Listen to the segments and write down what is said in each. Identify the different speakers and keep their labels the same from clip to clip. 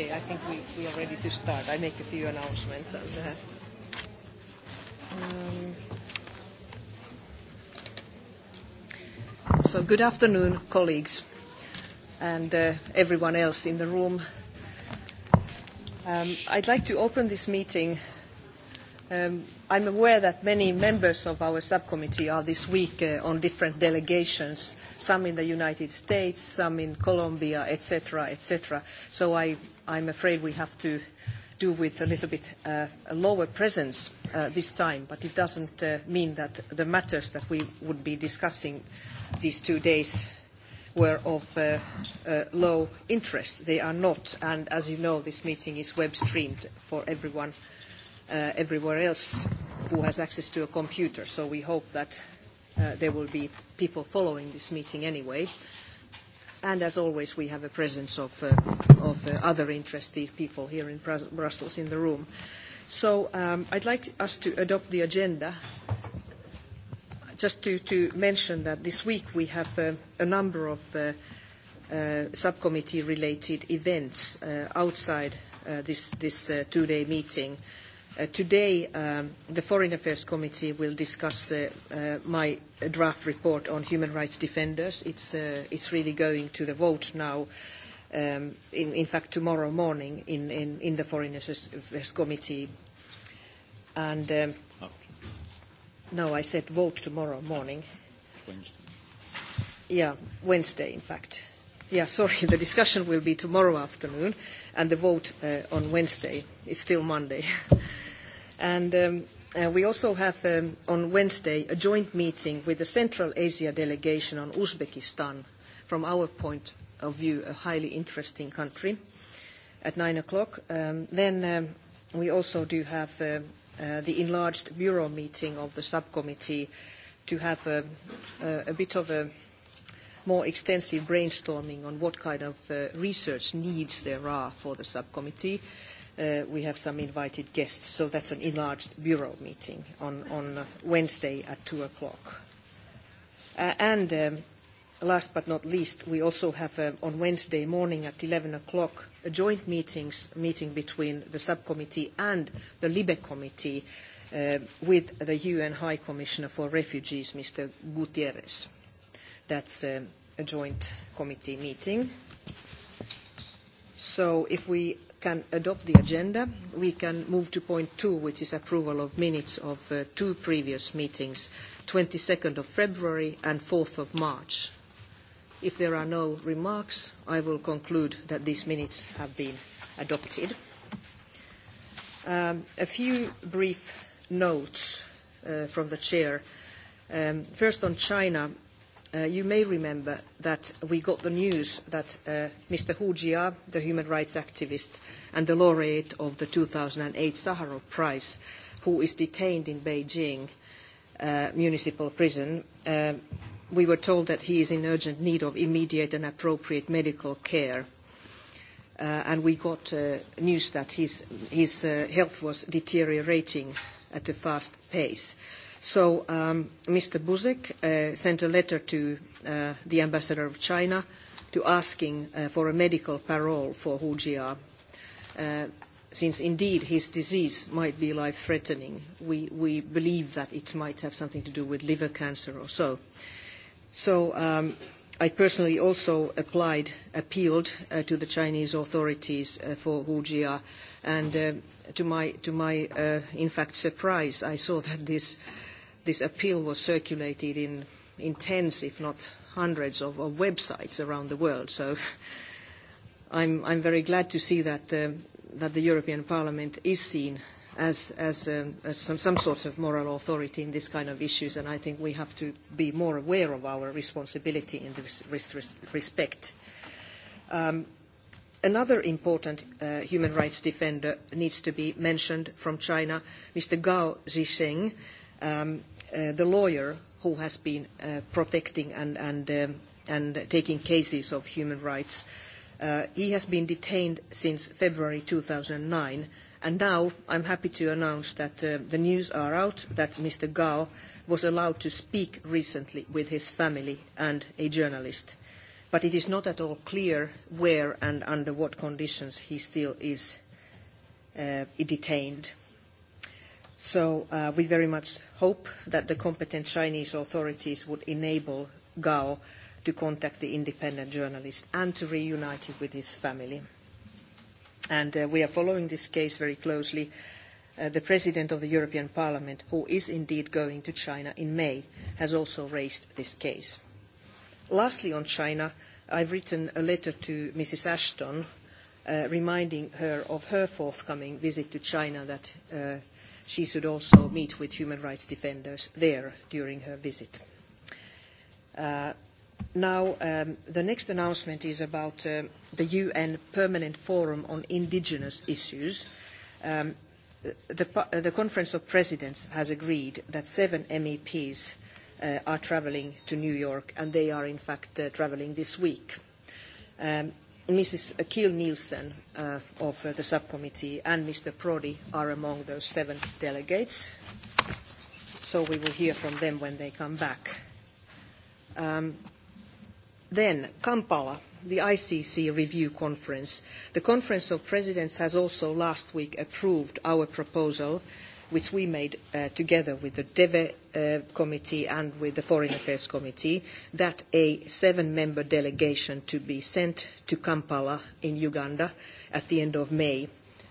Speaker 1: Okay, I think we, we are ready to start. I make a few announcements. And, uh, um, so good afternoon, colleagues, and uh, everyone else in the room. Um, I'd like to open this meeting. Um, I'm aware that many members of our subcommittee are this week uh, on different delegations, some in the United States, some in Colombia, etc., etc. So I I'm afraid we have to do with a little bit uh, a lower presence uh, this time, but it doesn't uh, mean that the matters that we would be discussing these two days were of uh, uh, low interest. They are not, and as you know, this meeting is web streamed for everyone uh, everywhere else who has access to a computer, so we hope that uh, there will be people following this meeting anyway. Uh, And as always, we have a presence of, uh, of uh, other interested people here in Brussels in the room. So um, I'd like us to adopt the agenda. Just to, to mention that this week we have uh, a number of uh, uh, subcommittee-related events uh, outside uh, this, this uh, two-day meeting. Uh, Uh, today, um, the Foreign Affairs Committee will discuss uh, uh, my draft report on human rights defenders. It's, uh, it's really going to the vote now. Um, in, in fact, tomorrow morning in, in, in the Foreign Affairs Committee. And um, oh. no, I said vote tomorrow morning. Wednesday. Yeah, Wednesday, in fact. Yeah, sorry, the discussion will be tomorrow afternoon and the vote uh, on Wednesday. It's still Monday. And um, uh, we also have um, on Wednesday a joint meeting with the Central Asia delegation on Uzbekistan, from our point of view, a highly interesting country, at 9 o'clock. Um, then um, we also do have uh, uh, the enlarged bureau meeting of the subcommittee to have a, um, a, uh, a bit of a more extensive brainstorming on what kind of uh, research needs there are for the subcommittee. Uh, uh, we have some invited guests. So that's an enlarged bureau meeting on, on uh, Wednesday at 2 o'clock. Uh, and um, last but not least, we also have uh, on Wednesday morning at 11 o'clock a joint meetings, meeting between the subcommittee and the LIBE committee uh, with the UN High Commissioner for Refugees, Mr. Gutierrez. That's uh, a joint committee meeting. So if we can adopt the agenda, we can move to point two, which is approval of minutes of uh, two previous meetings, 22nd of February and 4th of March. If there are no remarks, I will conclude that these minutes have been adopted. Um, a few brief notes uh, from the chair. Um, first on China, Uh, you may remember that we got the news that uh, Mr. Hu Jia, the human rights activist and the laureate of the 2008 Sakharov Prize, who is detained in Beijing uh, municipal prison, uh, we were told that he is in urgent need of immediate and appropriate medical care. Uh, and we got uh, news that his, his uh, health was deteriorating at a fast pace. Uh, So um, Mr. Buzek uh, sent a letter to uh, the ambassador of China to asking uh, for a medical parole for Hu Jia, uh, since indeed his disease might be life-threatening. We, we believe that it might have something to do with liver cancer or so. So um, I personally also applied, appealed uh, to the Chinese authorities uh, for Hu Jia, and uh, to my, to my uh, in fact, surprise, I saw that this uh, this appeal was circulated in, in tens, if not hundreds, of, of websites around the world. So I'm, I'm very glad to see that, uh, that the European Parliament is seen as, as, um, as some, some sort of moral authority in this kind of issues, and I think we have to be more aware of our responsibility in this res- respect. Um, Another important uh, human rights defender needs to be mentioned from China, Mr. Gao Zhisheng. Um, uh, the lawyer who has been uh, protecting and, and, um, and taking cases of human rights. Uh, he has been detained since February 2009, and now I'm happy to announce that uh, the news are out that Mr. Gao was allowed to speak recently with his family and a journalist. But it is not at all clear where and under what conditions he still is uh, detained. Uh, So uh, we very much hope that the competent Chinese authorities would enable Gao to contact the independent journalist and to reunite him with his family. And uh, we are following this case very closely. Uh, the President of the European Parliament, who is indeed going to China in May, has also raised this case. Lastly, on China, I've written a letter to Mrs. Ashton uh, reminding her of her forthcoming visit to China that uh, she should also meet with human rights defenders there during her visit. Uh, now, um, the next announcement is about uh, the UN Permanent Forum on Indigenous Issues. Um, the, the uh, Conference of Presidents has agreed that seven MEPs uh, are traveling to New York, and they are in fact uh, traveling this week. Um, Mrs. Kiel Nielsen uh, of uh, the subcommittee and Mr. Prodi are among those seven delegates. So we will hear from them when they come back. Um, then, Kampala, the ICC review conference. The Conference of Presidents has also last week approved our proposal uh, which we made uh, together with the DEVE uh, committee and with the Foreign Affairs Committee, that a seven-member delegation to be sent to Kampala in Uganda at the end of May.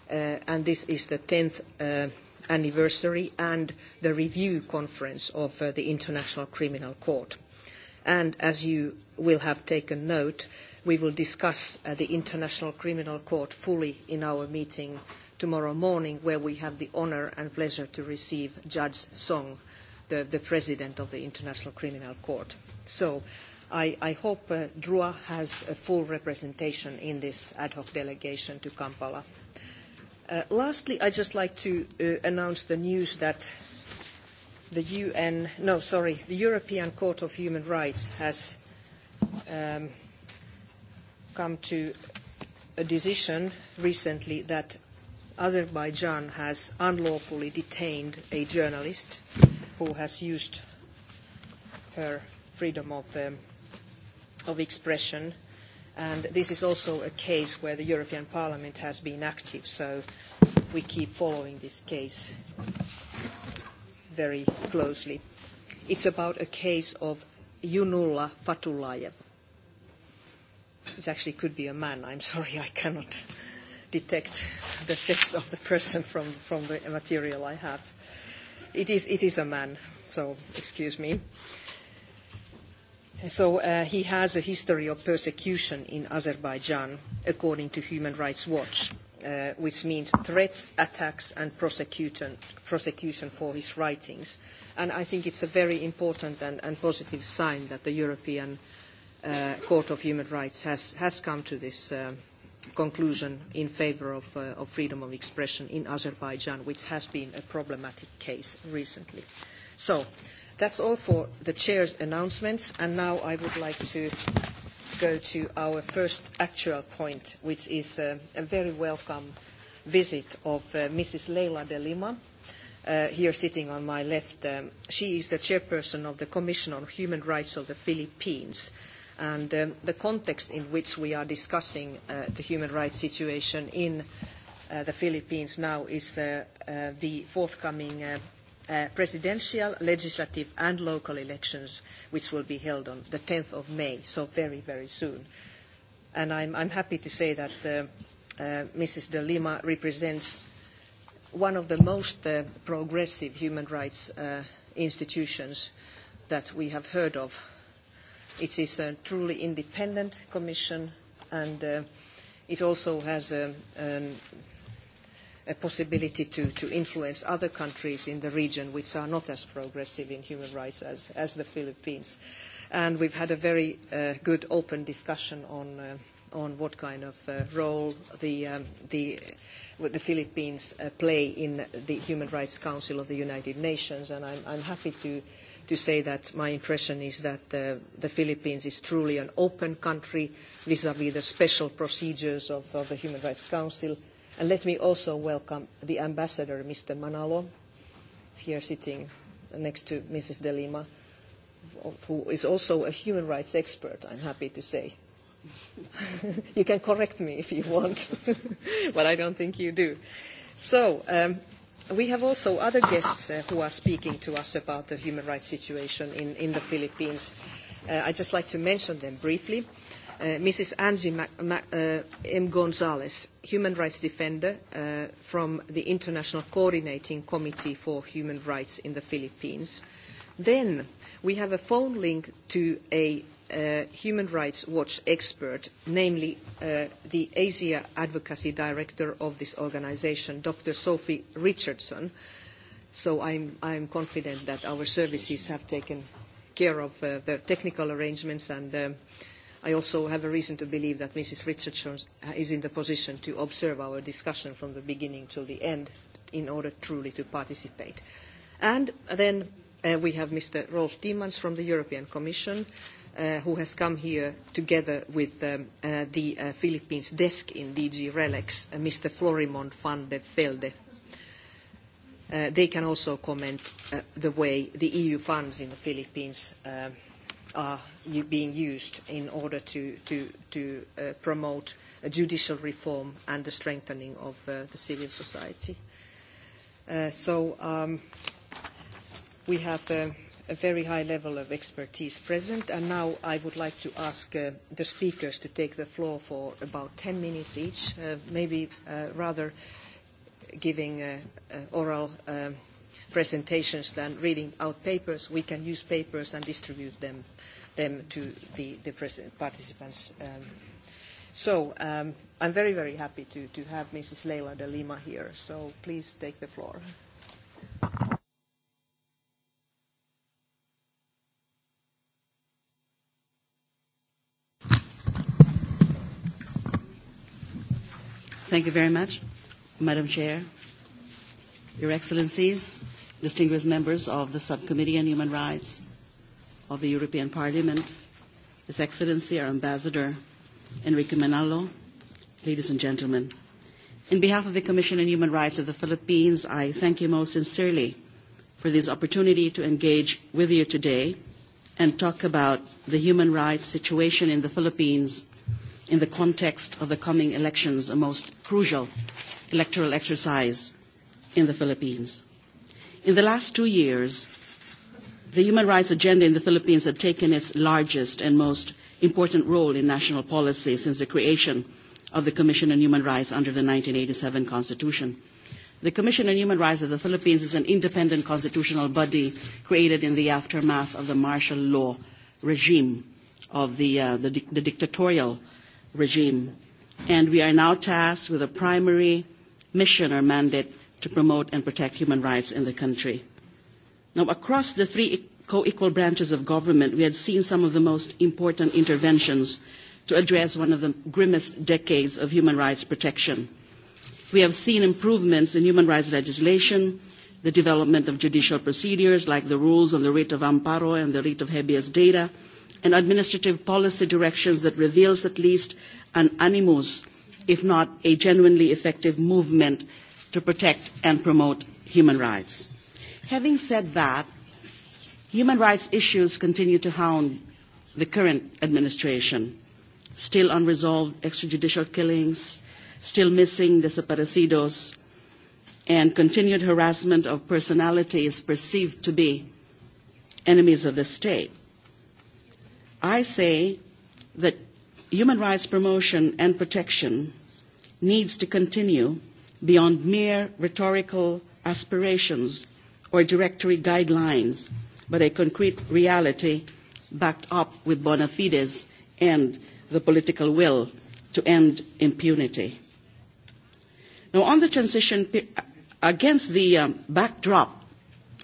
Speaker 1: Uh, and this is the 10th uh, anniversary and the review conference of uh, the International Criminal Court. And as you will have taken note, we will discuss uh, the International Criminal Court fully in our meeting uh, tomorrow morning, where we have the honor and pleasure to receive Judge Song, the, the President of the International Criminal Court. So I, I hope uh, DRUA has a full representation in this ad hoc delegation to Kampala. Uh, lastly, I'd just like to uh, announce the news that the UN, no, sorry, the European Court of Human Rights has um, come to a decision recently that Azerbaijan has unlawfully detained a journalist who has used her freedom of, um, of expression. And this is also a case where the European Parliament has been active, so we keep following this case very closely. It's about a case of Yunulla Fatulayev. It actually could be a man. I'm sorry, I cannot detect the sex of the person from, from the material I have. It is, it is a man, so excuse me. So uh, he has a history of persecution in Azerbaijan, according to Human Rights Watch, uh, which means threats, attacks, and prosecution, prosecution for his writings. And I think it's a very important and, and positive sign that the European uh, Court of Human Rights has, has come to this. Uh, conclusion in favor of, uh, of freedom of expression in Azerbaijan, which has been a problematic case recently. So that's all for the chair's announcements, and now I would like to go to our first actual point, which is uh, a very welcome visit of uh, Mrs. Leila de Lima, uh, here sitting on my left. Um, she is the chairperson of the Commission on Human Rights of the Philippines. Uh, and um, the context in which we are discussing uh, the human rights situation in uh, the Philippines now is uh, uh, the forthcoming uh, uh, presidential, legislative and local elections, which will be held on the 10th of May, so very, very soon. And I'm, I'm happy to say that uh, uh, Mrs. de Lima represents one of the most uh, progressive human rights uh, institutions that we have heard of It is a truly independent commission, and uh, it also has a, um, an, um, a possibility to, to influence other countries in the region which are not as progressive in human rights as, as the Philippines. And we've had a very uh, good open discussion on uh, on what kind of uh, role the, um, the, the Philippines uh, play in the Human Rights Council of the United Nations, and I'm, I'm happy to to say that my impression is that uh, the Philippines is truly an open country vis-à-vis -vis the special procedures of, of the Human Rights Council. And let me also welcome the ambassador, Mr. Manalo, here sitting next to Mrs. De Lima, who is also a human rights expert, I'm happy to say. you can correct me if you want, but I don't think you do. So, um, we have also other guests uh, who are speaking to us about the human rights situation in, in the Philippines. Uh, I'd just like to mention them briefly. Uh, Mrs. Angie Mac- Mac- uh, M. Gonzalez, human rights defender uh, from the International Coordinating Committee for Human Rights in the Philippines. Then we have a phone link to a uh, human rights watch expert, namely uh, the Asia Advocacy Director of this organization, Dr. Sophie Richardson. So I'm, I'm confident that our services have taken care of uh, the technical arrangements and um, I also have a reason to believe that Mrs. Richardson is in the position to observe our discussion from the beginning till the end in order truly to participate. And then uh, we have Mr. Rolf Tiemans from the European Commission. Uh, uh, who has come here together with um, uh, the uh, Philippines desk in DG Relex, uh, Mr. Florimond van de Velde. Uh, they can also comment uh, the way the EU funds in the Philippines uh, are u- being used in order to, to, to uh, promote a judicial reform and the strengthening of uh, the civil society. Uh, so um, we have uh, a very high level of expertise present. And now I would like to ask uh, the speakers to take the floor for about 10 minutes each, uh, maybe uh, rather giving uh, uh, oral um, presentations than reading out papers. We can use papers and distribute them, them to the, the participants. Um, so um, I'm very, very happy to, to have Mrs. Leila de Lima here. So please take the floor. Mm-hmm.
Speaker 2: Thank you very much, Madam Chair, Your Excellencies, distinguished members of the Subcommittee on Human Rights of the European Parliament, His Excellency, our Ambassador, Enrique Manalo, ladies and gentlemen. In behalf of the Commission on Human Rights of the Philippines, I thank you most sincerely for this opportunity to engage with you today and talk about the human rights situation in the Philippines in the context of the coming elections, a most crucial electoral exercise in the Philippines. In the last two years, the human rights agenda in the Philippines had taken its largest and most important role in national policy since the creation of the Commission on Human Rights under the 1987 Constitution. The Commission on Human Rights of the Philippines is an independent constitutional body created in the aftermath of the martial law regime of the, uh, the, the dictatorial uh, regime. And we are now tasked with a primary mission or mandate to promote and protect human rights in the country. Now, across the three e-, co-equal branches of government, we had seen some of the most important interventions to address one of the grimmest decades of human rights protection. We have seen improvements in human rights legislation, the development of judicial procedures like the rules on the writ of amparo and the writ of habeas data, and administrative policy directions that reveals at least an animus, if not a genuinely effective movement to protect and promote human rights. Having said that, human rights issues continue to hound the current administration. Still unresolved extrajudicial killings, still missing desaparecidos, and continued harassment of personalities perceived to be enemies of the state. I say that human rights promotion and protection needs to continue beyond mere rhetorical aspirations or directory guidelines, but a concrete reality backed up with bona fides and the political will to end impunity. Now, on the transition, against the um, backdrop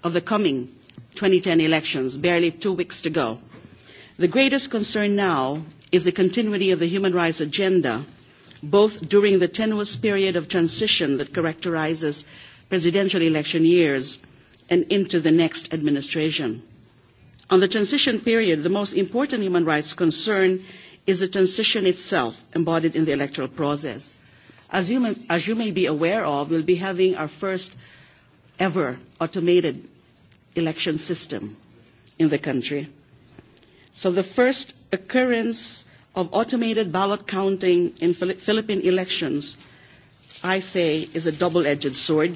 Speaker 2: of the coming 2010 elections, barely two weeks to go, The greatest concern now is the continuity of the human rights agenda, both during the tenuous period of transition that characterizes presidential election years and into the next administration. On the transition period, the most important human rights concern is the transition itself embodied in the electoral process. As you may, as you may be aware of, we'll be having our first ever automated election system in the country. So the first occurrence of automated ballot counting in Philippine elections, I say, is a double-edged sword,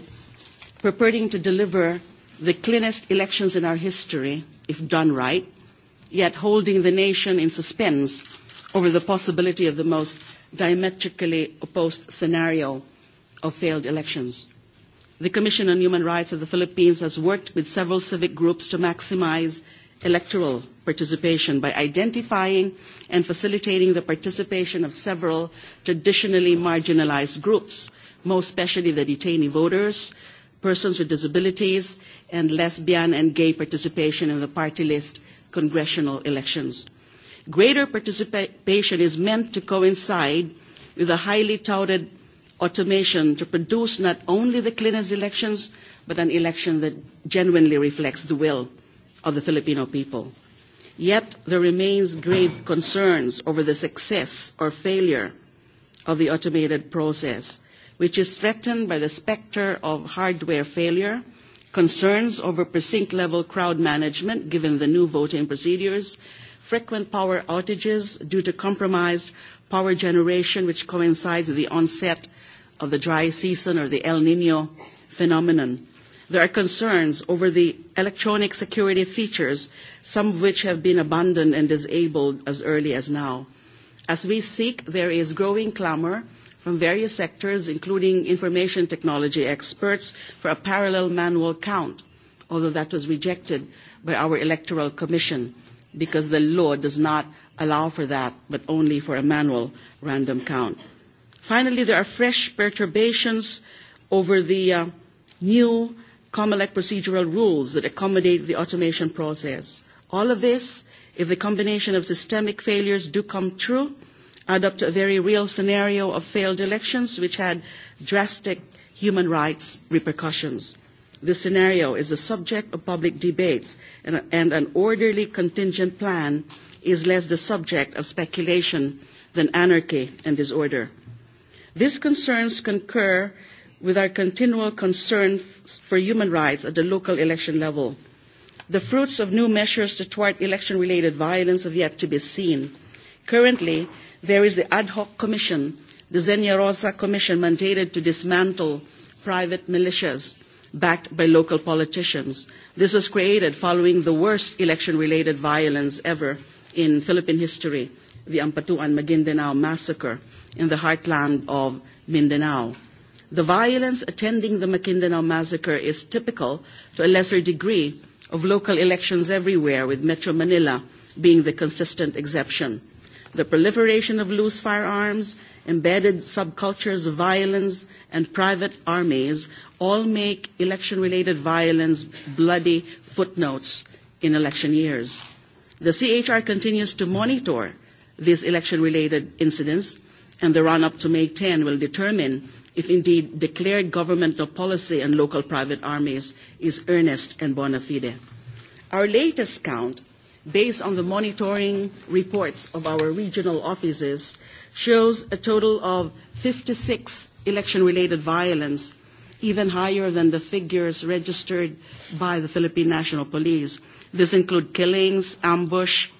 Speaker 2: purporting to deliver the cleanest elections in our history, if done right, yet holding the nation in suspense over the possibility of the most diametrically opposed scenario of failed elections. The Commission on Human Rights of the Philippines has worked with several civic groups to maximize electoral participation by identifying and facilitating the participation of several traditionally marginalized groups, most especially the detainee voters, persons with disabilities, and lesbian and gay participation in the party list congressional elections. Greater participation is meant to coincide with the highly touted automation to produce not only the cleanest elections, but an election that genuinely reflects the will of the Filipino people. Yet there remains grave concerns over the success or failure of the automated process, which is threatened by the specter of hardware failure, concerns over precinct level crowd management given the new voting procedures, frequent power outages due to compromised power generation which coincides with the onset of the dry season or the El Nino phenomenon There are concerns over the electronic security features, some of which have been abandoned and disabled as early as now. As we seek, there is growing clamor from various sectors, including information technology experts, for a parallel manual count, although that was rejected by our Electoral Commission because the law does not allow for that, but only for a manual random count. Finally, there are fresh perturbations over the uh, new COMELEC procedural rules that accommodate the automation process. All of this, if the combination of systemic failures do come true, add up to a very real scenario of failed elections which had drastic human rights repercussions. This scenario is the subject of public debates, and, and an orderly contingent plan is less the subject of speculation than anarchy and disorder. These concerns concur with our continual concern for human rights at the local election level. The fruits of new measures to thwart election-related violence have yet to be seen. Currently, there is the ad hoc commission, the Zenia Rosa commission mandated to dismantle private militias backed by local politicians. This was created following the worst election-related violence ever in Philippine history, the Ampatuan Maguindanao massacre in the heartland of Mindanao. The violence attending the Maguindanao massacre is typical, to a lesser degree, of local elections everywhere, with Metro Manila being the consistent exception. The proliferation of loose firearms, embedded subcultures of violence, and private armies all make election-related violence bloody footnotes in election years. The CHR continues to monitor these election-related incidents, and the run-up to May 10 will determine if indeed declared governmental policy and local private armies is earnest and bona fide. Our latest count, based on the monitoring reports of our regional offices, shows a total of 56 election-related violence, even higher than the figures registered by the Philippine National Police. This includes killings, ambush,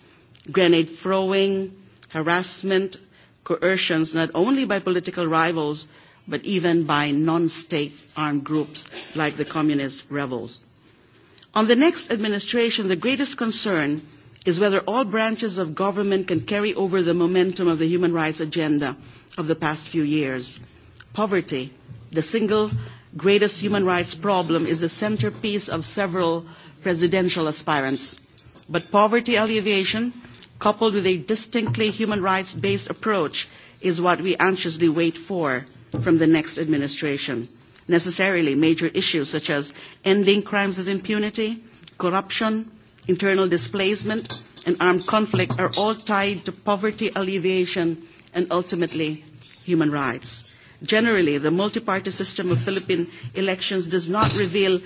Speaker 2: grenade throwing, harassment, coercions, not only by political rivals, but even by non-state armed groups like the communist rebels. On the next administration, the greatest concern is whether all branches of government can carry over the momentum of the human rights agenda of the past few years. Poverty, the single greatest human rights problem, is the centerpiece of several presidential aspirants. But poverty alleviation, coupled with a distinctly human rights-based approach, is what we anxiously wait for from the next administration. Necessarily, major issues such as ending crimes of impunity, corruption, internal displacement, and armed conflict are all tied to poverty alleviation and ultimately human rights. Generally, the multi-party system of Philippine elections does not reveal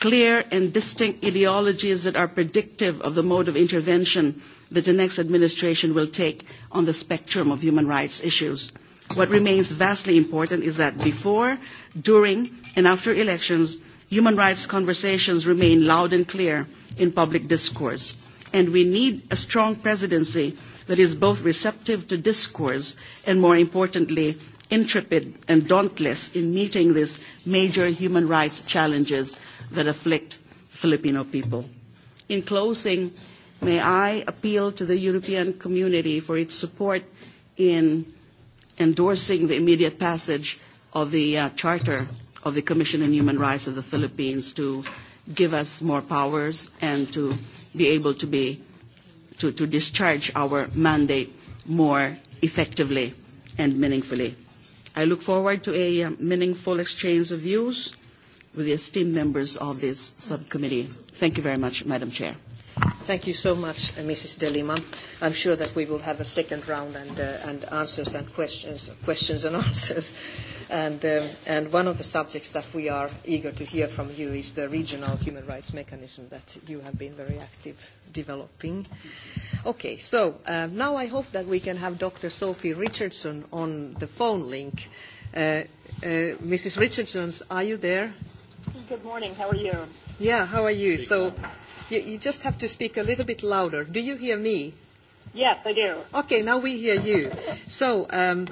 Speaker 2: clear and distinct ideologies that are predictive of the mode of intervention that the next administration will take on the spectrum of human rights issues. What remains vastly important is that before, during, and after elections, human rights conversations remain loud and clear in public discourse. And we need a strong presidency that is both receptive to discourse and, more importantly, intrepid and dauntless in meeting these major human rights challenges that afflict Filipino people. In closing, may I appeal to the European community for its support in endorsing the immediate passage of the uh, Charter of the Commission on Human Rights of the Philippines to give us more powers and to be able to be to, to discharge our mandate more effectively and meaningfully. I look forward to a uh, meaningful exchange of views with the esteemed members of this subcommittee. Thank you very much, Madam Chair.
Speaker 1: Thank you so much, uh, Mrs. de Lima. I'm sure that we will have a second round and, uh, and answers and questions, questions and answers. And, um, and one of the subjects that we are eager to hear from you is the regional human rights mechanism that you have been very active developing. Okay, so um, now I hope that we can have Dr. Sophie Richardson on the phone link. Uh, uh, Mrs. Richardson, are you there?
Speaker 3: Good morning. How are you?
Speaker 1: Yeah, how are you? So. Good. You, you just have to speak a little bit louder. Do you hear me? Yes, I do. Okay, now we hear you. So, um,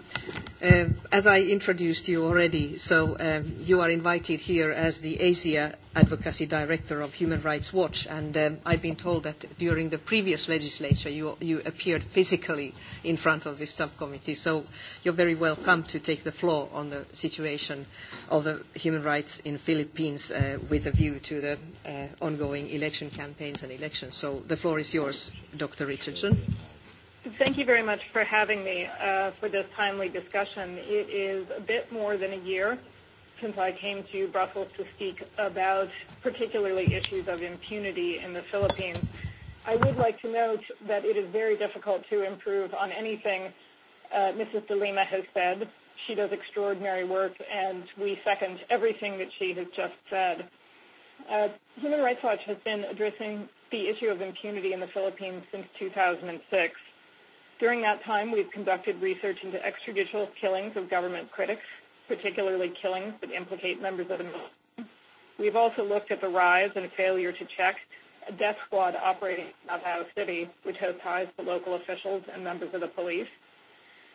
Speaker 1: Uh, as I introduced you already, so um, you are invited here as the Asia Advocacy Director of Human Rights Watch, and um, I've been told that during the previous legislature you, you appeared physically in front of this subcommittee, so you're very welcome to take the floor on the situation of the human rights in Philippines uh, with a view to the uh, ongoing election campaigns and elections. So the floor is yours, Dr. Richardson. Thank you.
Speaker 3: Thank you very much for having me uh, for this timely discussion. It is a bit more than a year since I came to Brussels to speak about particularly issues of impunity in the Philippines. I would like to note that it is very difficult to improve on anything uh, Mrs. De Lima has said. She does extraordinary work, and we second everything that she has just said. Uh, Human Rights Watch has been addressing the issue of impunity in the Philippines since 2006 During that time, we've conducted research into extrajudicial killings of government critics, particularly killings that implicate members of the military. We've also looked at the rise and failure to check a death squad operating in Davao City, which has ties to local officials and members of the police.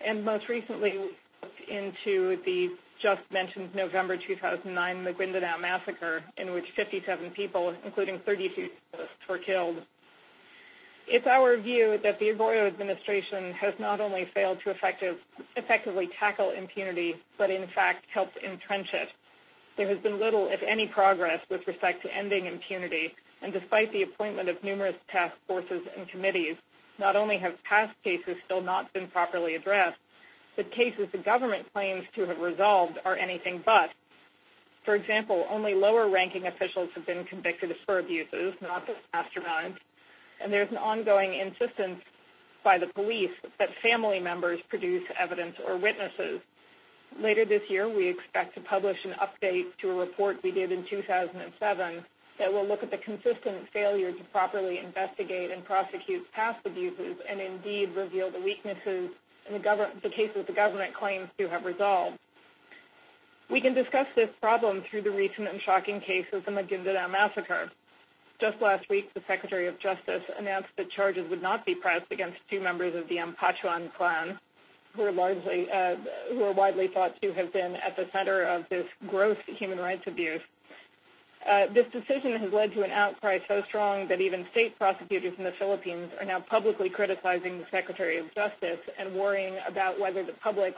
Speaker 3: And most recently, we looked into the just mentioned November 2009 Maguindanao massacre, in which 57 people, including 32 were killed It's our view that the Arroyo administration has not only failed to effectively tackle impunity, but in fact helped entrench it. There has been little, if any, progress with respect to ending impunity, and despite the appointment of numerous task forces and committees, not only have past cases still not been properly addressed, but cases the government claims to have resolved are anything but. For example, only lower-ranking officials have been convicted for abuses, not the masterminds, and there's an ongoing insistence by the police that family members produce evidence or witnesses later this year we expect to publish an update to a report we did in two thousand and seven that will look at the consistent failure to properly investigate and prosecute past abuses and indeed reveal the weaknesses in the government the cases the government claims to have resolved we can discuss this problem through the recent and shocking case of the maginda massacre just last week the secretary of justice announced that charges would not be pressed against two members of the Ampachuan clan who are largely uh, who are widely thought to have been at the center of this gross human rights abuse. Uh, this decision has led to an outcry so strong that even state prosecutors in the Philippines are now publicly criticizing the Secretary of Justice and worrying about whether the public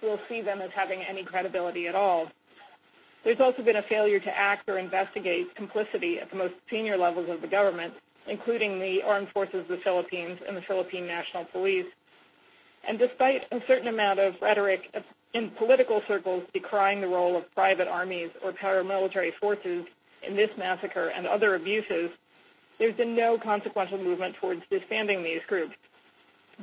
Speaker 3: will see them as having any credibility at all. There's also been a failure to act or investigate complicity at the most senior levels of the government, including the Armed Forces of the Philippines and the Philippine National Police. And despite a certain amount of rhetoric in political circles decrying the role of private armies or paramilitary forces in this massacre and other abuses, there's been no consequential movement towards disbanding these groups.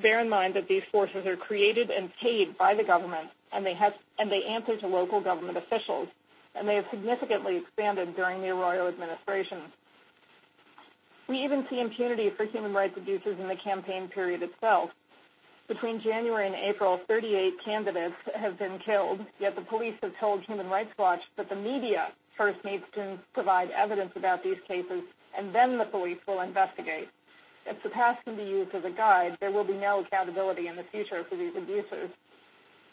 Speaker 3: Bear in mind that these forces are created and paid by the government, and they, have, and they answer to local government officials – and they have significantly expanded during the Arroyo administration. We even see impunity for human rights abuses in the campaign period itself. Between January and April, 38 candidates have been killed, yet the police have told Human Rights Watch that the media first needs to provide evidence about these cases, and then the police will investigate. If the past can be used as a guide, there will be no accountability in the future for these abuses.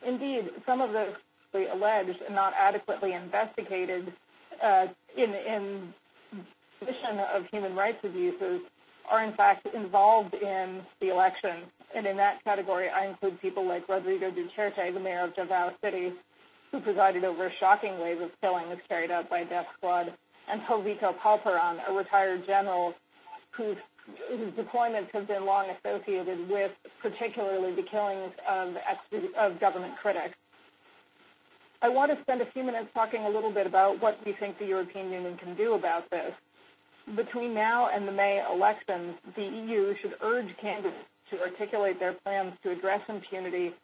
Speaker 3: Indeed, some of the falsely alleged and not adequately investigated uh, in, in commission of human rights abuses are in fact involved in the election. And in that category, I include people like Rodrigo Duterte, the mayor of Davao City, who presided over a shocking wave of killings carried out by death squad, and Jovito Palperon, a retired general whose, whose deployments have been long associated with particularly the killings of, ex- of government critics. I want to spend a few minutes talking a little bit about what we think the European Union can do about this. Between now and the May elections, the EU should urge candidates to articulate their plans to address impunity,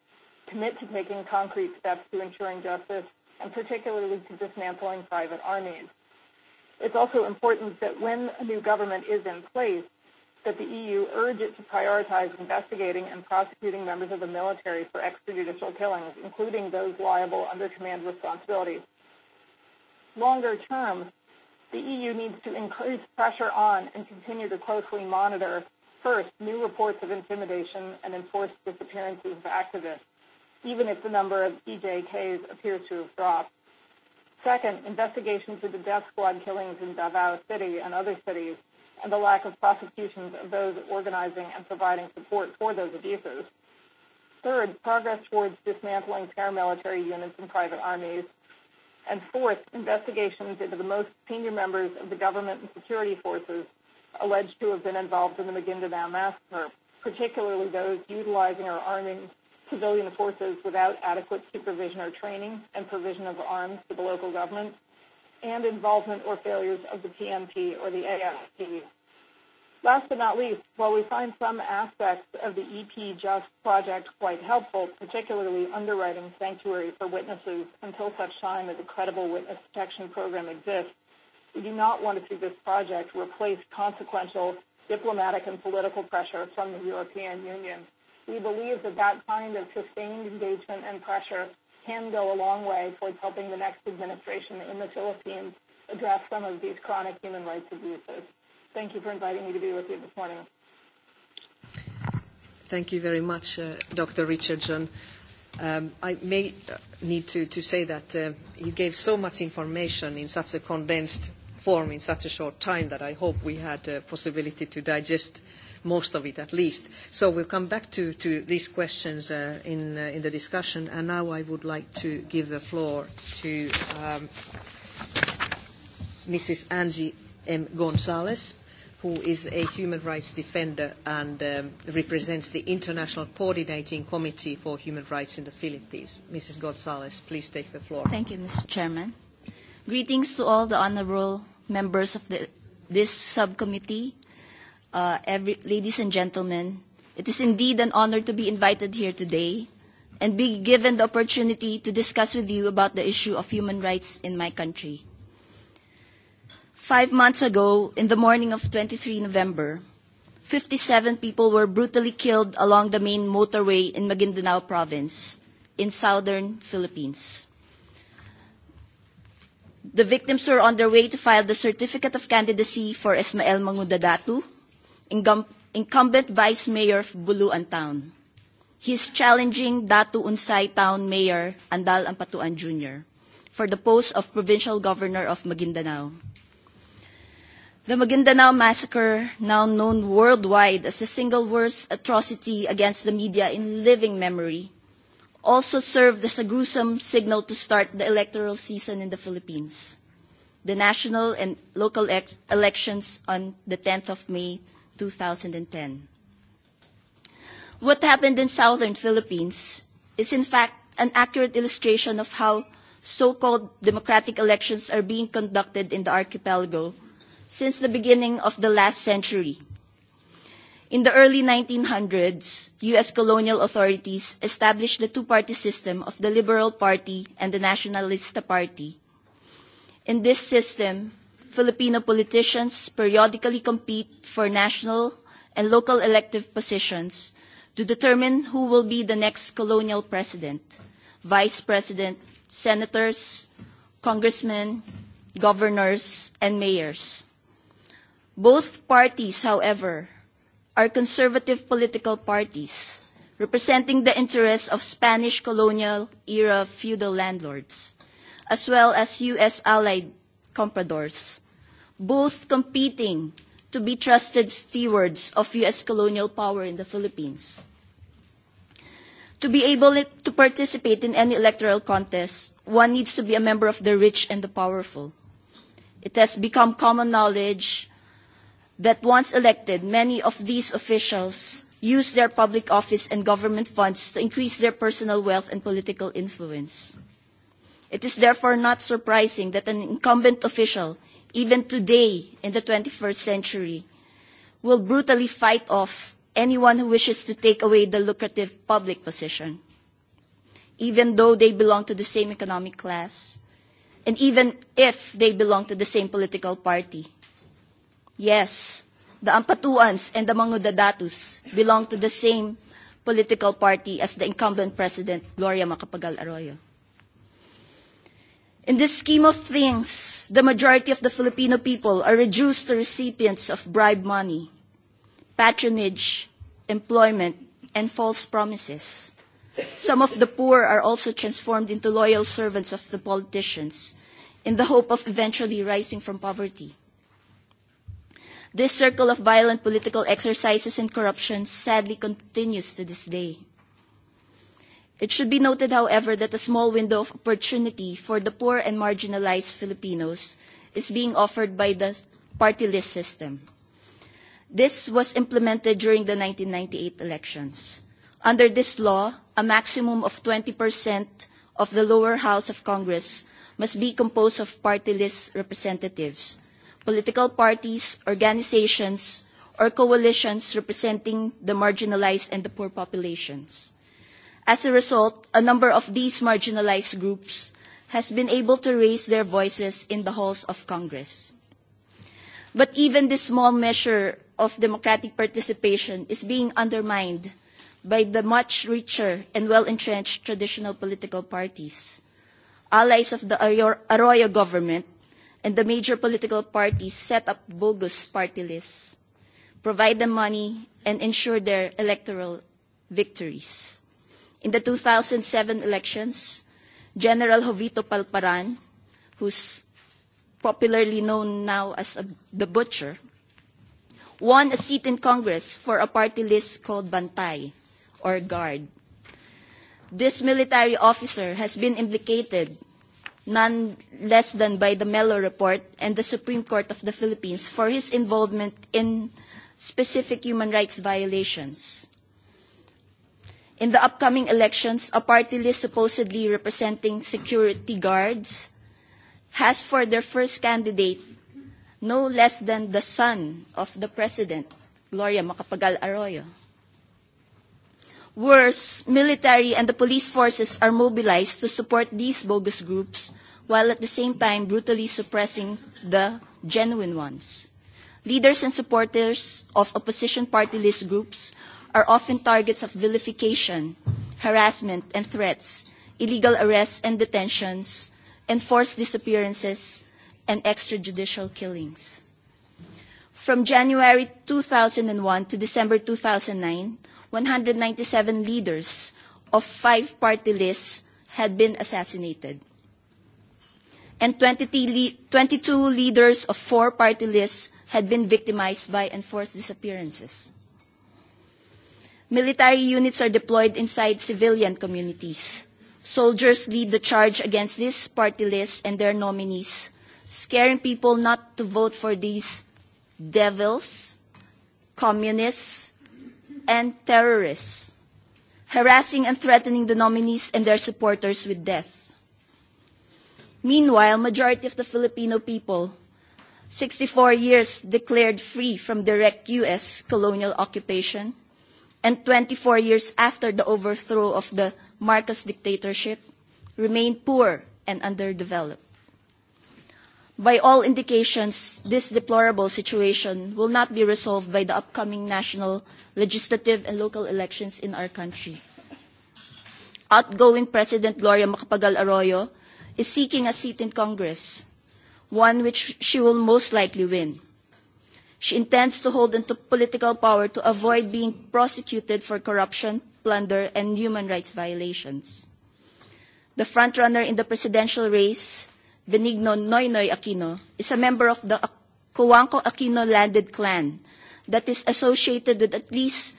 Speaker 3: commit to taking concrete steps to ensuring justice, and particularly to dismantling private armies. It's also important that when a new government is in place, that the EU urge it to prioritize investigating and prosecuting members of the military for extrajudicial killings, including those liable under command responsibility. Longer term, the EU needs to increase pressure on and continue to closely monitor, first, new reports of intimidation and enforced disappearances of activists, even if the number of EJKs appears to have dropped. Second, investigations of the death squad killings in Davao City and other cities and the lack of prosecutions of those organizing and providing support for those abuses. Third, progress towards dismantling paramilitary units and private armies. And fourth, investigations into the most senior members of the government and security forces alleged to have been involved in the Maguindanao massacre, particularly those utilizing or arming civilian forces without adequate supervision or training and provision of arms to the local government and involvement or failures of the PMP or the AFP. Last but not least, while we find some aspects of the EP Just project quite helpful, particularly underwriting sanctuary for witnesses until such time as a credible witness protection program exists, we do not want to see this project replace consequential diplomatic and political pressure from the European Union. We believe that that kind of sustained engagement and pressure can go a long way towards helping the next administration in the Philippines address some of these chronic human rights abuses. Thank you for inviting me to be with you this morning.
Speaker 1: Thank you very much, uh, Dr. Richardson. Um, I may need to, to say that uh, you gave so much information in such a condensed form in such a short time that I hope we had a uh, possibility to digest most of it at least. So we'll come back to, to these questions uh, in, uh, in the discussion. And now I would like to give the floor to um, Mrs. Angie M. Gonzalez, who is a human rights defender and um, represents the International Coordinating Committee for Human Rights in the Philippines. Mrs. Gonzalez, please take the floor. Thank you, Mr. Chairman.
Speaker 4: Greetings to all the honorable members of the, this subcommittee uh, every, ladies and gentlemen, it is indeed an honor to be invited here today and be given the opportunity to discuss with you about the issue of human rights in my country. Five months ago, in the morning of 23 November, 57 people were brutally killed along the main motorway in Maguindanao province in southern Philippines. The victims were on their way to file the certificate of candidacy for Ismael Mangudadatu, incum incumbent Vice Mayor of Buluan Town. He's challenging Datu Unsay Town Mayor Andal Ampatuan Jr. for the post of Provincial Governor of Maguindanao. The Maguindanao massacre, now known worldwide as the single worst atrocity against the media in living memory, also served as a gruesome signal to start the electoral season in the Philippines. The national and local elections on the 10th of May 2010. What happened in southern Philippines is in fact an accurate illustration of how so-called democratic elections are being conducted in the archipelago since the beginning of the last century. In the early 1900s, U.S. colonial authorities established the two-party system of the Liberal Party and the Nationalista Party. In this system, Filipino politicians periodically compete for national and local elective positions to determine who will be the next colonial president, vice president, senators, congressmen, governors, and mayors. Both parties, however, are conservative political parties representing the interests of Spanish colonial era feudal landlords, as well as U.S. allied compradors, both competing to be trusted stewards of U.S. colonial power in the Philippines. To be able to participate in any electoral contest, one needs to be a member of the rich and the powerful. It has become common knowledge that once elected, many of these officials use their public office and government funds to increase their personal wealth and political influence. It is therefore not surprising that an incumbent official, even today in the 21st century, will brutally fight off anyone who wishes to take away the lucrative public position, even though they belong to the same economic class, and even if they belong to the same political party. Yes, the Ampatuans and the Mangudadatus belong to the same political party as the incumbent president, Gloria Macapagal Arroyo. In this scheme of things, the majority of the Filipino people are reduced to recipients of bribe money, patronage, employment, and false promises. Some of the poor are also transformed into loyal servants of the politicians in the hope of eventually rising from poverty. This circle of violent political exercises and corruption sadly continues to this day. It should be noted, however, that a small window of opportunity for the poor and marginalized Filipinos is being offered by the party list system. This was implemented during the 1998 elections. Under this law, a maximum of 20% of the lower house of Congress must be composed of party list representatives, political parties, organizations, or coalitions representing the marginalized and the poor populations. As a result, a number of these marginalized groups has been able to raise their voices in the halls of Congress. But even this small measure of democratic participation is being undermined by the much richer and well-entrenched traditional political parties. Allies of the Arroyo government and the major political parties set up bogus party lists, provide them money, and ensure their electoral victories. In the 2007 elections, General Jovito Palparan, who's popularly known now as a, the Butcher, won a seat in Congress for a party list called Bantay, or Guard. This military officer has been implicated none less than by the Mello Report and the Supreme Court of the Philippines for his involvement in specific human rights violations in the upcoming elections, a party list supposedly representing security guards has for their first candidate no less than the son of the president, Gloria Macapagal Arroyo. Worse, military and the police forces are mobilized to support these bogus groups while at the same time brutally suppressing the genuine ones. Leaders and supporters of opposition party list groups are often targets of vilification, harassment and threats, illegal arrests and detentions, enforced disappearances, and extrajudicial killings. From January 2001 to December 2009, 197 leaders of five party lists had been assassinated. And 23 le- 22 leaders of four party lists had been victimized by enforced disappearances. Military units are deployed inside civilian communities. Soldiers lead the charge against these party lists and their nominees, scaring people not to vote for these devils, communists, and terrorists, harassing and threatening the nominees and their supporters with death. Meanwhile, majority of the Filipino people, 64 years declared free from direct U.S. colonial occupation, and 24 years after the overthrow of the Marcos dictatorship, remain poor and underdeveloped. By all indications, this deplorable situation will not be resolved by the upcoming national, legislative, and local elections in our country. Outgoing President Gloria Macapagal Arroyo is seeking a seat in Congress, one which she will most likely win. She intends to hold onto political power to avoid being prosecuted for corruption, plunder, and human rights violations. The frontrunner in the presidential race, Benigno Noynoy Aquino, is a member of the Coanco Aquino landed clan that is associated with at least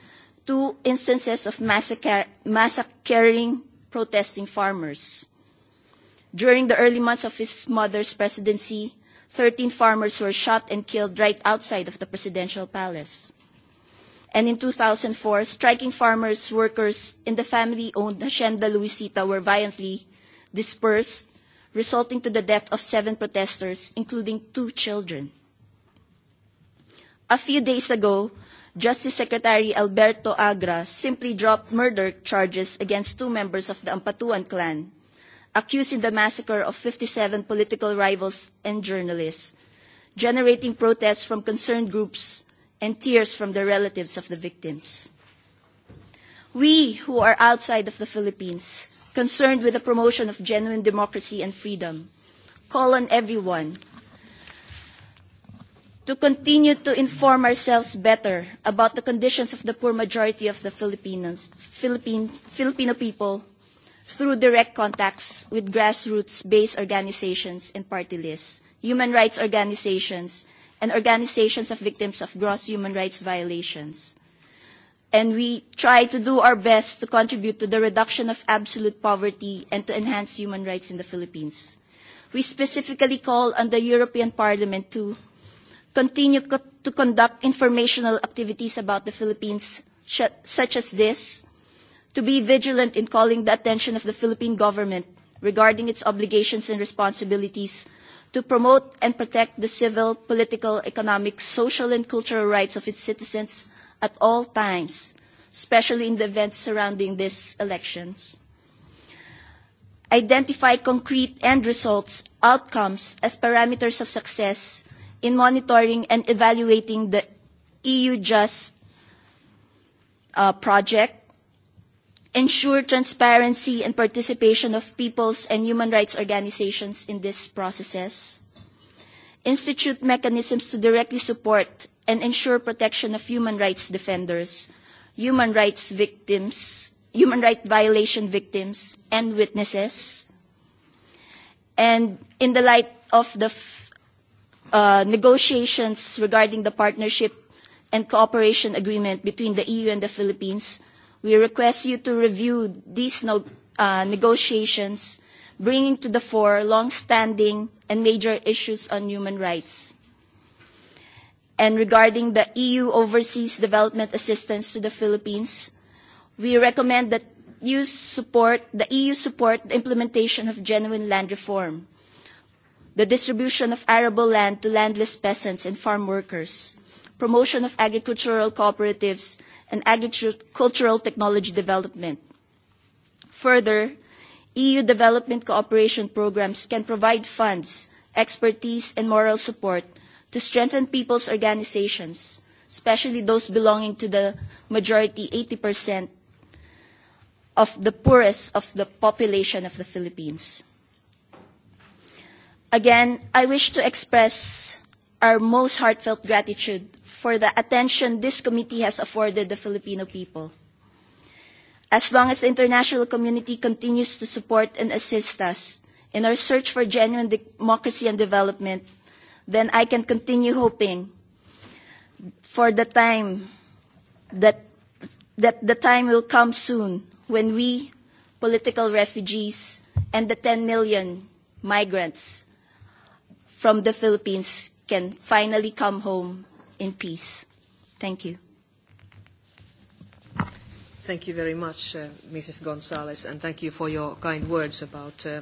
Speaker 4: two instances of massacre, massacring protesting farmers. During the early months of his mother's presidency, 13 farmers were shot and killed right outside of the presidential palace. And in 2004, striking farmers, workers, and the family-owned Hacienda Luisita were violently dispersed, resulting to the death of seven protesters, including two children. A few days ago, Justice Secretary Alberto Agra simply dropped murder charges against two members of the Ampatuan clan accusing the massacre of 57 political rivals and journalists, generating protests from concerned groups and tears from the relatives of the victims. We who are outside of the Philippines, concerned with the promotion of genuine democracy and freedom, call on everyone to continue to inform ourselves better about the conditions of the poor majority of the Filipinos, Philippine, Filipino people through direct contacts with grassroots-based organizations and party lists, human rights organizations, and organizations of victims of gross human rights violations. And we try to do our best to contribute to the reduction of absolute poverty and to enhance human rights in the Philippines. We specifically call on the European Parliament to continue co to conduct informational activities about the Philippines, such as this, to be vigilant in calling the attention of the Philippine government regarding its obligations and responsibilities to promote and protect the civil, political, economic, social, and cultural rights of its citizens at all times, especially in the events surrounding these elections. Identify concrete end results, outcomes, as parameters of success in monitoring and evaluating the EU Just uh, project ensure transparency and participation of peoples and human rights organizations in these processes, institute mechanisms to directly support and ensure protection of human rights defenders, human rights victims, human rights violation victims, and witnesses. And in the light of the f- uh, negotiations regarding the partnership and cooperation agreement between the EU and the Philippines, we request you to review these no, uh, negotiations, bringing to the fore long-standing and major issues on human rights. And regarding the EU overseas development assistance to the Philippines, we recommend that you support, the EU support the implementation of genuine land reform, the distribution of arable land to landless peasants and farm workers, promotion of agricultural cooperatives, and agricultural technology development. Further, EU development cooperation programs can provide funds, expertise, and moral support to strengthen people's organizations, especially those belonging to the majority 80% of the poorest of the population of the Philippines. Again, I wish to express our most heartfelt gratitude for the attention this committee has afforded the Filipino people. As long as the international community continues to support and assist us in our search for genuine democracy and development, then I can continue hoping for the time that, that the time will come soon when we, political refugees, and the 10 million migrants from the Philippines can finally come home in peace. Thank you.
Speaker 1: Thank you very much, uh, Mrs. Gonzalez, and thank you for your kind words about uh,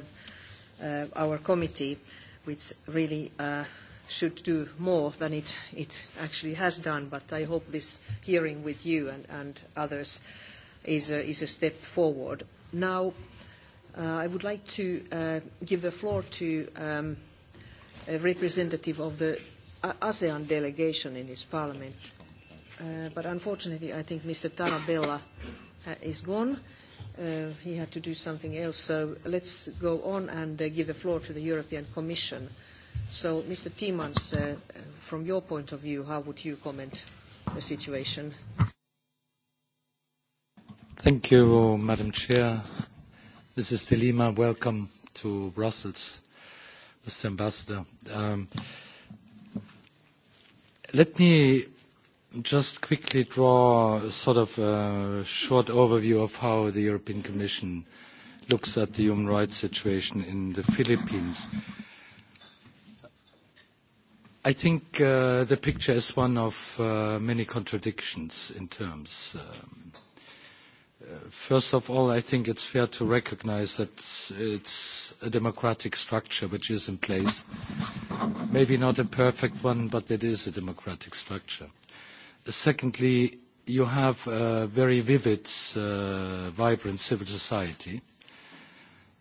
Speaker 1: uh, our committee, which really uh, should do more than it, it actually has done. But I hope this hearing with you and, and others is a, is a step forward. Now, uh, I would like to uh, give the floor to um, a representative of the ASEAN delegation in this parliament. Uh, but unfortunately, I think Mr. Tarabella uh, is gone. Uh, he had to do something else. So let's go on and uh, give the floor to the European Commission. So, Mr. Tiemans, uh, from your point of view, how would you comment the situation?
Speaker 5: Thank you, Madam Chair. Mrs. de Lima, welcome to Brussels, Mr. Ambassador. Um, uh, Let me just quickly draw a sort of a short overview of how the European Commission looks at the human rights situation in the Philippines. I think uh, the picture is one of uh, many contradictions in terms um, First of all, I think it's fair to recognize that it's a democratic structure which is in place. Maybe not a perfect one, but it is a democratic structure. Secondly, you have a very vivid, uh, vibrant civil society.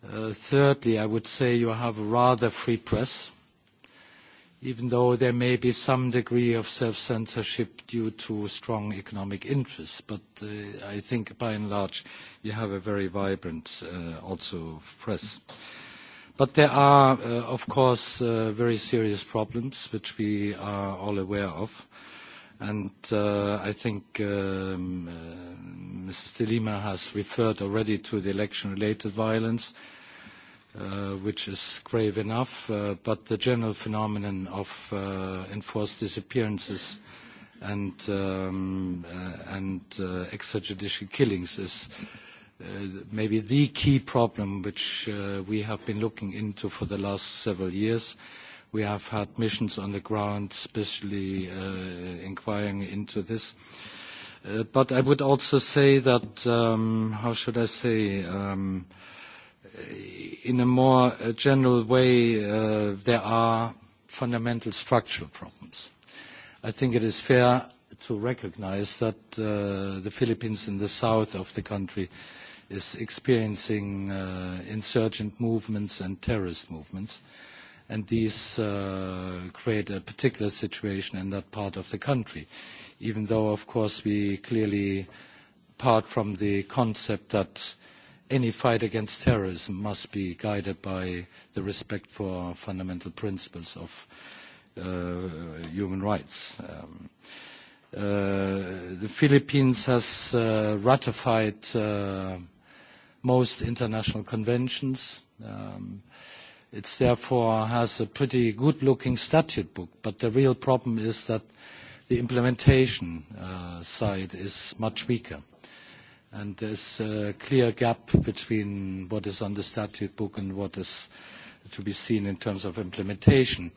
Speaker 5: Uh, thirdly, I would say you have a rather free press, even though there may be some degree of self-censorship due to strong economic interests. But uh, I think by and large, you have a very vibrant uh, also press. But there are, uh, of course, uh, very serious problems, which we are all aware of. And uh, I think um, uh, Mrs. de Lima has referred already to the election-related violence uh, which is grave enough, uh, but the general phenomenon of uh, enforced disappearances and, um, uh, and uh, extrajudicial killings is uh, maybe the key problem which uh, we have been looking into for the last several years. We have had missions on the ground, especially uh, inquiring into this. Uh, but I would also say that, um, how should I say, um, uh, in a more uh, general way, uh, there are fundamental structural problems. I think it is fair to recognize that uh, the Philippines in the south of the country is experiencing uh, insurgent movements and terrorist movements, and these uh, create a particular situation in that part of the country, even though, of course, we clearly part from the concept that any fight against terrorism must be guided by the respect for fundamental principles of uh, human rights. Um, uh, the Philippines has uh, ratified uh, most international conventions. Um, it therefore has a pretty good-looking statute book, but the real problem is that the implementation uh, side is much weaker. Uh, And there's a clear gap between what is on the statute book and what is to be seen in terms of implementation.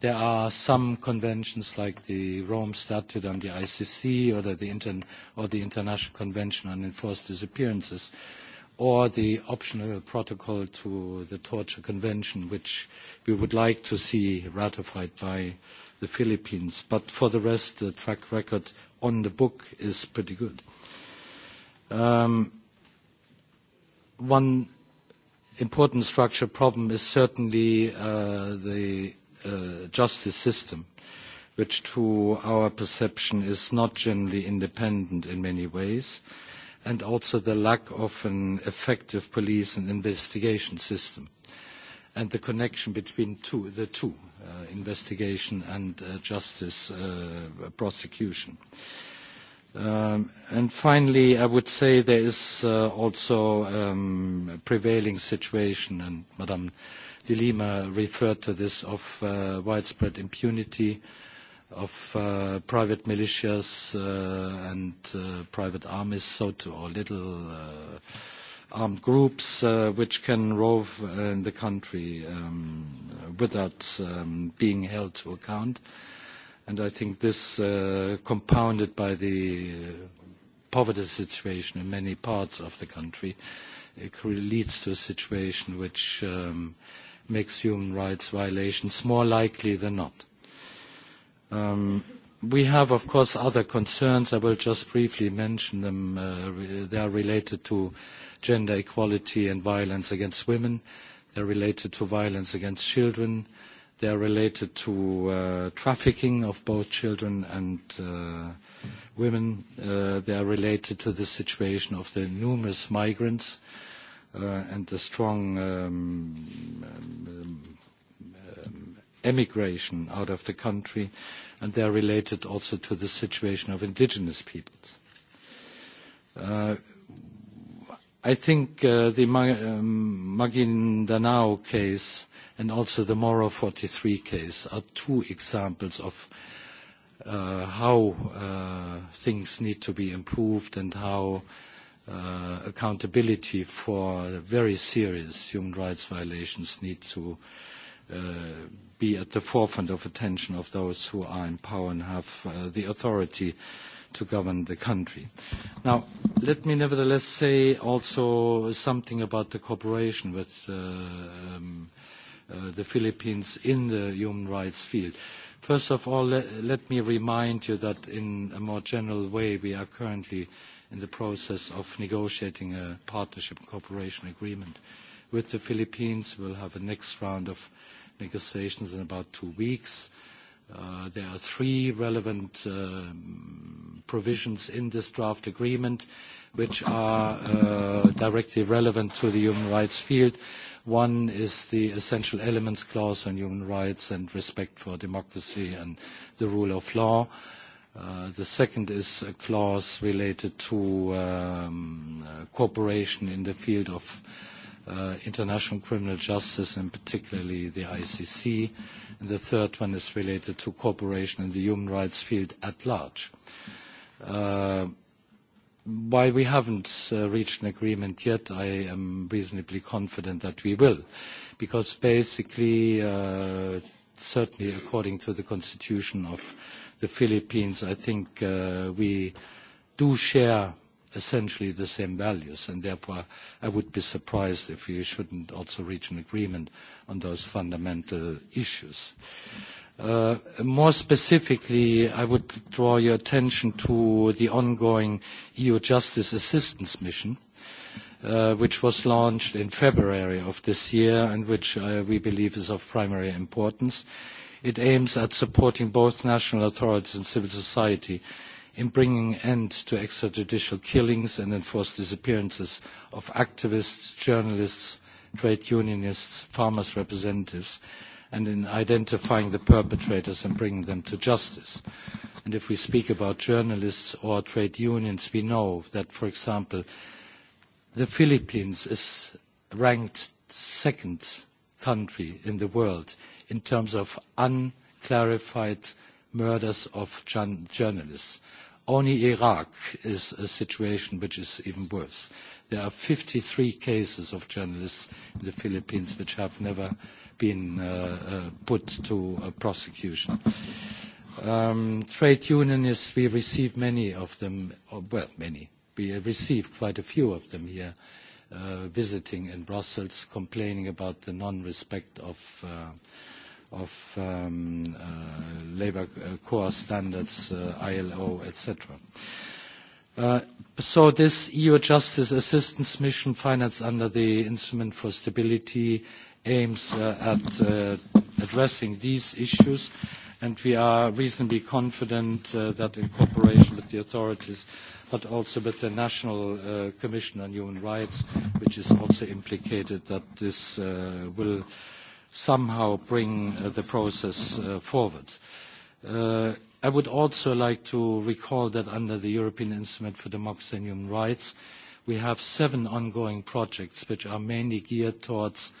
Speaker 5: There are some conventions like the Rome Statute on the ICC or the, the, inter or the International Convention on Enforced Disappearances or the optional protocol to the Torture Convention, which we would like to see ratified by the Philippines. But for the rest, the track record on the book is pretty good. Um, one important structure problem is certainly uh, the uh, justice system, which to our perception is not generally independent in many ways, and also the lack of an effective police and investigation system, and the connection between two, the two, uh, investigation and uh, justice uh, prosecution. Uh, Um, and finally, I would say there is uh, also um, a prevailing situation, and Madame de Lima referred to this, of uh, widespread impunity of uh, private militias uh, and uh, private armies, so to or little uh, armed groups uh, which can rove in the country um, without um, being held to account. Uh, And I think this, uh, compounded by the uh, poverty situation in many parts of the country, it leads to a situation which um, makes human rights violations more likely than not. Um, we have, of course, other concerns. I will just briefly mention them. Uh, they are related to gender equality and violence against women. They're related to violence against children. Uh, They are related to uh, trafficking of both children and uh, women. Uh, they are related to the situation of the numerous migrants uh, and the strong um, um, um, emigration out of the country, and they are related also to the situation of indigenous peoples. Uh, I think uh, the Ma um, Maguindanao case and also the Moro 43 case are two examples of uh, how uh, things need to be improved and how uh, accountability for very serious human rights violations need to uh, be at the forefront of attention of those who are in power and have uh, the authority to govern the country. Now, let me nevertheless say also something about the cooperation with uh, um, uh, uh, the Philippines in the human rights field. First of all, le let me remind you that in a more general way, we are currently in the process of negotiating a partnership and cooperation agreement with the Philippines. We'll have a next round of negotiations in about two weeks. Uh, there are three relevant uh, provisions in this draft agreement which are uh, directly relevant to the human rights field. One is the essential elements clause on human rights and respect for democracy and the rule of law. Uh, the second is a clause related to um, uh, cooperation in the field of uh, international criminal justice and particularly the ICC. And the third one is related to cooperation in the human rights field at large. Uh, While we haven't uh, reached an agreement yet, I am reasonably confident that we will, because basically, uh, certainly according to the constitution of the Philippines, I think uh, we do share essentially the same values, and therefore I would be surprised if we shouldn't also reach an agreement on those fundamental issues. Mm-hmm. Uh, more specifically, I would draw your attention to the ongoing EU Justice Assistance Mission, uh, which was launched in February of this year and which uh, we believe is of primary importance. It aims at supporting both national authorities and civil society in bringing end to extrajudicial killings and enforced disappearances of activists, journalists, trade unionists, farmers' representatives, uh, and in identifying the perpetrators and bringing them to justice. And if we speak about journalists or trade unions, we know that, for example, the Philippines is ranked second country in the world in terms of unclarified murders of journalists. Only Iraq is a situation which is even worse. There are 53 cases of journalists in the Philippines which have never been uh, uh, put to uh, prosecution. Um, trade unionists, we receive many of them, or, uh, well, many. We received quite a few of them here uh, visiting in Brussels, complaining about the non-respect of uh, of um, uh, labor uh, core standards, uh, ILO, etc. Uh, so this EU Justice Assistance Mission financed under the Instrument for Stability aims uh, at uh, addressing these issues, and we are reasonably confident uh, that in cooperation with the authorities, but also with the National uh, Commission on Human Rights, which is also implicated, that this uh, will somehow bring uh, the process uh, forward. Uh, I would also like to recall that under the European Instrument for Democracy and Human Rights, we have seven ongoing projects which are mainly geared towards uh,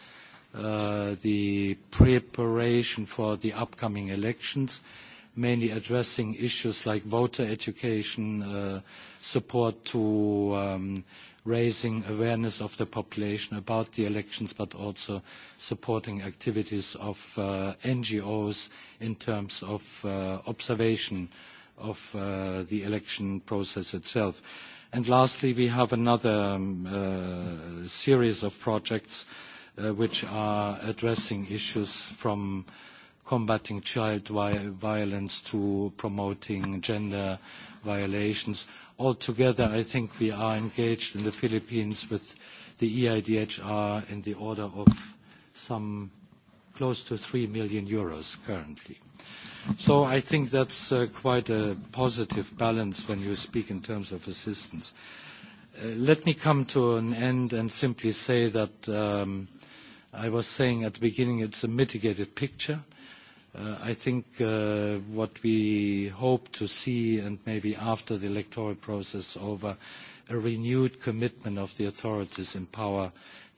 Speaker 5: uh, the preparation for the upcoming elections, mainly addressing issues like voter education, uh, support to um, raising awareness of the population about the elections, but also supporting activities of uh, NGOs in terms of uh, observation of uh, the election process itself. And lastly, we have another um, uh, series of projects uh, which are addressing issues from combating child vi violence to promoting gender violations. Altogether, I think we are engaged in the Philippines with the EIDHR in the order of some close to 3 million euros currently. So I think that's uh, quite a positive balance when you speak in terms of assistance. Uh, let me come to an end and simply say that um, uh, I was saying at the beginning it's a mitigated picture. Uh, I think uh, what we hope to see, and maybe after the electoral process over, a renewed commitment of the authorities in power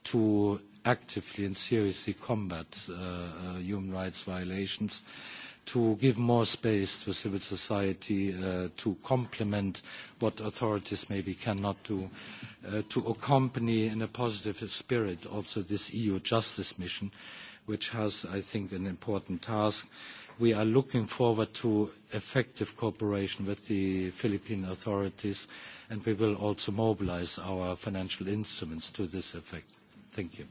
Speaker 5: to actively and seriously combat uh, uh human rights violations. Uh, to give more space to civil society uh, to complement what authorities maybe cannot do, uh, to accompany in a positive spirit also this EU justice mission, which has, I think, an important task. We are looking forward to effective cooperation with the Philippine authorities, and we will also mobilize our financial instruments to this effect. Thank you.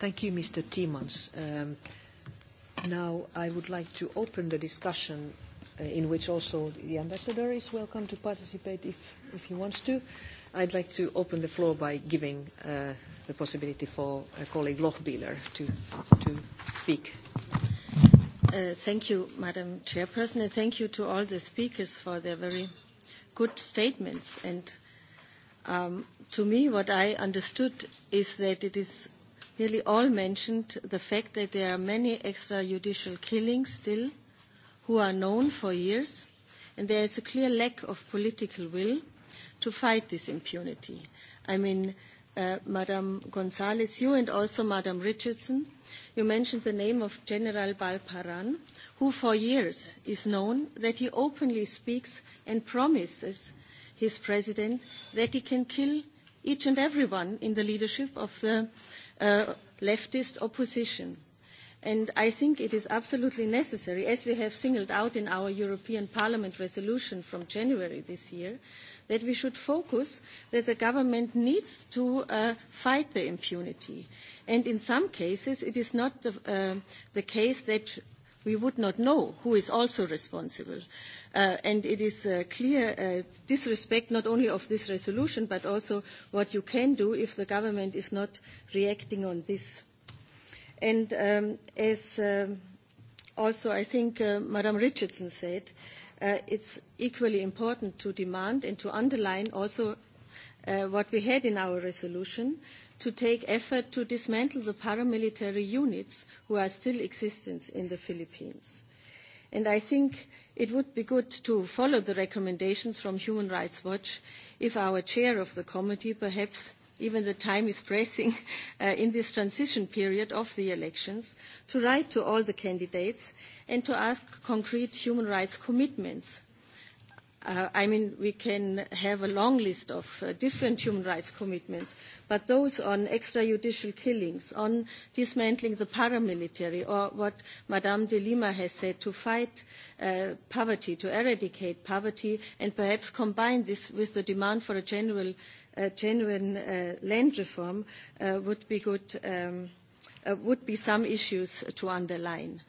Speaker 1: Thank you, Mr. Timmermans. Um, Now, I would like to open the discussion uh, in which also the ambassador is welcome to participate if, if he wants to. I'd like to open the floor by giving uh, the possibility for uh, colleague Lochbieler to, to speak.
Speaker 6: Uh, thank you, Madam Chairperson, and thank you to all the speakers for their very good statements. And um, to me, what I understood is that it is nearly all mentioned the fact that there are many extrajudicial killings still who are known for years, and there is a clear lack of political will to fight this impunity. I mean, uh, Madam Gonzalez, you and also Madam Richardson, you mentioned the name of General Balparan, who for years is known that he openly speaks and promises his president that he can kill each and everyone in the leadership of the uh, uh, leftist opposition. And I think it is absolutely necessary, as we have singled out in our European Parliament resolution from January this year, that we should focus that the government needs to uh, fight the impunity. And in some cases, it is not the, uh, the case that we would not know who is also responsible. Uh, and it is uh, clear uh, disrespect not only of this resolution, but also what you can do if the government is not reacting on this. And um, as um, also I think uh, Madame Richardson said, uh, it's equally important to demand and to underline also uh, what we had in our resolution, uh, to take effort to dismantle the paramilitary units who are still existent in the Philippines. And I think it would be good to follow the recommendations from Human Rights Watch if our chair of the committee, perhaps even the time is pressing uh, in this transition period of the elections, to write to all the candidates and to ask concrete human rights commitments Uh, I mean, we can have a long list of uh, different human rights commitments, but those on extrajudicial killings, on dismantling the paramilitary, or what Madame de Lima has said, to fight uh, poverty, to eradicate poverty, and perhaps combine this with the demand for a general, uh, genuine uh, land reform uh, would be good. Um, uh, would be some issues to underline.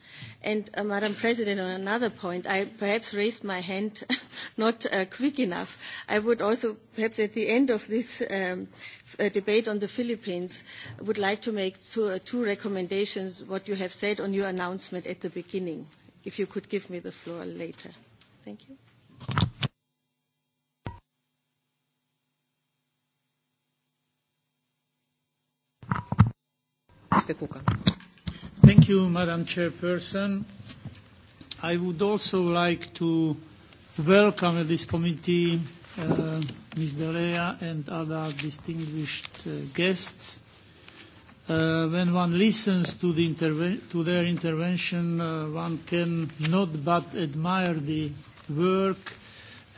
Speaker 6: And, uh, Madam President, on another point, I perhaps raised my hand not uh, quick enough. I would also, perhaps at the end of this um, f- uh, debate on the Philippines, would like to make two, uh, two recommendations, what you have said on your announcement at the beginning. If you could give me the floor later. Thank you.
Speaker 7: Mr. Kukan. Thank you, Madam Chairperson. I would also like to welcome at this committee uh, Ms. Dorea and other distinguished uh, guests. Uh, when one listens to, the interve- to their intervention, uh, one can not but admire the work,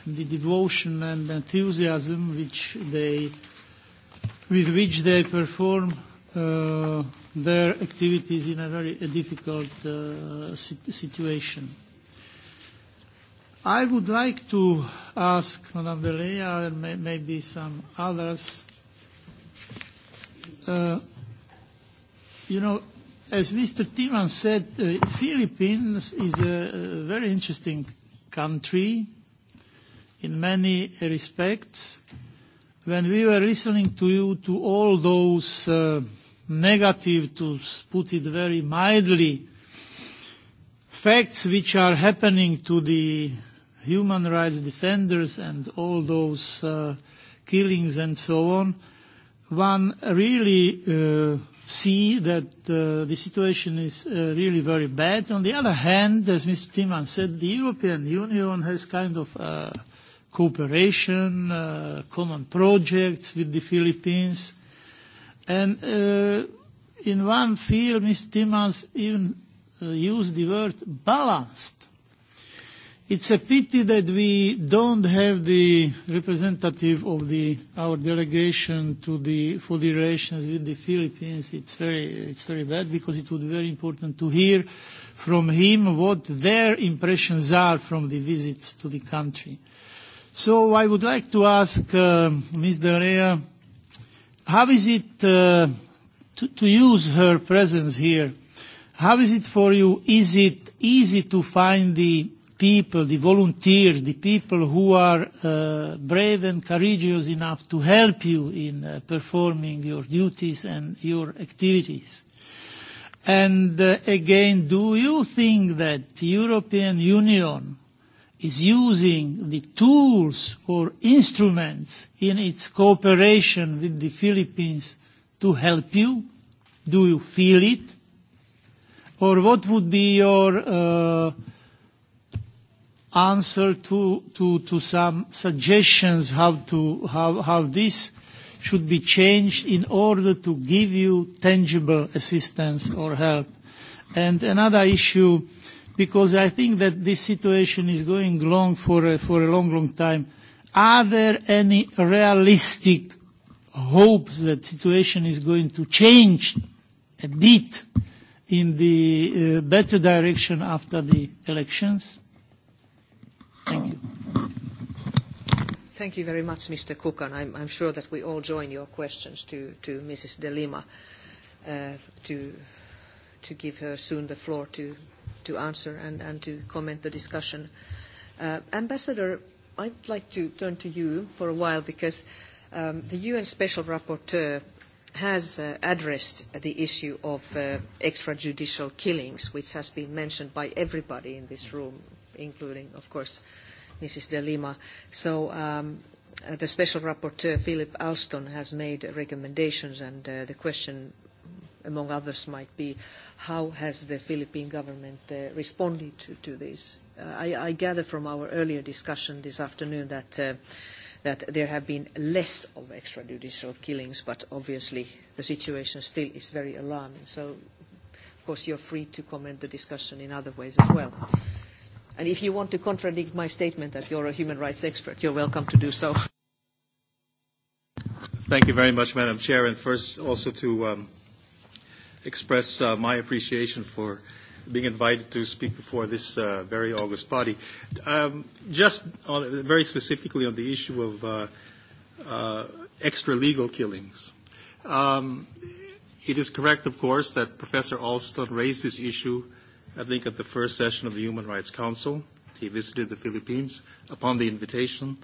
Speaker 7: the devotion and enthusiasm which they, with which they perform uh, their activities in a very uh, difficult uh, situation. I would like to ask Madame Delea and may, maybe some others, uh, you know, as Mr. Timan said, uh, Philippines is a, a very interesting country in many respects. When we were listening to you, to all those uh, negative, to put it very mildly, facts which are happening to the human rights defenders and all those uh, killings and so on, one really uh, see that uh, the situation is uh, really very bad. On the other hand, as Mr. Timan said, the European Union has kind of uh, cooperation, uh, common projects with the Philippines. And uh, in one field, Ms. Timmans even uh, used the word balanced. It's a pity that we don't have the representative of the, our delegation to the, for the relations with the Philippines. It's very, it's very bad because it would be very important to hear from him what their impressions are from the visits to the country. So I would like to ask uh, Ms. Darea how is it uh, to, to use her presence here? How is it for you? Is it easy to find the people, the volunteers, the people who are uh, brave and courageous enough to help you in uh, performing your duties and your activities? And uh, again, do you think that European Union is using the tools or instruments in its cooperation with the Philippines to help you? Do you feel it? Or what would be your uh, answer to, to, to some suggestions how, to, how, how this should be changed in order to give you tangible assistance or help? And another issue uh, because I think that this situation is going long for a, for a long, long time. Are there any realistic hopes that situation is going to change a bit in the uh, better direction after the elections? Thank you.
Speaker 1: Thank you very much, Mr. Kukan. I'm, I'm sure that we all join your questions to, to Mrs. de Lima uh, to, to give her soon the floor to to answer and, and to comment the discussion. Uh, Ambassador, I'd like to turn to you for a while because um, the UN Special Rapporteur has uh, addressed the issue of uh, extrajudicial killings, which has been mentioned by everybody in this room, including, of course, Mrs. De Lima. So um, uh, the Special Rapporteur, Philip Alston, has made recommendations, and uh, the question among others, might be how has the Philippine government uh, responded to, to this? Uh, I, I gather from our earlier discussion this afternoon that, uh, that there have been less of extrajudicial killings, but obviously the situation still is very alarming. So, of course, you're free to comment the discussion in other ways as well. And if you want to contradict my statement that you're a human rights expert, you're welcome to do so.
Speaker 8: Thank you very much, Madam Chair, and first also to um, express uh, my appreciation for being invited to speak before this uh, very august body. Um, just on, very specifically on the issue of uh, uh, extra-legal killings. Um, it is correct, of course, that Professor Alston raised this issue, I think, at the first session of the Human Rights Council. He visited the Philippines upon the invitation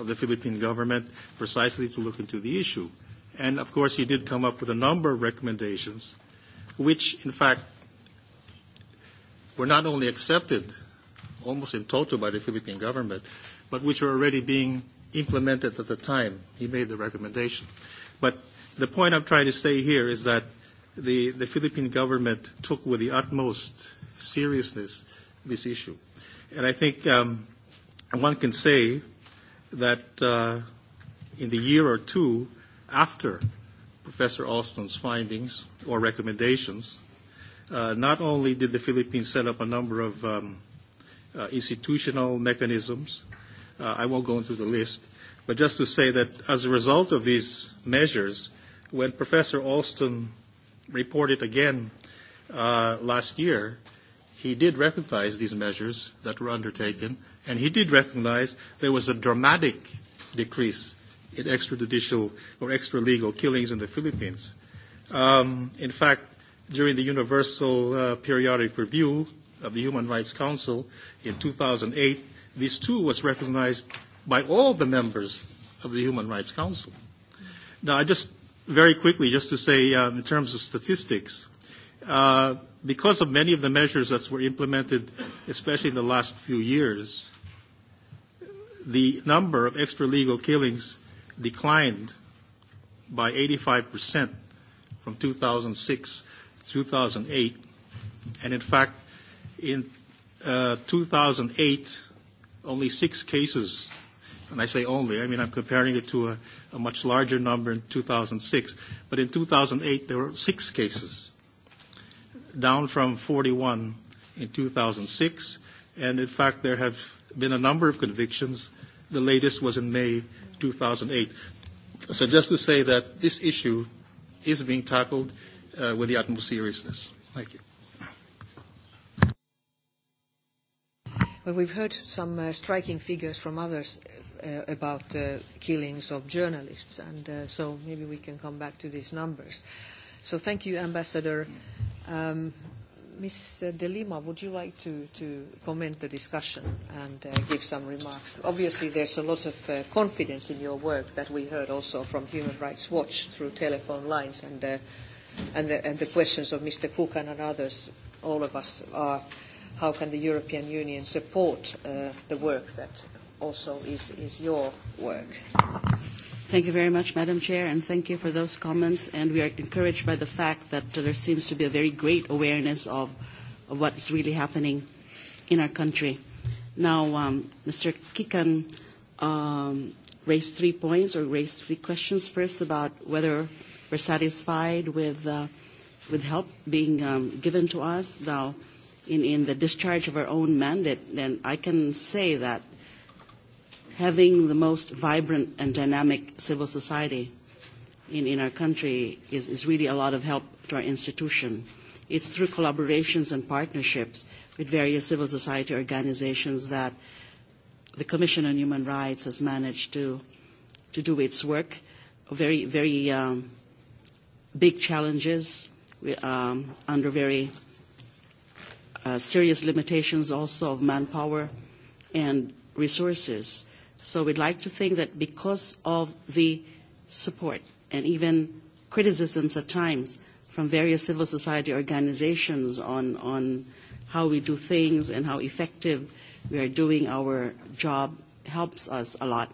Speaker 8: of the Philippine government precisely to look into the issue. And, of course, he did come up with a number of recommendations which in fact were not only accepted almost in total by the Philippine government, but which were already being implemented at the time he made the recommendation. But the point I'm trying to say here is that the, the Philippine government took with the utmost seriousness this issue. And I think um, one can say that uh, in the year or two after Professor Alston's findings, or recommendations, uh, not only did the Philippines set up a number of um, uh, institutional mechanisms, uh, I won't go into the list, but just to say that as a result of these measures, when Professor Alston reported again uh, last year, he did recognize these measures that were undertaken, and he did recognize there was a dramatic decrease in extrajudicial or extralegal killings in the Philippines. Um, in fact, during the Universal uh, Periodic Review of the Human Rights Council in 2008, this too was recognized by all the members of the Human Rights Council. Now, I just very quickly, just to say uh, in terms of statistics, uh, because of many of the measures that were implemented, especially in the last few years, the number of extralegal killings declined by 85 percent from 2006 to 2008. And in fact, in uh, 2008, only six cases, and I say only, I mean, I'm comparing it to a, a much larger number in 2006, but in 2008, there were six cases, down from 41 in 2006. And in fact, there have been a number of convictions. The latest was in May 2008. So just to say that this issue is being tackled uh, with the utmost seriousness. Thank you.
Speaker 1: Well, we've heard some uh, striking figures from others uh, about uh, killings of journalists, and uh, so maybe we can come back to these numbers. So thank you, Ambassador. Um, Ms. De Lima, would you like to, to comment the discussion and uh, give some remarks? Obviously, there's a lot of uh, confidence in your work that we heard also from Human Rights Watch through telephone lines and, uh, and, the, and the questions of Mr. Kukan and others. All of us are how can the European Union support uh, the work that also is, is your work?
Speaker 2: Thank you very much, Madam Chair, and thank you for those comments. And we are encouraged by the fact that there seems to be a very great awareness of, of what is really happening in our country. Now, um, Mr. Kikan um, raised three points or raised three questions. First, about whether we're satisfied with, uh, with help being um, given to us now in, in the discharge of our own mandate. Then I can say that having the most vibrant and dynamic civil society in, in our country is, is really a lot of help to our institution. It's through collaborations and partnerships with various civil society organizations that the Commission on Human Rights has managed to, to do its work. Very, very um, big challenges um, under very uh, serious limitations also of manpower and resources. So we'd like to think that because of the support and even criticisms at times from various civil society organizations on, on how we do things and how effective we are doing our job helps us a lot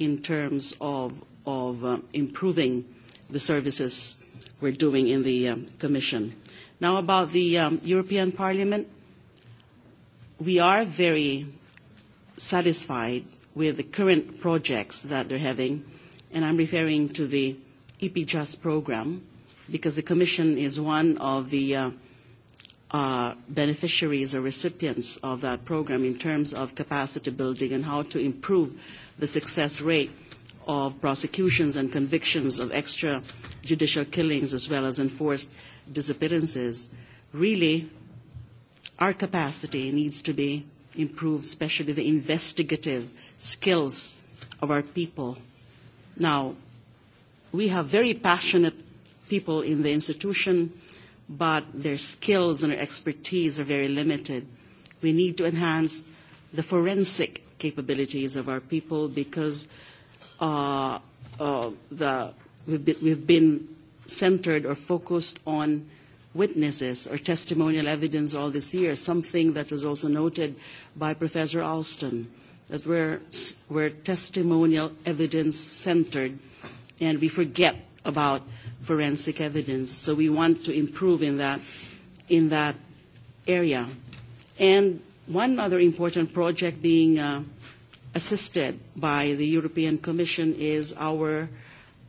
Speaker 2: in terms of, of um, improving the services we're doing in the um, Commission. Now about the um, European Parliament, we are very satisfied with the current projects that they're having, and I'm referring to the EPJUST program, because the Commission is one of the uh, uh, beneficiaries or recipients of that program in terms of capacity building and how to improve the success rate of prosecutions and convictions of extrajudicial killings as well as enforced disappearances. Really, our capacity needs to be improved, especially the investigative skills of our people. Now, we have very passionate people in the institution, but their skills and their expertise are very limited. We need to enhance the forensic capabilities of our people because uh, uh, the, we've, been, we've been centered or focused on witnesses or testimonial evidence all this year, something that was also noted by Professor Alston. Uh, that we're, we're testimonial evidence centered and we forget about forensic evidence. So we want to improve in that, in that area. And one other important project being uh, assisted by the European Commission is our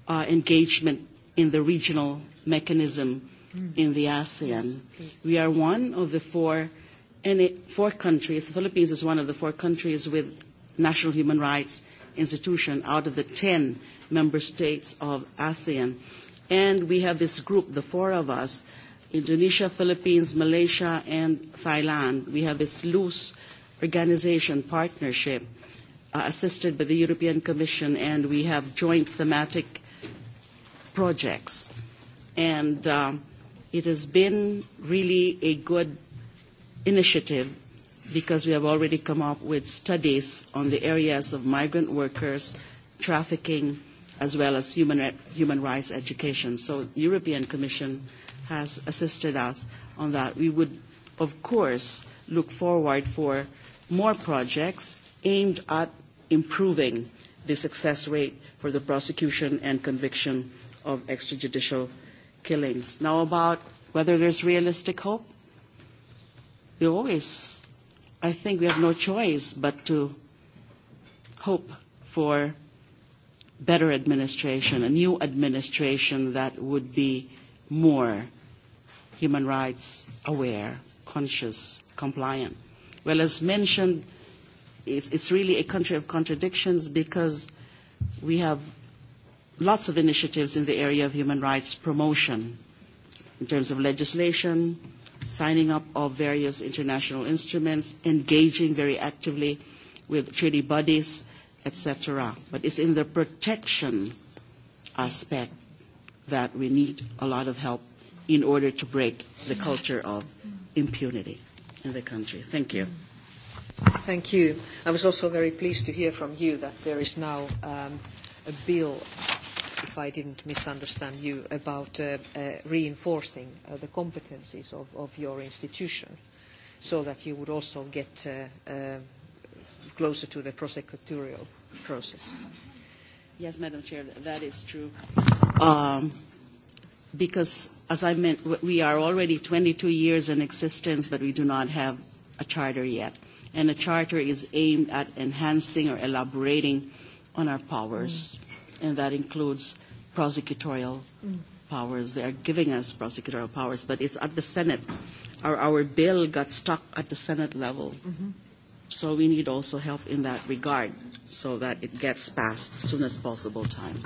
Speaker 2: uh, engagement in the regional mechanism mm. in the ASEAN. Okay. We are one of the four, and it, four countries, the Philippines is one of the four countries with national human rights institution out of the 10 member states of ASEAN. And we have this group, the four of us, Indonesia, Philippines, Malaysia, and Thailand. We have this loose organization partnership uh, assisted by the European Commission, and we have joint thematic projects. And uh, it has been really a good initiative because we have already come up with studies on the areas of migrant workers, trafficking, as well as human, human rights education. So the European Commission has assisted us on that. We would, of course, look forward for more projects aimed at improving the success rate for the prosecution and conviction of extrajudicial killings. Now about whether there's realistic hope. We always I think we have no choice but to hope for better administration, a new administration that would be more human rights aware, conscious, compliant. Well, as mentioned, it's, it's really a country of contradictions because we have lots of initiatives in the area of human rights promotion in terms of legislation, signing up of various international instruments, engaging very actively with treaty bodies, etc. But it's in the protection aspect that we need a lot of help in order to break the culture of impunity in the country. Thank you.
Speaker 1: Thank you. I was also very pleased to hear from you that there is now um, a bill if I didn't misunderstand you, about uh, uh, reinforcing uh, the competencies of, of your institution so that you would also get uh, uh, closer to the prosecutorial
Speaker 2: process. Yes, Madam Chair, that is true. Um, because, as I meant, we are already 22 years in existence, but we do not have a charter yet. And a charter is aimed at enhancing or elaborating on our powers. Mm and that includes prosecutorial mm. powers. They are giving us prosecutorial powers, but it's at the Senate. Our, our bill got stuck at the Senate level. Mm-hmm. So we need also help in that regard so that it gets passed as soon as possible time.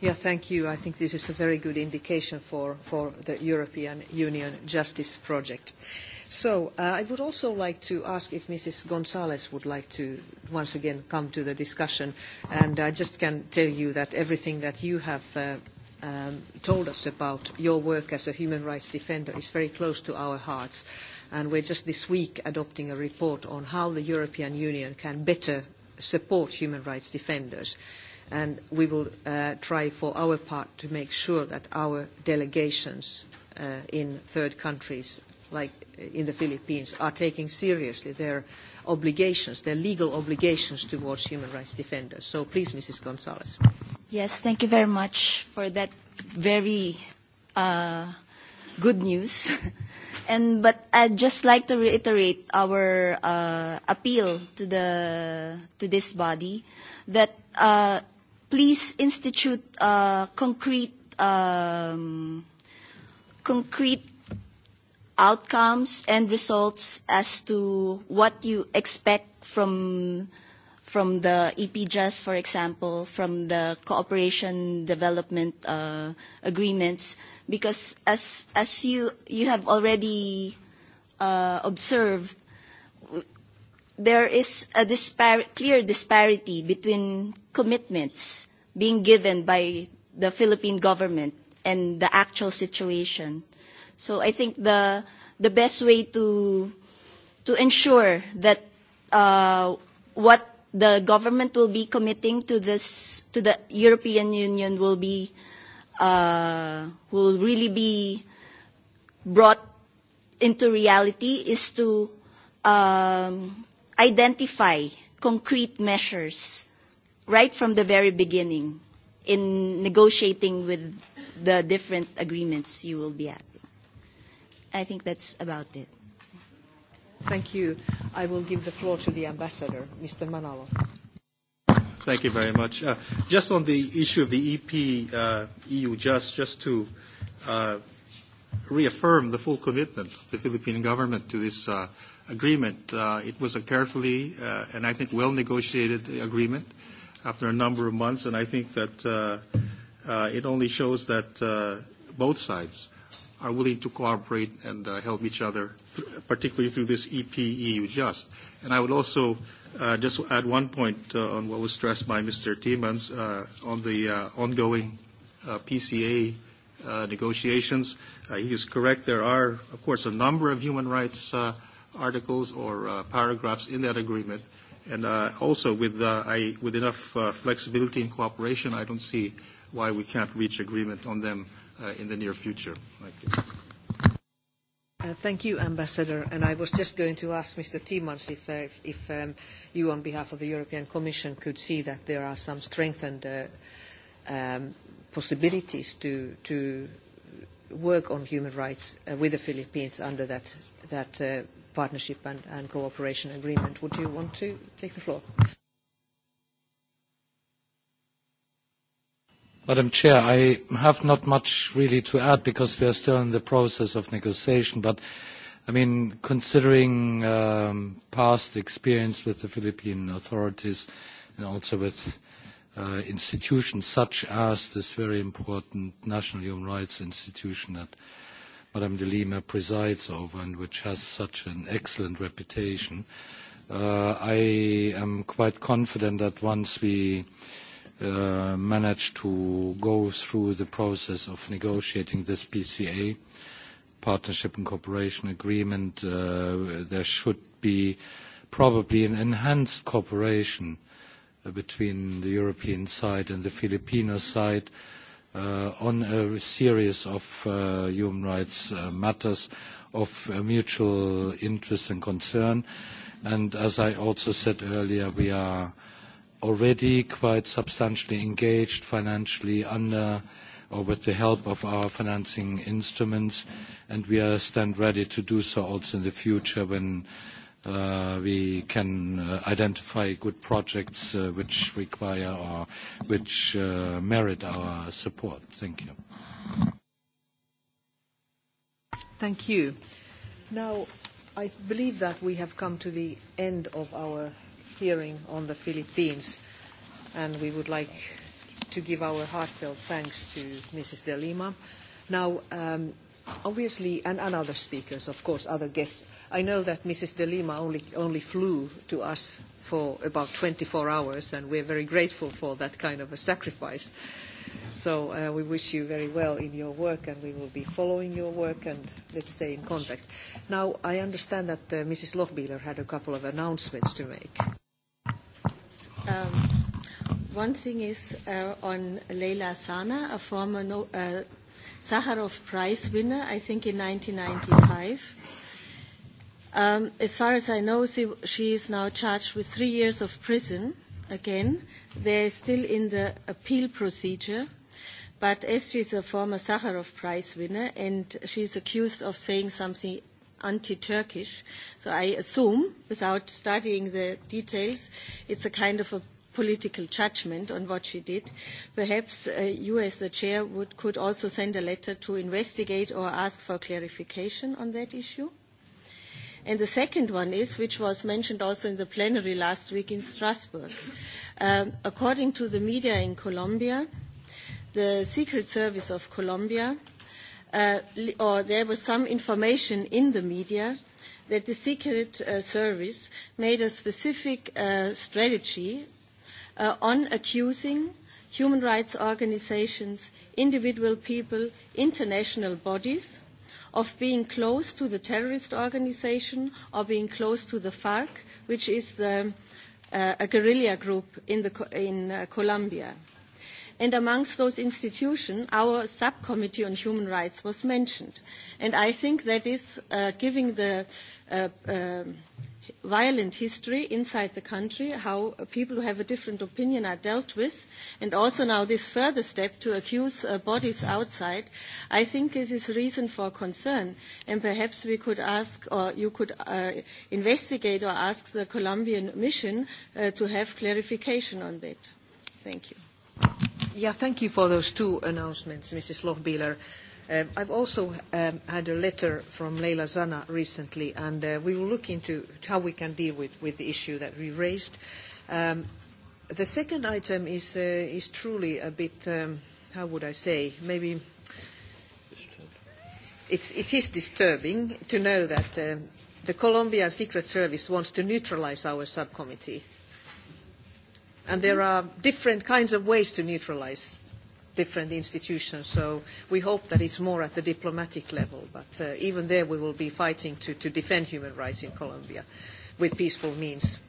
Speaker 1: Yeah, thank you. I think this is a very good indication for, for the European Union Justice Project. Uh, So uh, I would also like to ask if Mrs. Gonzalez would like to once again come to the discussion. And I just can tell you that everything that you have uh, um, told us about your work as a human rights defender is very close to our hearts. And we're just this week adopting a report on how the European Union can better support human rights defenders and we will uh, try for our part to make sure that our delegations uh, in third countries like uh, in the Philippines, are taking seriously their obligations, their legal obligations towards human rights defenders. So please, Mrs. Gonzalez.
Speaker 4: Yes, thank you very much for that very uh, good news. and but I'd just like to reiterate our uh, appeal to the to this body that uh, please institute uh, concrete um, concrete outcomes and results as to what you expect from from the EPJAS, for example, from the cooperation development uh, agreements, because as as you you have already uh, observed, there is a dispar- clear disparity between commitments being given by the Philippine government and the actual situation. Uh, So I think the, the best way to, to ensure that uh, what the government will be committing to this, to the European Union will be, uh, will really be brought into reality is to um, identify concrete measures right from the very beginning in negotiating with the different agreements you will be at. I think that's about it.
Speaker 1: Thank you. I will give the floor to the ambassador, Mr. Manalo.
Speaker 8: Thank you very much. Uh, just on the issue of the EP uh, EU just just to uh, reaffirm the full commitment of the Philippine government to this uh, agreement. Uh, it was a carefully uh, and I think well negotiated agreement after a number of months, and I think that uh, uh, it only shows that uh, both sides are willing to cooperate and uh, help each other, th- particularly through this EP EU Just. And I would also uh, just add one point uh, on what was stressed by Mr. Tiemans uh, on the uh, ongoing uh, PCA uh, negotiations. Uh, he is correct. There are, of course, a number of human rights uh, articles or uh, paragraphs in that agreement. And uh, also, with, uh, I, with enough uh, flexibility and cooperation, I don't see uh, why we can't reach agreement on them uh, in the near future. Thank you.
Speaker 1: Uh, thank you, Ambassador. And I was just going to ask Mr. Timmermans if, uh, if, if um, you, on behalf of the European Commission, could see that there are some strengthened uh, um, possibilities to, to work on human rights uh, with the Philippines under that, that uh, partnership and, and cooperation agreement. Would you want to take the floor? Uh,
Speaker 5: Madam Chair, I have not much really to add because we are still in the process of negotiation. But I mean, considering um, past experience with the Philippine authorities and also with uh, institutions such as this very important National Human Rights Institution that Madame de Lima presides over and which has such an excellent reputation, uh, I am quite confident that once we uh, uh, managed to go through the process of negotiating this PCA, Partnership and Cooperation Agreement. Uh, there should be probably an enhanced cooperation uh, between the European side and the Filipino side uh, on a series of uh, human rights uh, matters of uh, mutual interest and concern. And as I also said earlier, we are uh, already quite substantially engaged financially under or with the help of our financing instruments, and we stand ready to do so also in the future when uh, we can uh, identify good projects uh, which require or which uh, merit our support. Thank you.
Speaker 1: Thank you. Now, I believe that we have come to the end of our hearing on the Philippines, and we would like to give our heartfelt thanks to Mrs. De Lima. Now, um, obviously, and, and other speakers, of course, other guests. I know that Mrs. De Lima only, only flew to us for about 24 hours, and we're very grateful for that kind of a sacrifice. So uh, we wish you very well in your work, and we will be following your work, and let's stay in contact. Now, I understand that uh, Mrs. Lochbieler had a couple of announcements to make.
Speaker 6: Um, one thing is uh, on Leila Sana, a former no, uh, Sakharov Prize winner, I think in 1995. Um, as far as I know, she, she is now charged with three years of prison again. They're still in the appeal procedure. But as she's a former Sakharov Prize winner and she's accused of saying something anti-Turkish. So I assume, without studying the details, it's a kind of a political judgment on what she did. Perhaps uh, you, as the chair, would, could also send a letter to investigate or ask for clarification on that issue. And the second one is, which was mentioned also in the plenary last week in Strasbourg. Um, according to the media in Colombia, the Secret Service of Colombia uh, or there was some information in the media that the Secret uh, Service made a specific uh, strategy uh, on accusing human rights organizations, individual people, international bodies of being close to the terrorist organization or being close to the FARC, which is the, uh, a guerrilla group in, the, in uh, Colombia. Uh, And amongst those institutions, our subcommittee on human rights was mentioned. And I think that is uh, giving the uh, uh, violent history inside the country, how people who have a different opinion are dealt with, and also now this further step to accuse uh, bodies outside, I think it is reason for concern. And perhaps we could ask, or you could uh, investigate or ask the Colombian mission uh, to have clarification on that. Thank you.
Speaker 1: Yeah, thank you for those two announcements, Mrs. Lochbieler. Um, I've also um, had a letter from Leila Zana recently, and uh, we will look into how we can deal with, with the issue that we raised. Um, the second item is, uh, is truly a bit, um, how would I say, maybe it's, it is disturbing to know that um, the Colombian Secret Service wants to neutralize our subcommittee And there are different kinds of ways to neutralize different institutions, so we hope that it's more at the diplomatic level. But uh, even there, we will be fighting to, to defend human rights in Colombia with peaceful means.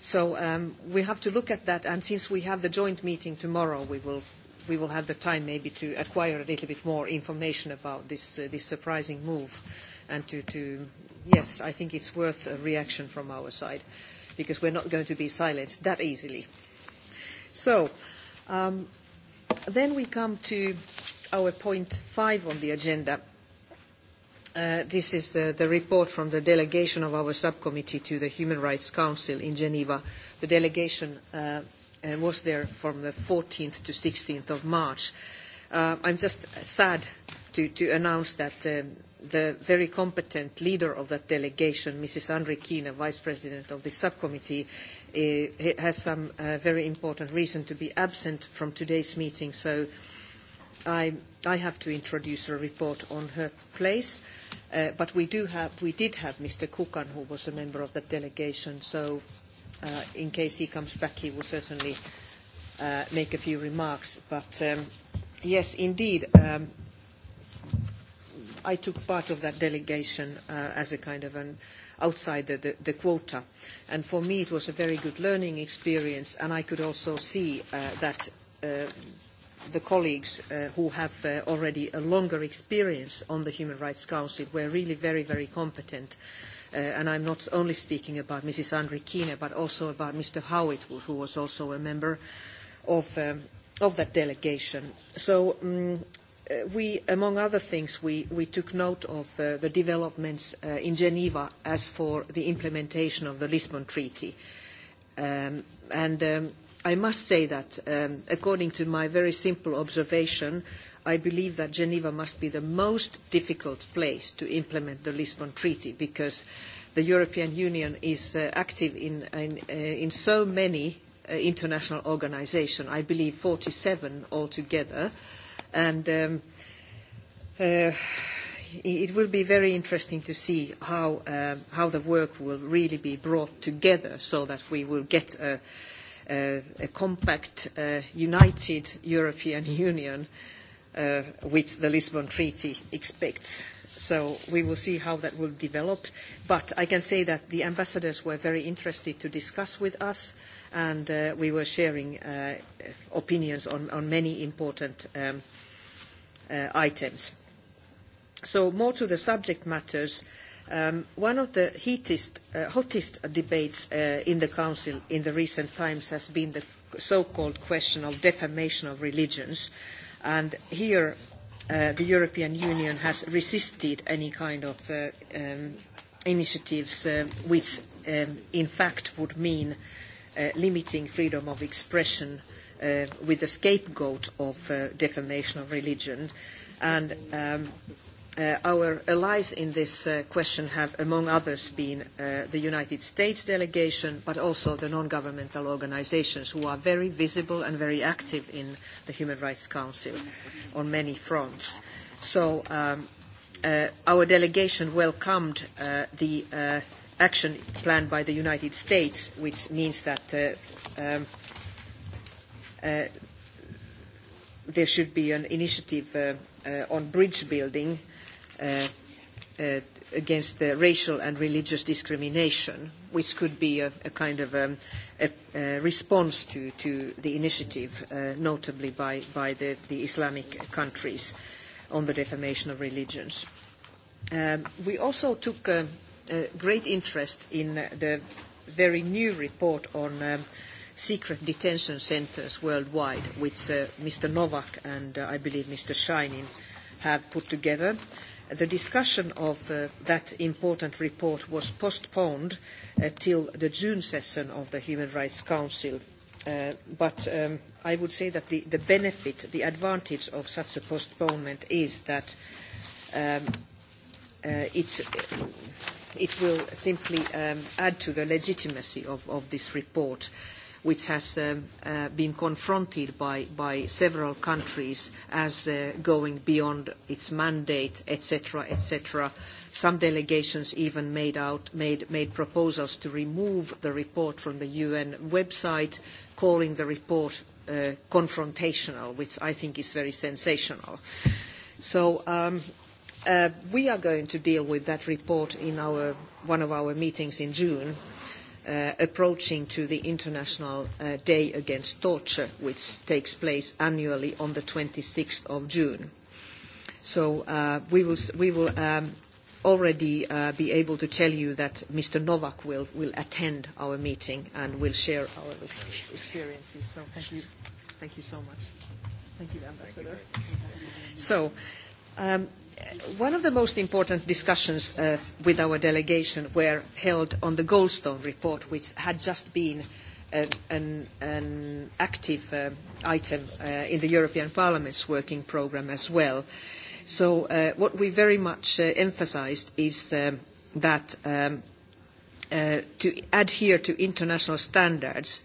Speaker 1: So um, we have to look at that, and since we have the joint meeting tomorrow, we will, we will have the time maybe to acquire a little bit more information about this, uh, this surprising move. And to, to, yes, I think it's worth a reaction from our side. Uh, because we're not going to be silenced that easily. So um, then we come to our point five on the agenda. Uh, this is uh, the report from the delegation of our subcommittee to the Human Rights Council in Geneva. The delegation uh, uh was there from the 14th to 16th of March. Uh, I'm just sad to, to announce that um, the very competent leader of that delegation, Mrs. Andri Kina, Vice President of the subcommittee, uh, has some uh, very important reason to be absent from today's meeting, so I, I have to introduce a report on her place. Uh, but we, do have, we did have Mr. Kukan, who was a member of that delegation, so uh, in case he comes back, he will certainly uh, make a few remarks. But um, yes, indeed, um, I took part of that delegation uh, as a kind of an outside the, the, the quota. And for me, it was a very good learning experience, and I could also see uh, that uh, the colleagues uh, who have uh, already a longer experience on the Human Rights Council were really very, very competent. Uh, and I'm not only speaking about Mrs. Andre Kine, but also about Mr. Howitt, who was also a member of, um, of that delegation. So um, Uh, we, among other things, we, we took note of uh, the developments uh, in Geneva as for the implementation of the Lisbon Treaty. Um, and um, I must say that, um, according to my very simple observation, I believe that Geneva must be the most difficult place to implement the Lisbon Treaty because the European Union is uh, active in, in, uh, in so many uh, international organizations, I believe 47 altogether, uh, And um, uh, it will be very interesting to see how, uh, how the work will really be brought together so that we will get a, a, a compact, uh, united European Union, uh, which the Lisbon Treaty expects. So we will see how that will develop. But I can say that the ambassadors were very interested to discuss with us, and uh, we were sharing uh, opinions on, on many important um, uh, uh, items. So more to the subject matters. Um, one of the heatest, uh, hottest debates uh, in the Council in the recent times has been the so-called question of defamation of religions. And here uh, the European Union has resisted any kind of uh, um, initiatives uh, which um, in fact would mean uh, limiting freedom of expression uh, uh, with the scapegoat of uh, defamation of religion. And um, uh, our allies in this uh, question have, among others, been uh, the United States delegation, but also the non-governmental organizations who are very visible and very active in the Human Rights Council on many fronts. So um, uh, our delegation welcomed uh, the uh, action plan by the United States, which means that uh, um, uh, uh, there should be an initiative uh, uh, on bridge building uh, uh, against the racial and religious discrimination, which could be a, a kind of um, a, a response to, to the initiative, uh, notably by, by the, the Islamic countries on the defamation of religions. Um, we also took uh, uh, great interest in the very new report on um, uh, secret detention centers worldwide, which uh, Mr. Novak and uh, I believe Mr. Shinin have put together. The discussion of uh, that important report was postponed uh, till the June session of the Human Rights Council. Uh, but um, I would say that the, the benefit, the advantage of such a postponement is that um, uh, it's, it will simply um, add to the legitimacy of, of this report. Uh, which has um, uh, been confronted by, by several countries as uh, going beyond its mandate, etc., etc. Some delegations even made, out, made, made proposals to remove the report from the UN website, calling the report uh, confrontational, which I think is very sensational. So um, uh, we are going to deal with that report in our, one of our meetings in June uh, approaching to the International uh, Day Against Torture, which takes place annually on the 26th of June. So uh, we will, we will um, already uh, be able to tell you that Mr. Novak will, will attend our meeting and will share our
Speaker 9: experiences.
Speaker 1: So thank you. Thank you so much. Thank you, Ambassador. Thank you. So, um, one of the most important discussions uh, with our delegation were held on the Goldstone report, which had just been uh, an, an active uh, item uh, in the European Parliament's working programme as well. So uh, what we very much uh, emphasized is um, that um, uh, to adhere to international standards,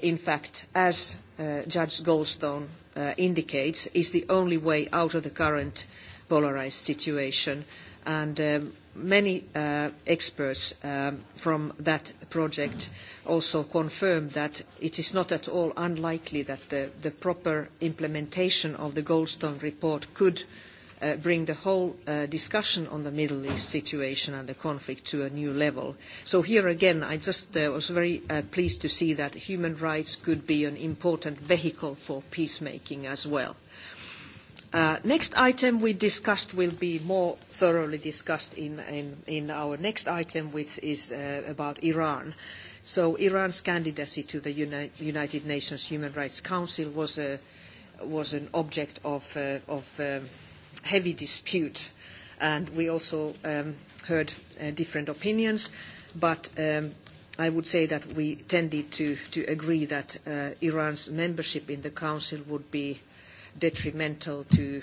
Speaker 1: in fact, as uh, Judge Goldstone uh, indicates, is the only way out of the current uh, polarized situation. And um, many uh, experts um, from that project also confirmed that it is not at all unlikely that the, the proper implementation of the Goldstone report could uh, bring the whole uh, discussion on the Middle East situation and the conflict to a new level. So here again, I just uh, was very uh, pleased to see that human rights could be an important vehicle for peacemaking as well. Uh, next item we discussed will be more thoroughly discussed in, in, in our next item, which is uh, about Iran. So Iran's candidacy to the Uni United Nations Human Rights Council was, a, was an object of, uh, of um, heavy dispute. And we also um, heard uh, different opinions, but um, I would say that we tended to, to agree that uh, Iran's membership in the council would be detrimental to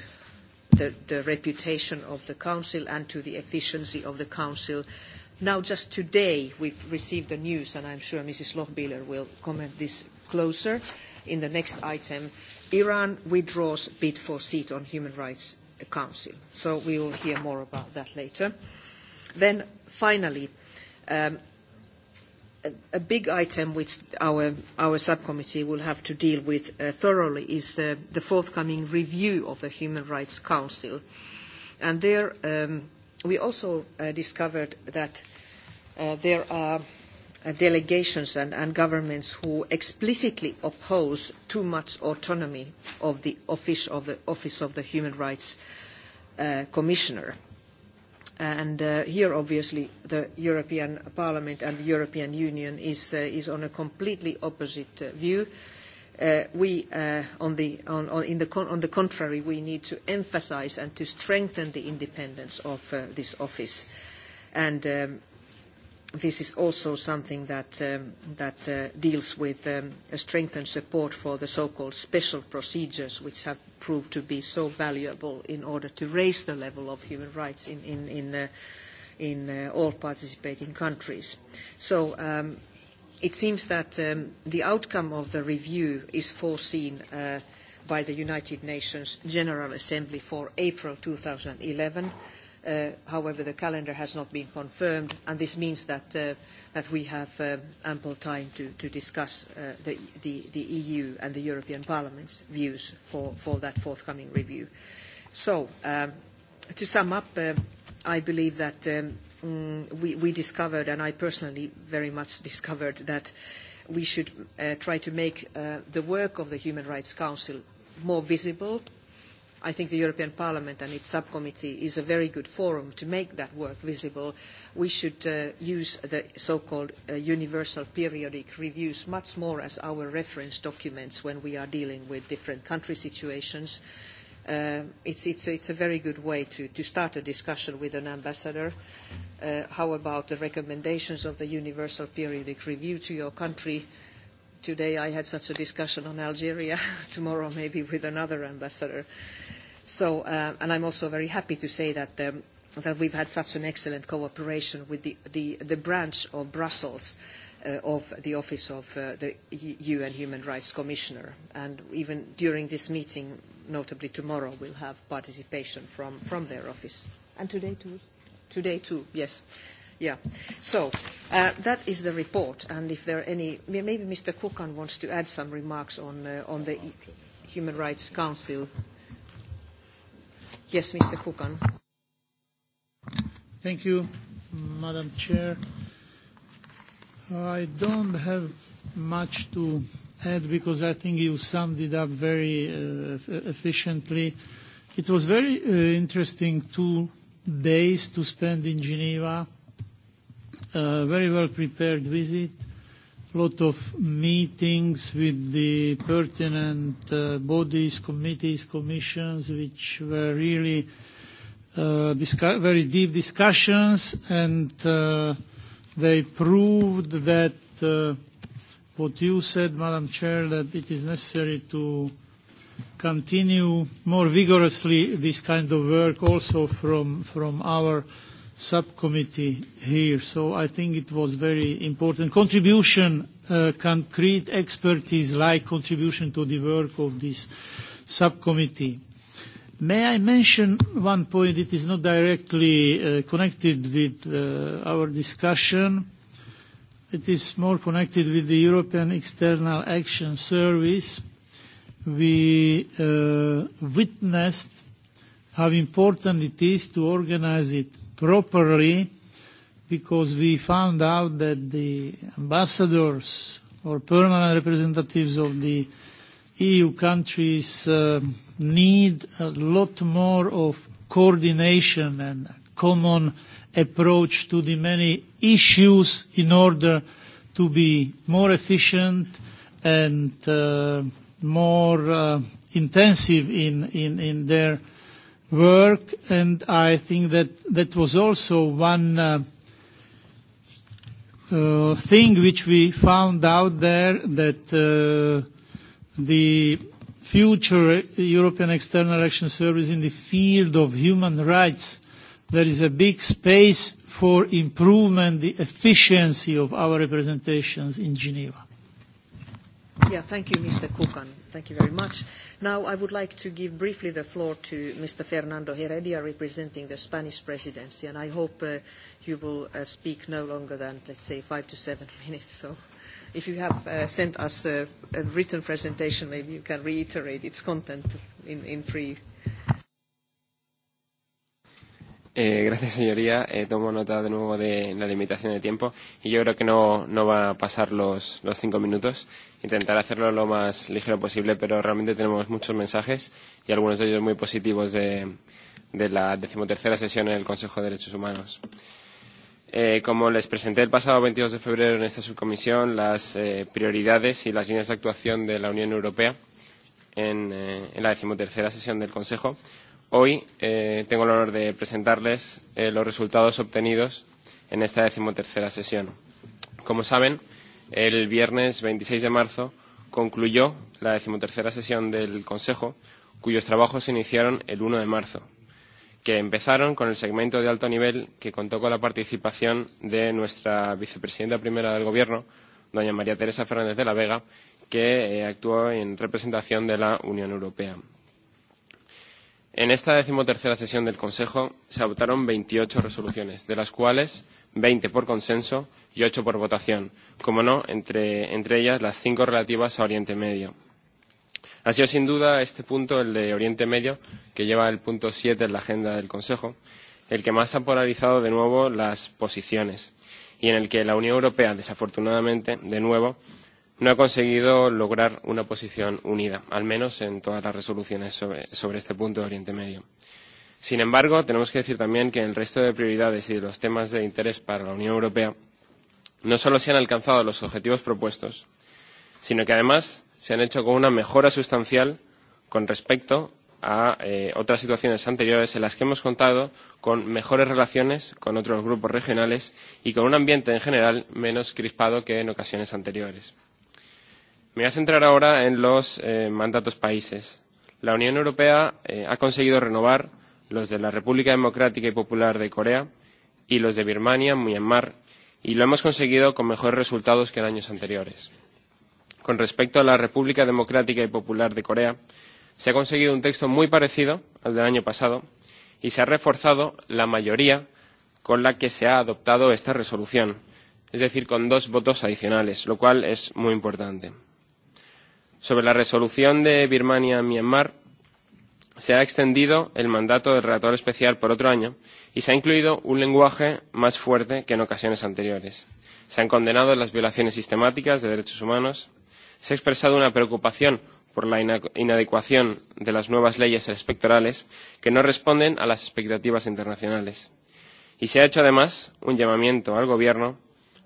Speaker 1: the, the reputation of the council and to the efficiency of the council. Now, just today, we've received the news, and I'm sure Mrs. Lochbihler will comment this closer in the next item. Iran withdraws bid for seat on Human Rights Council. So we will hear more about that later. Then finally, um, a big item which our, our subcommittee will have to deal with uh, thoroughly is uh, the forthcoming review of the Human Rights Council. And there um, we also uh, discovered that uh, there are uh, delegations and, and governments who explicitly oppose too much autonomy of the office of the, office of the Human Rights uh, Commissioner. Uh, And uh, here, obviously, the European Parliament and the European Union is, uh, is on a completely opposite uh, view. Uh, we, uh, on, the, on, on, in the con- on the contrary, we need to emphasize and to strengthen the independence of uh, this office. And um, this is also something that, um, that uh, deals with um, a strengthened support for the so-called special procedures, which have proved to be so valuable in order to raise the level of human rights in, in, in, uh, in uh, all participating countries. So um, it seems that um, the outcome of the review is foreseen uh, by the United Nations General Assembly for April 2011, Uh, however, the calendar has not been confirmed, and this means that, uh, that we have uh, ample time to, to discuss uh, the, the, the EU and the European Parliament's views for, for that forthcoming review. So, um, to sum up, uh, I believe that um, mm, we, we discovered, and I personally very much discovered, that we should uh, try to make uh, the work of the Human Rights Council more visible I think the European Parliament and its subcommittee is a very good forum to make that work visible. We should uh, use the so-called uh, universal periodic reviews much more as our reference documents when we are dealing with different country situations. Uh, it's, it's, it's a very good way to, to start a discussion with an ambassador. Uh, how about the recommendations of the Universal Periodic Review to your country? Uh, today I had such a discussion on Algeria, tomorrow maybe with another ambassador. So, uh, and I'm also very happy to say that, um, that we've had such an excellent cooperation with the, the, the branch of Brussels uh, of the Office of uh, the UN Human Rights Commissioner. And even during this meeting, notably tomorrow, we'll have participation from, from their office. And today too? Today too, yes. Uh, Yeah. So uh, that is the report. And if there are any, maybe Mr. Kukan wants to add some remarks on, uh, on the Human Rights Council. Yes, Mr.
Speaker 7: Kukan. Thank you, Madam Chair. I don't have much to add because I think you summed it up very uh, e-, efficiently. It was very uh, interesting two days to spend in Geneva uh, very well prepared visit, a lot of meetings with the pertinent uh, bodies, committees, commissions, which were really uh, discuss- very deep discussions, and uh, they proved that uh, what you said, Madam Chair, that it is necessary to continue more vigorously this kind of work also from, from our uh, subcommittee here. So I think it was very important. Contribution, uh, concrete expertise like contribution to the work of this subcommittee. May I mention one point that is not directly uh, connected with uh, our discussion? It is more connected with the European External Action Service. We uh, witnessed how important it is to organize it properly because we found out that the ambassadors or permanent representatives of the EU countries uh, need a lot more of coordination and common approach to the many issues in order to be more efficient and uh, more uh, intensive in, in, in their work, and I think that that was also one uh, uh, thing which we found out there that uh, the future European External Action Service in the field of human rights, there is a big space for improvement the efficiency of our representations in Geneva.
Speaker 1: Yeah, thank you, Mr. Kukan. Thank you very much. Now I would like to give briefly the floor to Mr. Fernando Heredia, representing the Spanish presidency, and I hope uh, you will uh, speak no longer than, let's say, five to seven minutes. So if you have uh, sent us a, a written presentation, maybe you can reiterate its content in, in three.
Speaker 10: Eh, gracias, señoría. Eh, tomo nota de nuevo de la limitación de tiempo y yo creo que no, no va a pasar los, los cinco minutos. Eh, intentar hacerlo lo más ligero posible, pero realmente tenemos muchos mensajes y algunos de ellos muy positivos de, de la decimotercera sesión en el Consejo de Derechos Humanos. Eh, como les presenté el pasado 22 de febrero en esta subcomisión, las eh, prioridades y las líneas de actuación de la Unión Europea en, eh, en la decimotercera sesión del Consejo, hoy eh, tengo el honor de presentarles eh, los resultados obtenidos en esta decimotercera sesión. Como saben, eh, el viernes 26 de marzo concluyó la decimotercera sesión del Consejo, cuyos trabajos se iniciaron el 1 de marzo, que empezaron con el segmento de alto nivel que contó con la participación de nuestra vicepresidenta primera del Gobierno, doña María Teresa Fernández de la Vega, que eh, actuó en representación de la Unión Europea. En esta decimotercera sesión del Consejo se adoptaron 28 resoluciones, de las cuales 20 por consenso y 8 por votación. Como no, entre, entre ellas las cinco relativas a Oriente Medio. Ha sido sin duda este punto, el de Oriente Medio, que lleva el punto 7 en la agenda del Consejo, el que más ha polarizado de nuevo las posiciones y en el que la Unión Europea, desafortunadamente, de nuevo, no ha conseguido lograr una posición unida, al menos en todas las resoluciones sobre, sobre este punto de Oriente Medio. Eh, Sin embargo, tenemos que decir también que en el resto de prioridades y de los temas de interés para la Unión Europea no solo se han alcanzado los objetivos propuestos, sino que además se han hecho con una mejora sustancial con respecto a eh, otras situaciones anteriores en las que hemos contado con mejores relaciones con otros grupos regionales y con un ambiente en general menos crispado que en ocasiones anteriores. Me voy a centrar ahora en los eh, mandatos países. La Unión Europea eh, ha conseguido renovar los de la República Democrática y Popular de Corea y los de Birmania, Myanmar, y lo hemos conseguido con mejores resultados que en años anteriores. Con respecto a la República Democrática y Popular de Corea, se ha conseguido un texto muy parecido al del año pasado y se ha reforzado la mayoría con la que se ha adoptado esta resolución, es decir, con dos votos adicionales, lo cual es muy importante. Sobre la resolución de Birmania-Myanmar, se ha extendido el mandato del relator especial por otro año y se ha incluido un lenguaje más fuerte que en ocasiones anteriores. Se han condenado las violaciones sistemáticas de derechos humanos, se ha expresado una preocupación por la inadecuación de las nuevas leyes electorales que no responden a las expectativas internacionales. Y se ha hecho además un llamamiento al Gobierno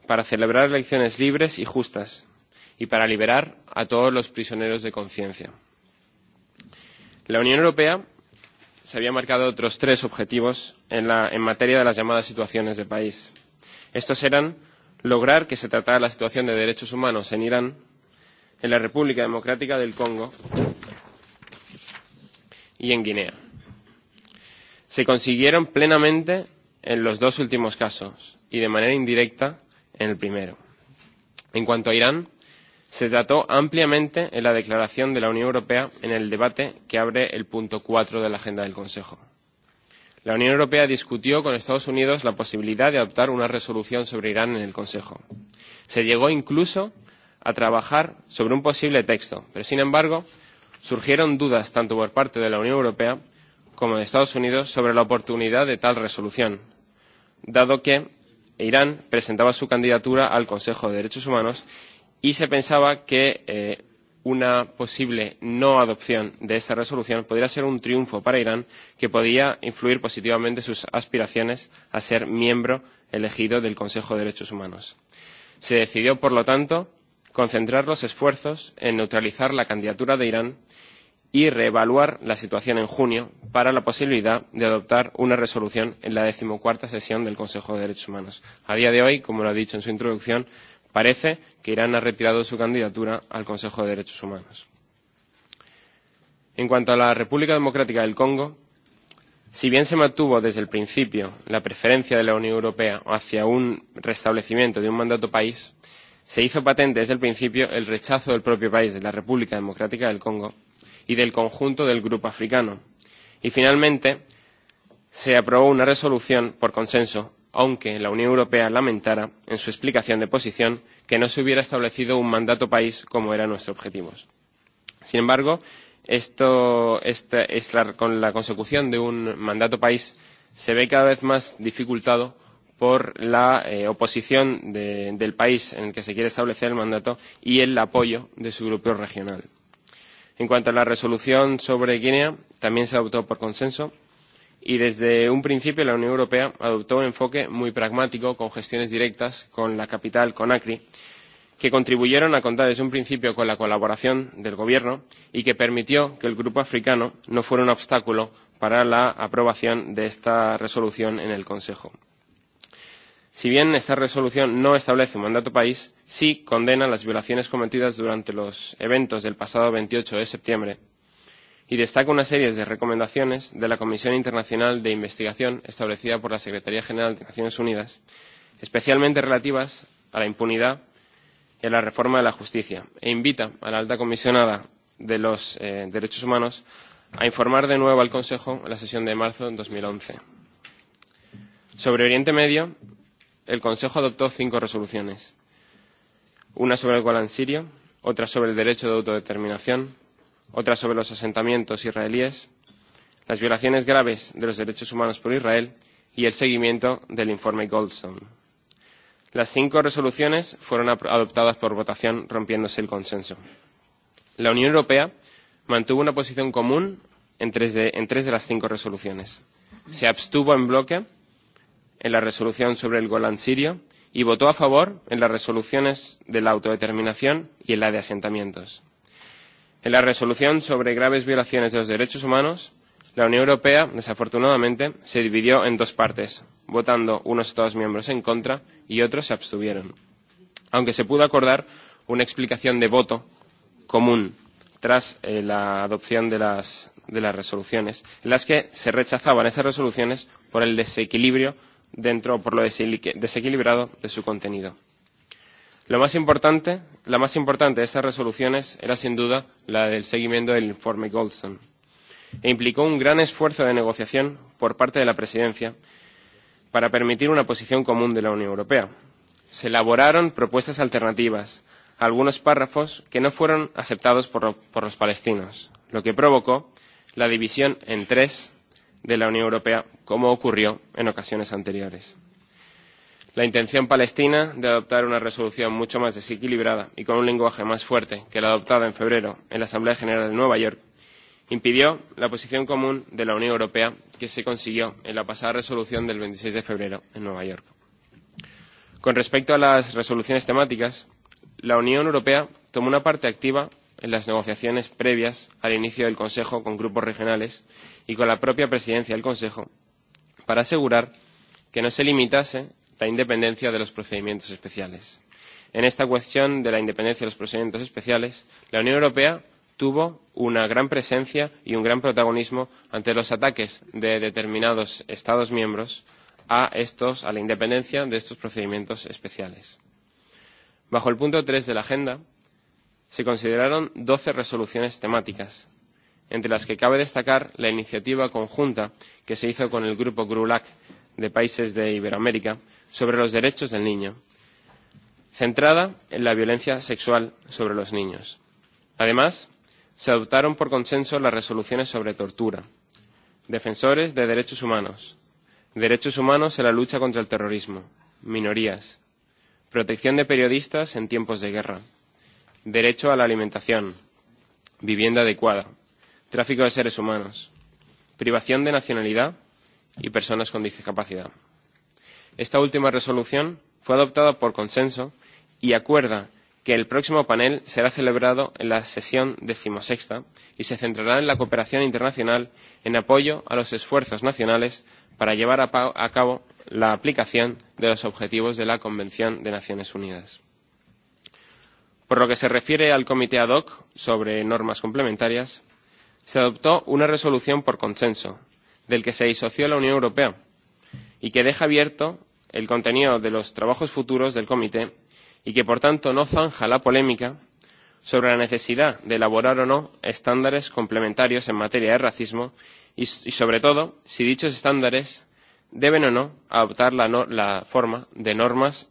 Speaker 10: para celebrar elecciones libres y justas y para liberar a todos los prisioneros de conciencia. La Unión Europea se había marcado otros tres objetivos en, la, en materia de las llamadas situaciones de país. Estos eran lograr que se tratara la situación de derechos humanos en Irán, en la República Democrática del Congo y en Guinea. Se consiguieron plenamente en los dos últimos casos y de manera indirecta en el primero. En cuanto a Irán, se trató ampliamente en la declaración de la Unión Europea en el debate que abre el punto 4 de la agenda del Consejo. La Unión Europea discutió con Estados Unidos la posibilidad de adoptar una resolución sobre Irán en el Consejo. Se llegó incluso a trabajar sobre un posible texto, pero sin embargo surgieron dudas tanto por parte de la Unión Europea como de Estados Unidos sobre la oportunidad de tal resolución, dado que Irán presentaba su candidatura al Consejo de Derechos Humanos y se pensaba que eh, una posible no adopción de esta resolución podría ser un triunfo para Irán que podía influir positivamente sus aspiraciones a ser miembro elegido del Consejo de Derechos Humanos. Se decidió, por lo tanto, concentrar los esfuerzos en neutralizar la candidatura de Irán y reevaluar la situación en junio para la posibilidad de adoptar una resolución en la decimocuarta sesión del Consejo de Derechos Humanos. A día de hoy, como lo ha dicho en su introducción, Parece que Irán ha retirado su candidatura al Consejo de Derechos Humanos. En cuanto a la República Democrática del Congo, si bien se mantuvo desde el principio la preferencia de la Unión Europea hacia un restablecimiento de un mandato país, se hizo patente desde el principio el rechazo del propio país de la República Democrática del Congo y del conjunto del Grupo Africano. Y finalmente, se aprobó una resolución por consenso aunque la Unión Europea lamentara, en su explicación de posición, que no se hubiera establecido un mandato país como era nuestro objetivo. Sin embargo, esto, esta es la, con la consecución de un mandato país se ve cada vez más dificultado por la eh, oposición de, del país en el que se quiere establecer el mandato y el apoyo de su grupo regional. En cuanto a la resolución sobre Guinea, también se adoptó por consenso Y desde un principio la Unión Europea adoptó un enfoque muy pragmático con gestiones directas con la capital, con ACRI, que contribuyeron a contar desde un principio con la colaboración del Gobierno y que permitió que el Grupo africano no fuera un obstáculo para la aprobación de esta resolución en el Consejo. Si bien esta resolución no establece un mandato país, sí condena las violaciones cometidas durante los eventos del pasado 28 de septiembre y destaca una serie de recomendaciones de la Comisión Internacional de Investigación establecida por la Secretaría General de Naciones Unidas, especialmente relativas a la impunidad y a la reforma de la justicia, e invita a la alta comisionada de los eh, derechos humanos a informar de nuevo al Consejo en la sesión de marzo de 2011. Sobre Oriente Medio, el Consejo adoptó cinco resoluciones. Una sobre el Golán sirio, otra sobre el derecho de autodeterminación, otra sobre los asentamientos israelíes, las violaciones graves de los derechos humanos por Israel y el seguimiento del informe Goldstone. Las cinco resoluciones fueron adoptadas por votación rompiéndose el consenso. La Unión Europea mantuvo una posición común en tres de, en tres de las cinco resoluciones. Se abstuvo en bloque en la resolución sobre el Golán sirio y votó a favor en las resoluciones de la autodeterminación y en la de asentamientos. En la resolución sobre graves violaciones de los derechos humanos, la Unión Europea, desafortunadamente, se dividió en dos partes, votando unos Estados miembros en contra y otros se abstuvieron. Aunque se pudo acordar una explicación de voto común tras eh, la adopción de las, de las resoluciones, en las que se rechazaban esas resoluciones por el desequilibrio dentro, por lo desequilibrado de su contenido. Lo más importante, la más importante de esas resoluciones era sin duda la del seguimiento del informe Goldstone e implicó un gran esfuerzo de negociación por parte de la presidencia para permitir una posición común de la Unión Europea. Se elaboraron propuestas alternativas, algunos párrafos que no fueron aceptados por, lo, por los palestinos, lo que provocó la división en tres de la Unión Europea, como ocurrió en ocasiones anteriores la intención palestina de adoptar una resolución mucho más desequilibrada y con un lenguaje más fuerte que la adoptada en febrero en la Asamblea General de Nueva York impidió la posición común de la Unión Europea que se consiguió en la pasada resolución del 26 de febrero en Nueva York. Con respecto a las resoluciones temáticas, la Unión Europea tomó una parte activa en las negociaciones previas al inicio del Consejo con grupos regionales y con la propia presidencia del Consejo para asegurar que no se limitase la independencia de los procedimientos especiales. En esta cuestión de la independencia de los procedimientos especiales, la Unión Europea tuvo una gran presencia y un gran protagonismo ante los ataques de determinados Estados miembros a, estos, a la independencia de estos procedimientos especiales. Bajo el punto 3 de la agenda, se consideraron 12 resoluciones temáticas, entre las que cabe destacar la iniciativa conjunta que se hizo con el Grupo GRULAC de países de Iberoamérica sobre los derechos del niño, centrada en la violencia sexual sobre los niños. Además, se adoptaron por consenso las resoluciones sobre tortura, defensores de derechos humanos, derechos humanos en la lucha contra el terrorismo, minorías, protección de periodistas en tiempos de guerra, derecho a la alimentación, vivienda adecuada, tráfico de seres humanos, privación de nacionalidad y personas con discapacidad. Esta última resolución fue adoptada por consenso y acuerda que el próximo panel será celebrado en la sesión decimosexta y se centrará en la cooperación internacional en apoyo a los esfuerzos nacionales para llevar a, a cabo la aplicación de los objetivos de la Convención de Naciones Unidas. Por lo que se refiere al Comité ad hoc sobre normas complementarias, se adoptó una resolución por consenso, del que se disoció la Unión Europea, y que deja abierto el contenido de los trabajos futuros del comité y que, por tanto, no zanja la polémica sobre la necesidad de elaborar o no estándares complementarios en materia de racismo y, y sobre todo, si dichos estándares deben o no adoptar la, no, la forma de normas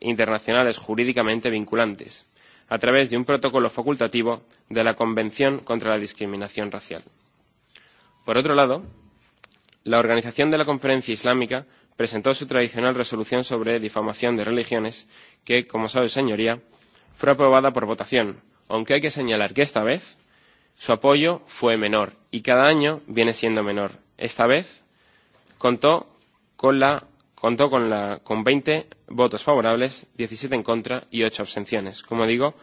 Speaker 10: internacionales jurídicamente vinculantes a través de un protocolo facultativo de la Convención contra la Discriminación Racial. Por otro lado, la Organización de la Conferencia Islámica presentó su tradicional resolución sobre difamación de religiones, que, como sabe señoría, fue aprobada por votación, aunque hay que señalar que esta vez su apoyo fue menor y cada año viene siendo menor. Esta vez contó con la contó con, la, con 20 votos favorables, 17 en contra y 8 abstenciones. Como digo,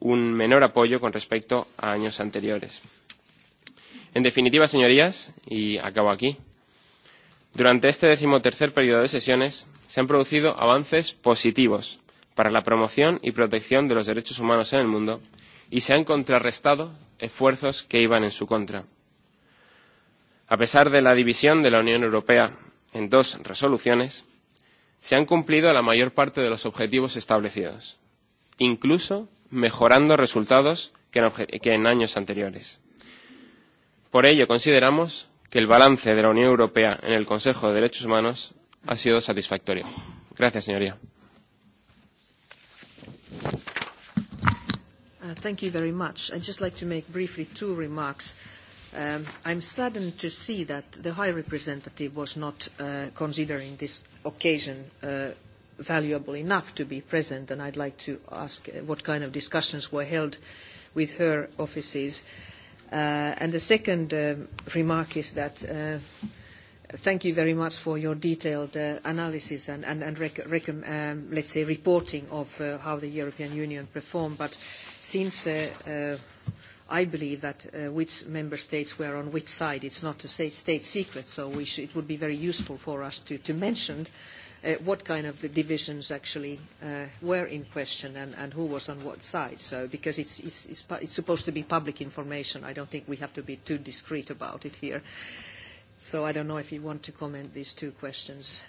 Speaker 10: un menor apoyo con respecto a años anteriores. En definitiva, señorías, y acabo aquí, Durante este decimotercer periodo de sesiones se han producido avances positivos para la promoción y protección de los derechos humanos en el mundo y se han contrarrestado esfuerzos que iban en su contra. A pesar de la división de la Unión Europea en dos resoluciones, se han cumplido la mayor parte de los objetivos establecidos, incluso mejorando resultados que en, que en años anteriores. Por ello, consideramos que el balance de la Unión Europea en el Consejo de Derechos Humanos ha sido satisfactorio. Gracias, señoría.
Speaker 1: Uh, thank you very much. I'd just like to make briefly two remarks. Um, I'm saddened to see that the High Representative was not uh, considering this occasion uh, valuable enough to be present, and I'd like to ask uh, what kind of discussions were held with her offices. Uh, Uh, and the second uh, remark is that uh, thank you very much for your detailed uh, analysis and, and, and rec- rec- um, let's say reporting of uh, how the European Union performed. But since uh, uh, I believe that uh, which member states were on which side, it's not a state secret, so we sh- it would be very useful for us to, to mention uh, uh, what kind of the divisions actually uh, were in question and, and who was on what side. So, because it's, it's, it's, it's supposed to be public information, I don't think we have to be too discreet about it here. So I don't know if you want to comment these two questions.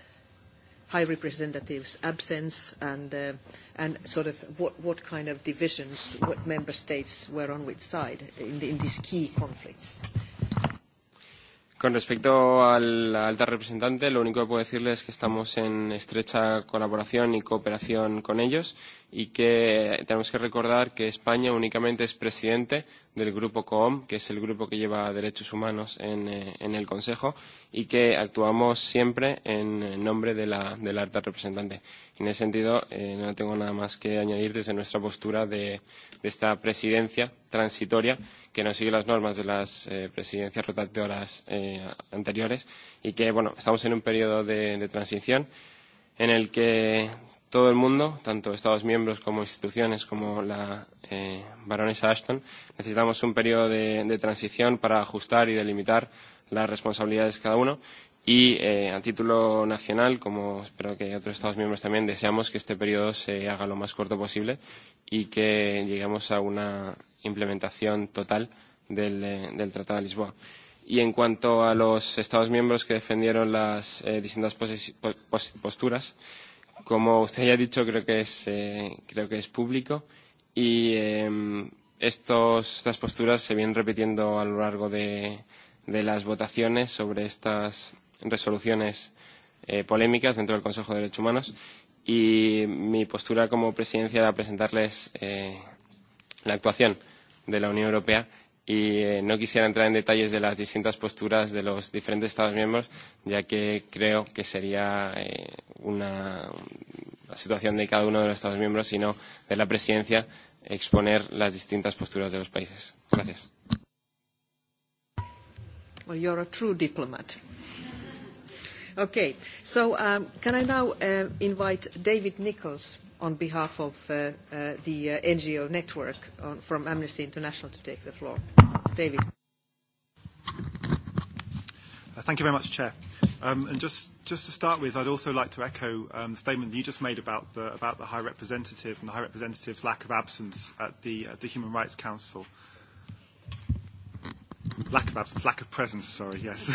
Speaker 1: High Representative's absence and, uh, and sort of what, what kind of divisions, what member states were on which side in, in these key conflicts. Uh,
Speaker 10: Con respecto a la alta representante, lo único que puedo decirles es que estamos en estrecha colaboración y cooperación con ellos y que tenemos que recordar que España únicamente es presidente del grupo COOM, que es el grupo que lleva derechos humanos en, eh, en el Consejo, y que actuamos siempre en nombre de la, de la alta representante. En ese sentido, eh, no tengo nada más que añadir desde nuestra postura de, de esta presidencia transitoria, que no sigue las normas de las eh, presidencias rotatorias eh, anteriores, y que, bueno, estamos en un periodo de, de transición en el que todo el mundo, tanto Estados miembros como instituciones como la eh, baronesa Ashton, necesitamos un periodo de, de transición para ajustar y delimitar las responsabilidades de cada uno. Y eh, a título nacional, como espero que otros Estados miembros también, deseamos que este periodo se haga lo más corto posible y que lleguemos a una implementación total del, eh, del Tratado de Lisboa. Y en cuanto a los Estados miembros que defendieron las eh, distintas posturas, Como usted ya ha dicho, creo que es, eh, creo que es público y eh, estos, estas posturas se vienen repitiendo a lo largo de, de las votaciones sobre estas resoluciones eh, polémicas dentro del Consejo de Derechos Humanos y mi postura como presidencia era presentarles eh, la actuación de la Unión Europea y eh, no quisiera entrar en detalles de las distintas posturas de los diferentes Estados miembros, ya que creo que sería eh, una, una situación de cada uno de los Estados miembros, sino de la Presidencia, exponer las distintas posturas de los países. Gracias.
Speaker 1: Well, you're a true diplomat. Okay, so um, can I now uh, invite David Nichols on behalf of uh, uh, the uh, NGO network on, uh, from Amnesty International to take the floor. David.
Speaker 11: Uh, thank you very much, Chair. Um, and just, just to start with, I'd also like to echo um, the statement that you just made about the, about the High Representative and the High Representative's lack of absence at the, at the Human Rights Council. Uh, lack of abs- lack of presence. Sorry, yes,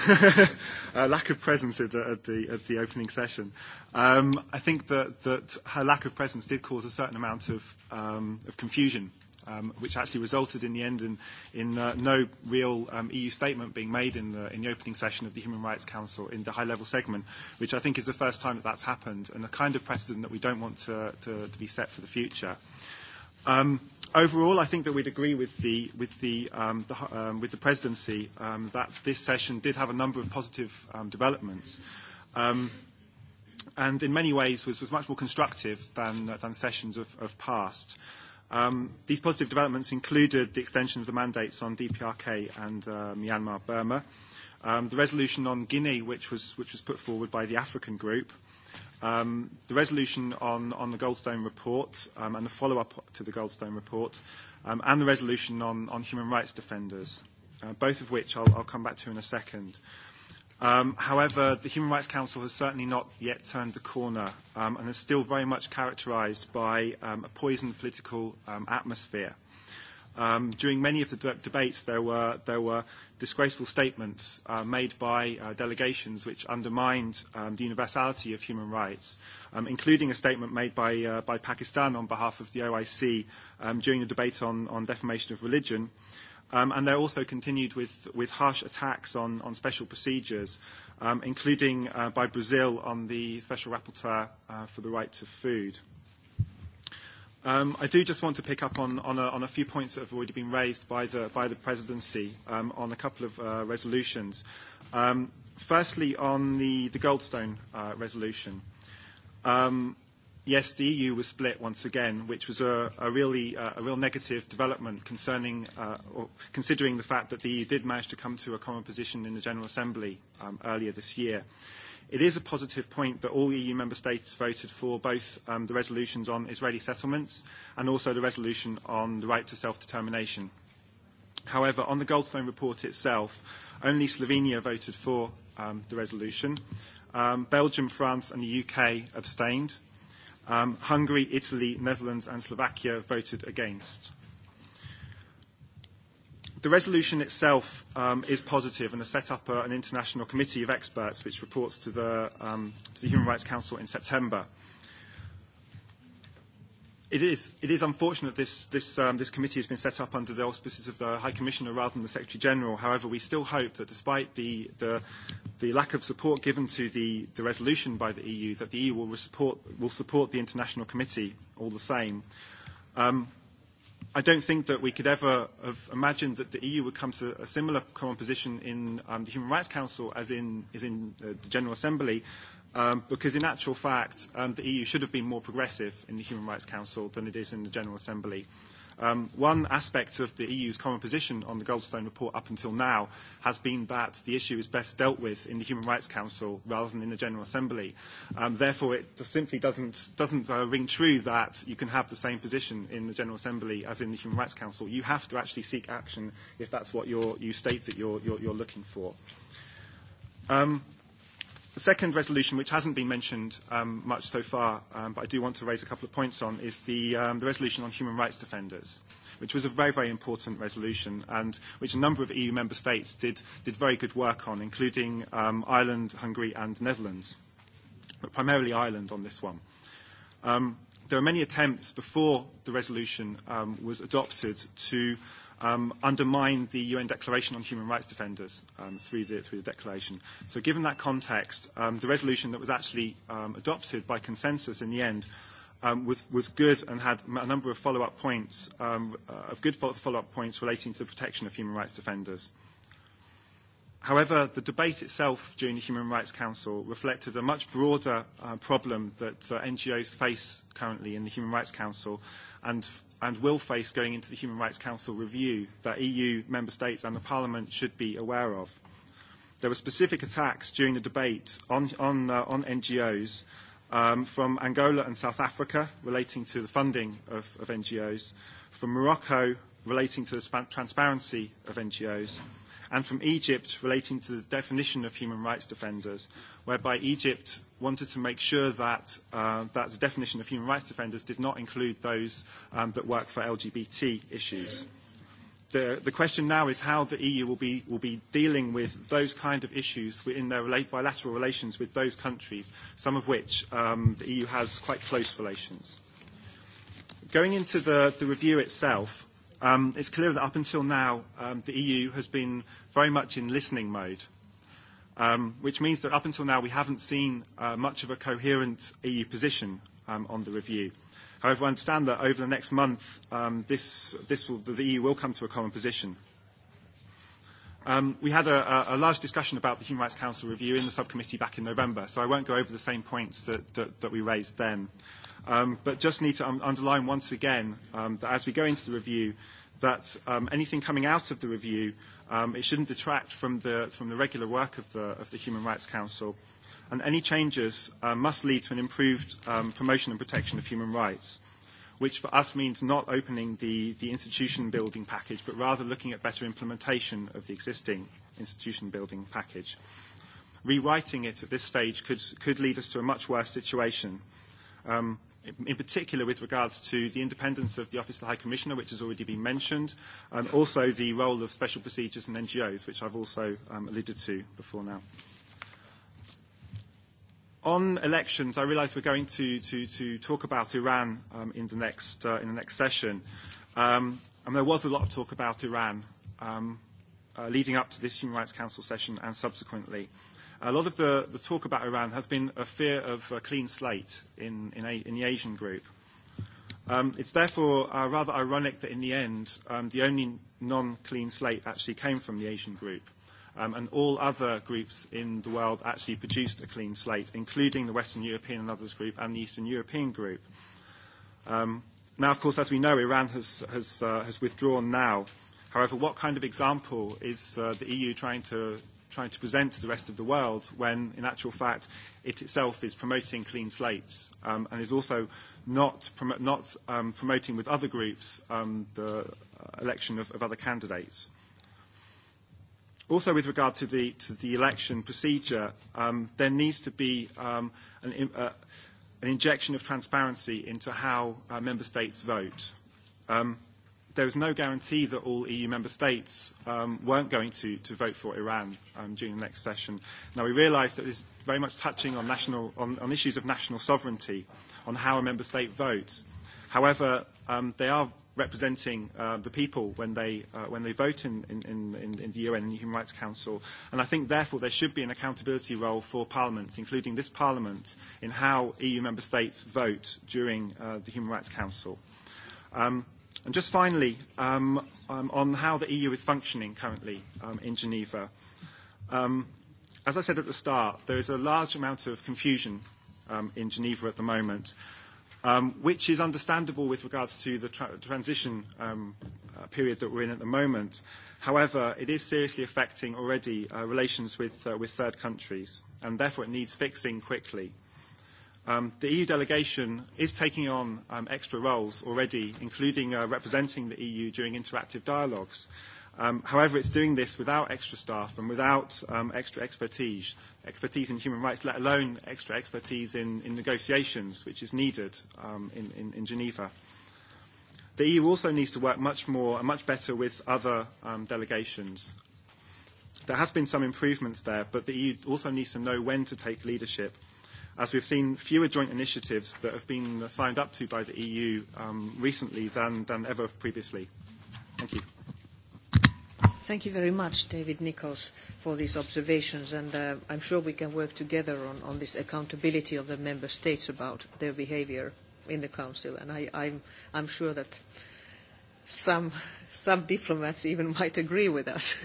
Speaker 11: uh, lack of presence at the, at the at the opening session. Um, I think that that her lack of presence did cause a certain amount of um, of confusion. Um, which actually resulted in the end in, in uh, no real um, EU statement being made in the, in the opening session of the Human Rights Council in the high-level segment, which I think is the first time that that's happened and the kind of precedent that we don't want to, to, to be set for the future. Um, overall, I think that we'd agree with the, with the, um, the, um, with the presidency um, that this session did have a number of positive um, developments. Um, and in many ways was, was much more constructive than, uh, than sessions of, of past. Um, these positive developments included the extension of the mandates on DPRK and uh, Myanmar Burma, um, the resolution on Guinea, which was, which was put forward by the African group, Um, the resolution on, on the Goldstone report um, and the follow-up to the Goldstone report um, and the resolution on, on human rights defenders, uh, both of which I'll, I'll come back to in a second. Um, however, the Human Rights Council has certainly not yet turned the corner um, and is still very much characterized by um, a poisoned political um, atmosphere. Um, during many of the debates, there were, there were disgraceful statements uh, made by uh, delegations which undermined um, the universality of human rights, um, including a statement made by, uh, by Pakistan on behalf of the OIC um, during the debate on, on defamation of religion. Um, and they also continued with, with harsh attacks on, on special procedures, um, including uh, by Brazil on the Special Rapporteur uh, for the Right to Food. Uh, Um, I do just want to pick up on, on, a, on a few points that have already been raised by the, by the presidency um, on a couple of uh, resolutions. Um, firstly, on the, the Goldstone uh, resolution. Um, yes, the EU was split once again, which was a, a really uh, a real negative development concerning uh, or considering the fact that the EU did manage to come to a common position in the General Assembly um, earlier this year. Uh, It is a positive point that all EU member states voted for both um, the resolutions on Israeli settlements and also the resolution on the right to self-determination. However, on the Goldstone report itself, only Slovenia voted for um, the resolution. Um, Belgium, France, and the UK abstained. Um, Hungary, Italy, Netherlands, and Slovakia voted against. The resolution itself um, is positive and has set up a, an international committee of experts which reports to the, um, to the Human Rights Council in September. It is, it is unfortunate this, this, um, this committee has been set up under the auspices of the High Commissioner rather than the Secretary General. However, we still hope that despite the, the, the lack of support given to the, the resolution by the EU, that the EU will support, will support the international committee all the same. Um, I don't think that we could ever have imagined that the EU would come to a similar common position in um, the Human Rights Council as in, as in uh, the General Assembly, um, because in actual fact, um, the EU should have been more progressive in the Human Rights Council than it is in the General Assembly. Uh, Um, one aspect of the EU's common position on the Goldstone report up until now has been that the issue is best dealt with in the Human Rights Council rather than in the General Assembly. Um, therefore, it simply doesn't, doesn't uh, ring true that you can have the same position in the General Assembly as in the Human Rights Council. You have to actually seek action if that's what you're, you state that you're, you're, you're looking for. Um, The second resolution, which hasn't been mentioned um, much so far, um, but I do want to raise a couple of points on, is the, um, the resolution on human rights defenders, which was a very, very important resolution and which a number of EU member states did, did very good work on, including um, Ireland, Hungary and Netherlands, but primarily Ireland on this one. Um, there were many attempts before the resolution um, was adopted to um, undermine the UN Declaration on Human Rights Defenders um, through, the, through the declaration. So given that context, um, the resolution that was actually um, adopted by consensus in the end um, was, was good and had a number of follow-up points, um, uh, of good follow-up points relating to the protection of human rights defenders. However, the debate itself during the Human Rights Council reflected a much broader uh, problem that uh, NGOs face currently in the Human Rights Council and and will face going into the Human Rights Council review that EU member states and the Parliament should be aware of. There were specific attacks during the debate on, on, uh, on NGOs um, from Angola and South Africa relating to the funding of, of NGOs, from Morocco relating to the transparency of NGOs, and from Egypt relating to the definition of human rights defenders, whereby Egypt wanted to make sure that, uh, that the definition of human rights defenders did not include those um, that work for LGBT issues. The, the question now is how the EU will be, will be dealing with those kind of issues in their relate, bilateral relations with those countries, some of which um, the EU has quite close relations. Going into the, the review itself, um, it's clear that up until now, um, the EU has been very much in listening mode, um, which means that up until now we haven't seen uh, much of a coherent EU position um, on the review. However, I understand that over the next month, um, this, this will, the EU will come to a common position. Um, we had a, a large discussion about the Human Rights Council review in the subcommittee back in November, so I won't go over the same points that, that, that we raised then. Um, but just need to um, underline once again um, that as we go into the review, that um, anything coming out of the review Um, it shouldn't detract from the, from the regular work of the, of the Human Rights Council. And any changes uh, must lead to an improved um, promotion and protection of human rights, which for us means not opening the, the institution building package, but rather looking at better implementation of the existing institution building package. Rewriting it at this stage could, could lead us to a much worse situation. Um, in particular with regards to the independence of the Office of the High Commissioner, which has already been mentioned, um, also the role of special procedures and NGOs, which I've also um, alluded to before now. On elections, I realize we're going to, to, to talk about Iran um, in, the next, uh, in the next session. Um, and there was a lot of talk about Iran um, uh, leading up to this Human Rights Council session and subsequently. Uh, A lot of the, the talk about Iran has been a fear of a clean slate in, in, a, in the Asian group. Um, it's therefore uh, rather ironic that in the end, um, the only non-clean slate actually came from the Asian group. Um, and all other groups in the world actually produced a clean slate, including the Western European and others group and the Eastern European group. Um, now, of course, as we know, Iran has, has, uh, has withdrawn now. However, what kind of example is uh, the EU trying to trying to present to the rest of the world when, in actual fact, it itself is promoting clean slates um, and is also not, prom- not um, promoting with other groups um, the uh, election of, of other candidates. Also, with regard to the, to the election procedure, um, there needs to be um, an, uh, an injection of transparency into how uh, member states vote. Um, there was no guarantee that all EU member states um, weren't going to, to vote for Iran um, during the next session. Now, we realised that this is very much touching on, national, on, on issues of national sovereignty, on how a member state votes. However, um, they are representing uh, the people when they, uh, when they vote in, in, in, in the UN and the Human Rights Council. And I think, therefore, there should be an accountability role for parliaments, including this parliament, in how EU member states vote during uh, the Human Rights Council. Um, And just finally, um, um, on how the EU is functioning currently um, in Geneva. Um, as I said at the start, there is a large amount of confusion um, in Geneva at the moment, um, which is understandable with regards to the tra- transition um, uh, period that we're in at the moment. However, it is seriously affecting already uh, relations with, uh, with third countries, and therefore it needs fixing quickly. Uh, Um, the EU delegation is taking on um, extra roles already, including uh, representing the EU during interactive dialogues. Um, however, it's doing this without extra staff and without um, extra expertise, expertise in human rights, let alone extra expertise in, in negotiations, which is needed um, in, in, in Geneva. The EU also needs to work much more and much better with other um, delegations. There has been some improvements there, but the EU also needs to know when to take leadership – as we've seen fewer joint initiatives that have been signed up to by the EU um, recently than, than ever previously. Thank you.
Speaker 9: Thank
Speaker 1: you very much, David Nichols, for these observations, and uh, I'm sure we can work together on, on this accountability of the member states about their behavior in the Council, and I, I'm, I'm sure that some, some diplomats even might agree with us.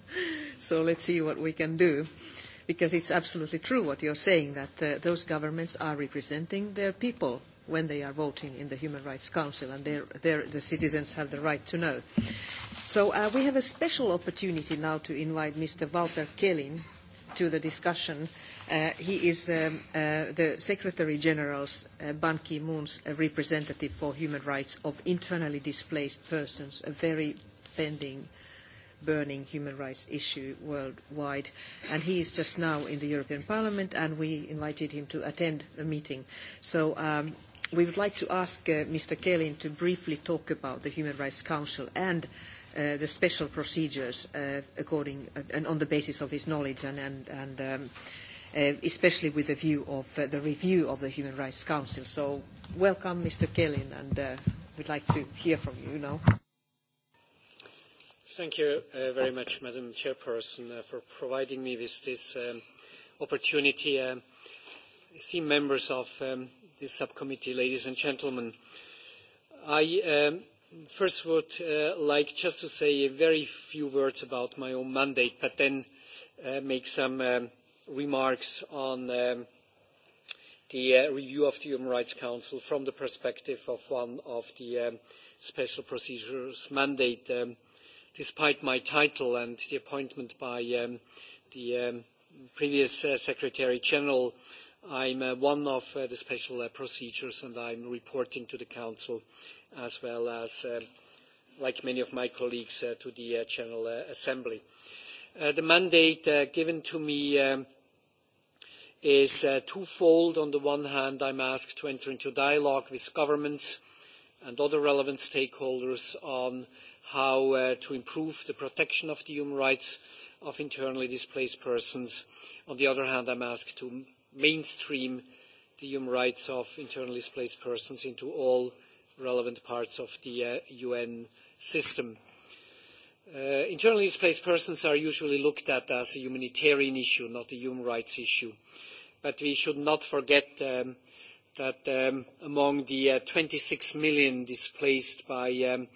Speaker 1: so let's see what we can do. Uh, because it's absolutely true what you're saying, that uh, those governments are representing their people when they are voting in the Human Rights Council, and they're, they're, the citizens have the right to know. So uh, we have a special opportunity now to invite Mr. Walter Kellin to the discussion. Uh, he is um, uh, the Secretary General's uh, Ban Ki-moon's uh, representative for human rights of internally displaced persons, a very pending uh, burning human rights issue worldwide. And he is just now in the European Parliament, and we invited him to attend the meeting. So um, we would like to ask uh, Mr. Kelin to briefly talk about the Human Rights Council and uh, the special procedures uh, according uh, and on the basis of his knowledge and, and, and um, uh, especially with a view of uh, the review of the Human Rights Council. So welcome, Mr. Kelin, and uh, we'd like to hear from you now.
Speaker 12: Thank you uh, very much, Madam Chairperson, uh, for providing me with this um, opportunity. Uh, esteemed members of um, this subcommittee, ladies and gentlemen, I um, first would uh, like just to say a very few words about my own mandate, but then uh, make some um, remarks on um, the uh, review of the Human Rights Council from the perspective of one of the um, special procedures mandate. Um, despite my title and the appointment by um, the um, previous uh, Secretary General, I'm uh, one of uh, the special uh, procedures and I'm reporting to the Council as well as, uh, like many of my colleagues, uh, to the uh, General uh, Assembly. Uh, the mandate uh, given to me um, is uh, twofold. On the one hand, I'm asked to enter into dialogue with governments and other relevant stakeholders on how uh, to improve the protection of the human rights of internally displaced persons. On the other hand, I'm asked to mainstream the human rights of internally displaced persons into all relevant parts of the uh, UN system. Uh, internally displaced persons are usually looked at as a humanitarian issue, not a human rights issue. But we should not forget um, that um, among the uh, 26 million displaced by um,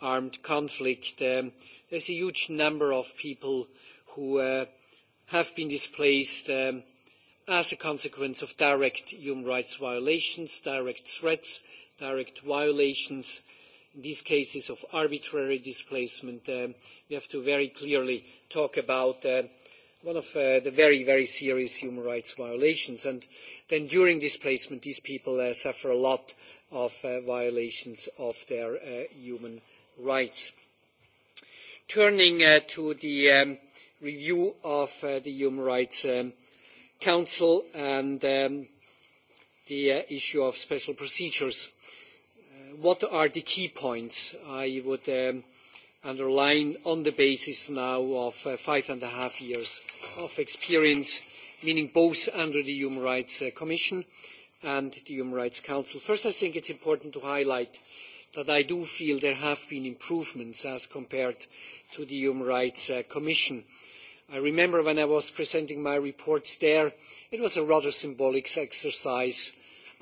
Speaker 12: armed conflict. Um, there's a huge number of people who uh, have been displaced um, as a consequence of direct human rights violations, direct threats, direct violations, in these cases of arbitrary displacement. Um, we have to very clearly talk about uh, one of uh, the very, very serious human rights violations. And then during displacement, these people uh, suffer a lot of uh, violations of their uh, human rights. Turning uh, to the um, review of uh, the Human Rights um, Council and um, the uh, issue of special procedures, uh, what are the key points I would um, underline on the basis now of uh, five and a half years of experience, meaning both under the Human Rights uh, Commission and the Human Rights Council. First, I think it's important to highlight that I do feel there have been improvements as compared to the Human Rights uh, Commission. I remember when I was presenting my reports there, it was a rather symbolic exercise.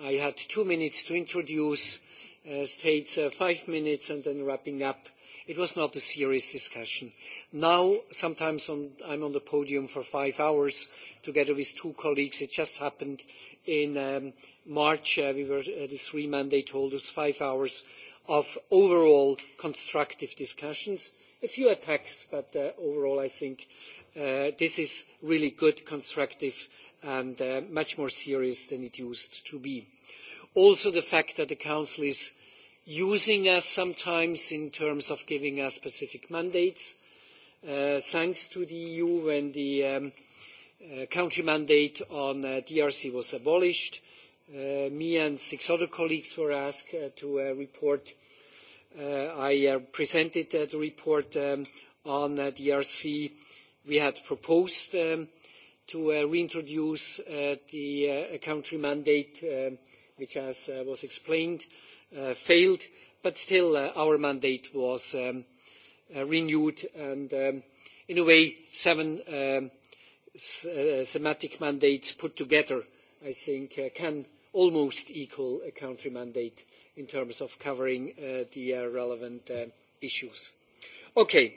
Speaker 12: I had two minutes to introduce uh, states uh, five minutes and then wrapping up. It was not a serious discussion. Now, sometimes on, I'm on the podium for five hours together with two colleagues. It just happened in um, March. Uh, we were uh, the three mandate holders, five hours of overall constructive discussions. A few attacks, but uh, overall I think uh, this is really good, constructive, and uh, much more serious than it used to be. Also the fact that the Council is using us sometimes in terms of giving us specific mandates. Uh, thanks to the EU, when the um, uh, country mandate on uh, DRC was abolished, uh, me and six other colleagues were asked uh, to uh, report. Uh, I uh, presented uh, the report um, on uh, DRC. We had proposed um, to uh, reintroduce uh, the uh, country mandate, uh, which, as uh, was explained, uh, uh, failed, but still uh, our mandate was um, uh, renewed and um, in a way seven um, uh, thematic mandates put together I think uh, can almost equal a country mandate in terms of covering uh, the uh, relevant uh, issues. Okay,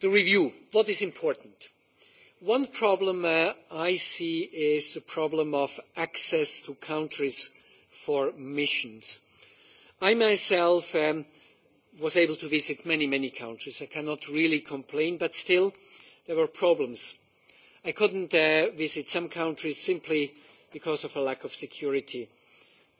Speaker 12: the review. What is important? One problem uh, I see is the problem of access to countries for missions. Uh, I myself um, was able to visit many, many countries. I cannot really complain, but still there were problems. I couldn't uh, visit some countries simply because of a lack of security.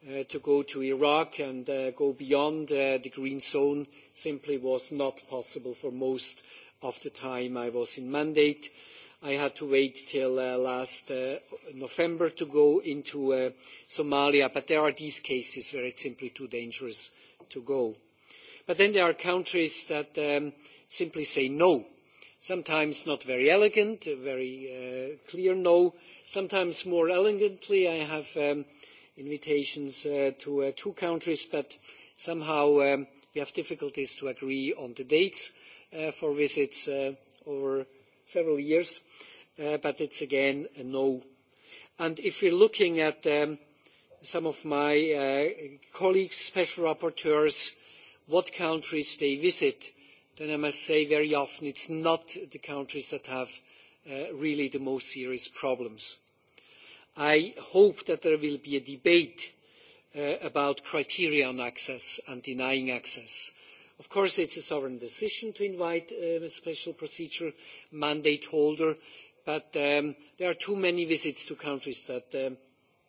Speaker 12: Uh, to go to Iraq and uh, go beyond uh, the green zone simply was not possible for most of the time I was in mandate. Uh, I had to wait till uh, last uh, November to go into uh, Somalia, but there are these cases where it's simply too dangerous to go. But then there are countries that um, simply say no. Sometimes not very elegant, a very uh, clear no. Sometimes more elegantly. I have um, invitations uh, to uh, two countries, but somehow um, we have difficulties to agree on the dates uh, for visits uh, over several years, uh, but it's again a no. And if you're looking at um, some of my uh, colleagues, special rapporteurs, what countries they visit, then I must say very often it's not the countries that have uh, really the most serious problems. I hope that there will be a debate uh, about criteria on access and denying access. Uh, Of course, it's a sovereign decision to invite uh, a special procedure mandate holder, but um, there are too many visits to countries that um,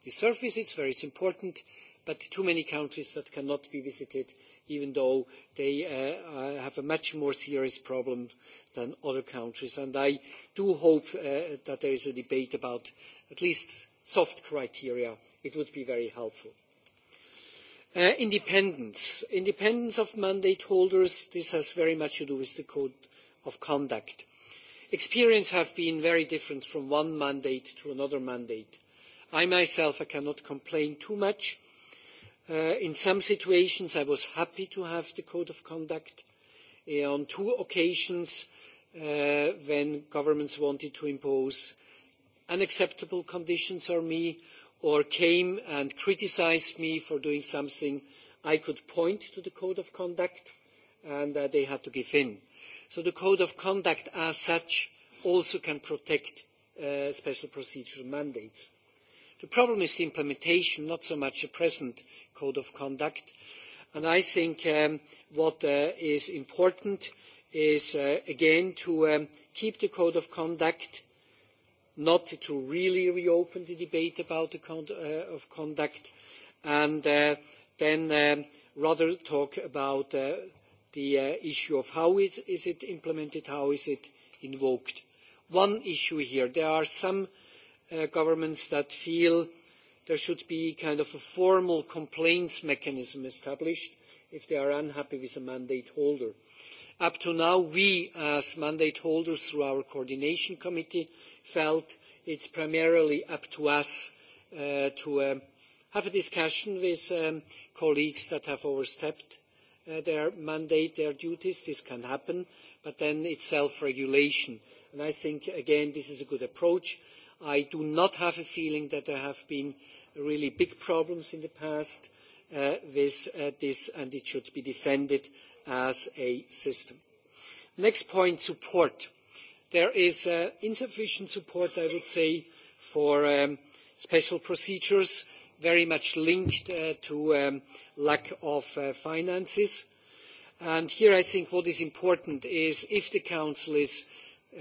Speaker 12: deserve visits, where it's important, but too many countries that cannot be visited, even though they uh, uh have a much more serious problem than other countries. And I do hope uh, that there is a debate about at least soft criteria. It would be very helpful. Uh, independence. Independence of mandate holders, this has very much to do with the code of conduct. Experience have been very different from one mandate to another mandate. I myself, I cannot complain too much. Uh, in some situations, I was happy to have the code of conduct. Uh, on two occasions, uh, when governments wanted to impose unacceptable conditions on me, or came and criticized me for doing something, I could point to the code of conduct and uh, they had to give in. So the code of conduct as such also can protect uh, special procedural mandates. The problem is the implementation, not so much the present code of conduct. And I think um, what uh, is important is, uh, again, to um, keep the code of conduct not to really reopen the debate about the code uh, of conduct and uh, then um, rather talk about uh, the uh, issue of how is, is it implemented, how is it invoked. One issue here, there are some uh, governments that feel there should be kind of a formal complaints mechanism established if they are unhappy with a mandate holder. Uh, Up to now, we, as mandate holders through our coordination committee, felt it's primarily up to us uh, to um, have a discussion with um, colleagues that have overstepped uh, their mandate, their duties. This can happen, but then it's self-regulation. And I think, again, this is a good approach. I do not have a feeling that there have been really big problems in the past uh, with uh, this, and it should be defended as a system. Next point, support. There is uh, insufficient support, I would say, for um, special procedures, very much linked uh, to um, lack of uh, finances. And here I think what is important is if the Council is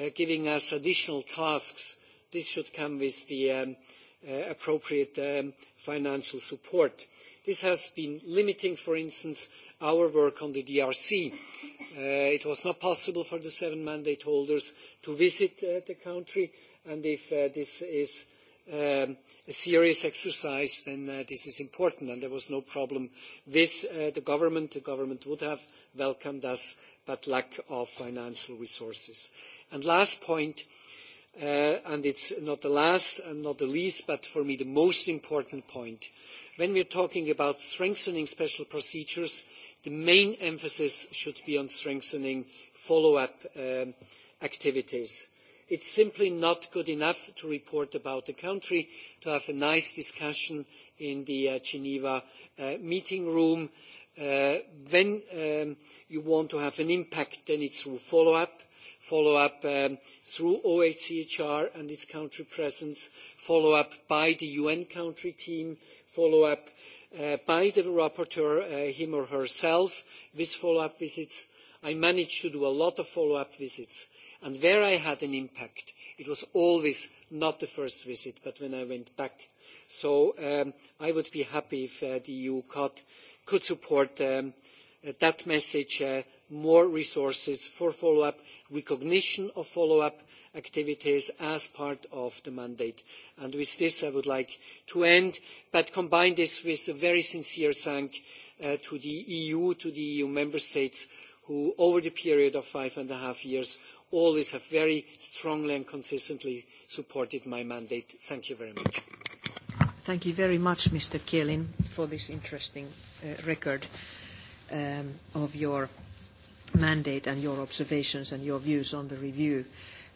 Speaker 12: uh, giving us additional tasks, this should come with the um, uh, appropriate um, financial support. Uh, This has been limiting, for instance, our work on the DRC. Uh, it was not possible for the seven mandate holders to visit uh, the country, and if uh, this is um, a serious exercise, then uh, this is important, and there was no problem with uh, the government. The government would have welcomed us, but lack of financial resources. And last point, Uh, and it's not the last and not the least, but for me the most important point. When we're talking about strengthening special procedures, the main emphasis should be on strengthening follow-up um, activities. It's simply not good enough to report about the country, to have a nice discussion in the uh, Geneva uh, meeting room. Uh, Uh, when um, you want to have an impact, then it's through follow-up, follow-up um, through OHCHR and its country presence, follow-up by the UN country team, follow-up uh, by the rapporteur, uh, him or herself, with follow-up visits. I managed to do a lot of follow-up visits. And where I had an impact, it was always not the first visit, but when I went back. So um, I would be happy if uh, the EU cut uh, could support um, uh, that message, uh, more resources for follow-up, recognition of follow-up activities as part of the mandate. And with this, I would like to end, but combine this with a very sincere thank uh, to the EU, to the EU member states, who over the period of five and a half years always have very strongly and consistently supported my mandate. Thank you very much.
Speaker 1: Thank you very much, Mr. Kielin, for this interesting Uh, record um, of your mandate and your observations and your views on the review.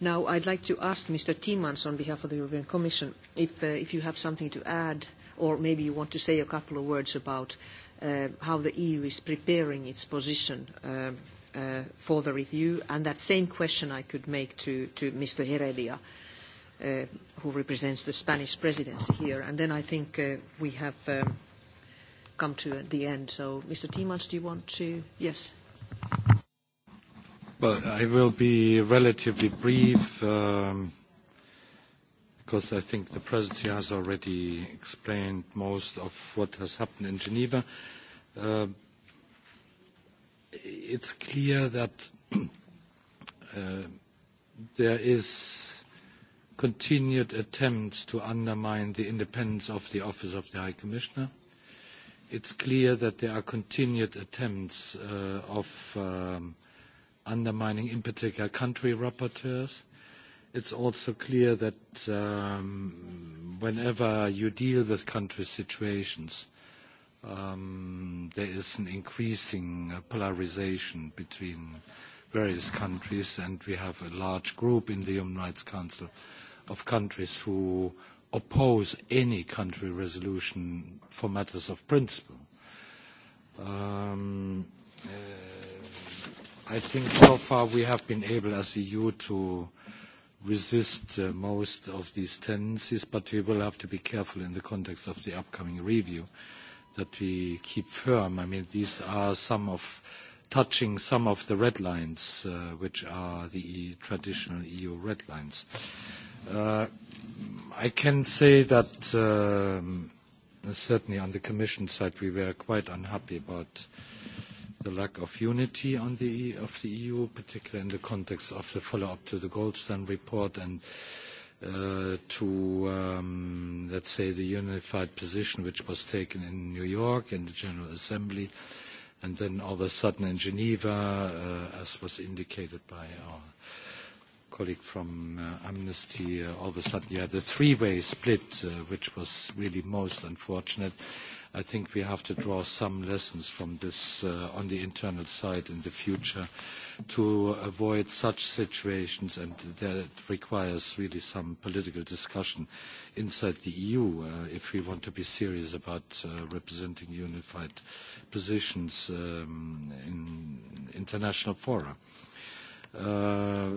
Speaker 1: Now, I'd like to ask Mr. Timmermans on behalf of the European Commission if, uh, if you have something to add, or maybe you want to say a couple of words about uh, how the EU is preparing its position um, uh, for the review. And that same question I could make to, to Mr. Heredia, uh, who represents the Spanish presidency here. And then I think uh, we have um, come to at the end. So, Mr. Tiemans, do you want to? Yes.
Speaker 5: Well, I will be relatively brief, um, because I think the presidency has already explained most of what has happened in Geneva. Uh, it's clear that uh, there is continued attempts to undermine the independence of the Office of the High Commissioner. Uh, it's clear that there are continued attempts uh, of um, undermining, in particular, country rapporteurs. It's also clear that um, whenever you deal with country situations, um, there is an increasing uh, polarization between various countries, and we have a large group in the Human Rights Council of countries who oppose any country resolution for matters of principle. Um, uh, I think so far we have been able as the EU to resist uh, most of these tendencies, but we will have to be careful in the context of the upcoming review that we keep firm. I mean, these are some of touching some of the red lines, uh, which are the e traditional EU red lines. Uh, I can say that um, certainly on the Commission side, we were quite unhappy about the lack of unity on the, e, of the EU, particularly in the context of the follow-up to the Goldstone report and uh, to, um, let's say, the unified position which was taken in New York in the General Assembly, and then all of a sudden in Geneva, uh, as was indicated by our colleague from uh, Amnesty, uh, all of a sudden you had a three-way split, uh, which was really most unfortunate. I think we have to draw some lessons from this uh, on the internal side in the future to avoid such situations, and that requires really some political discussion inside the EU uh, if we want to be serious about uh, representing unified positions um, in international fora. Uh,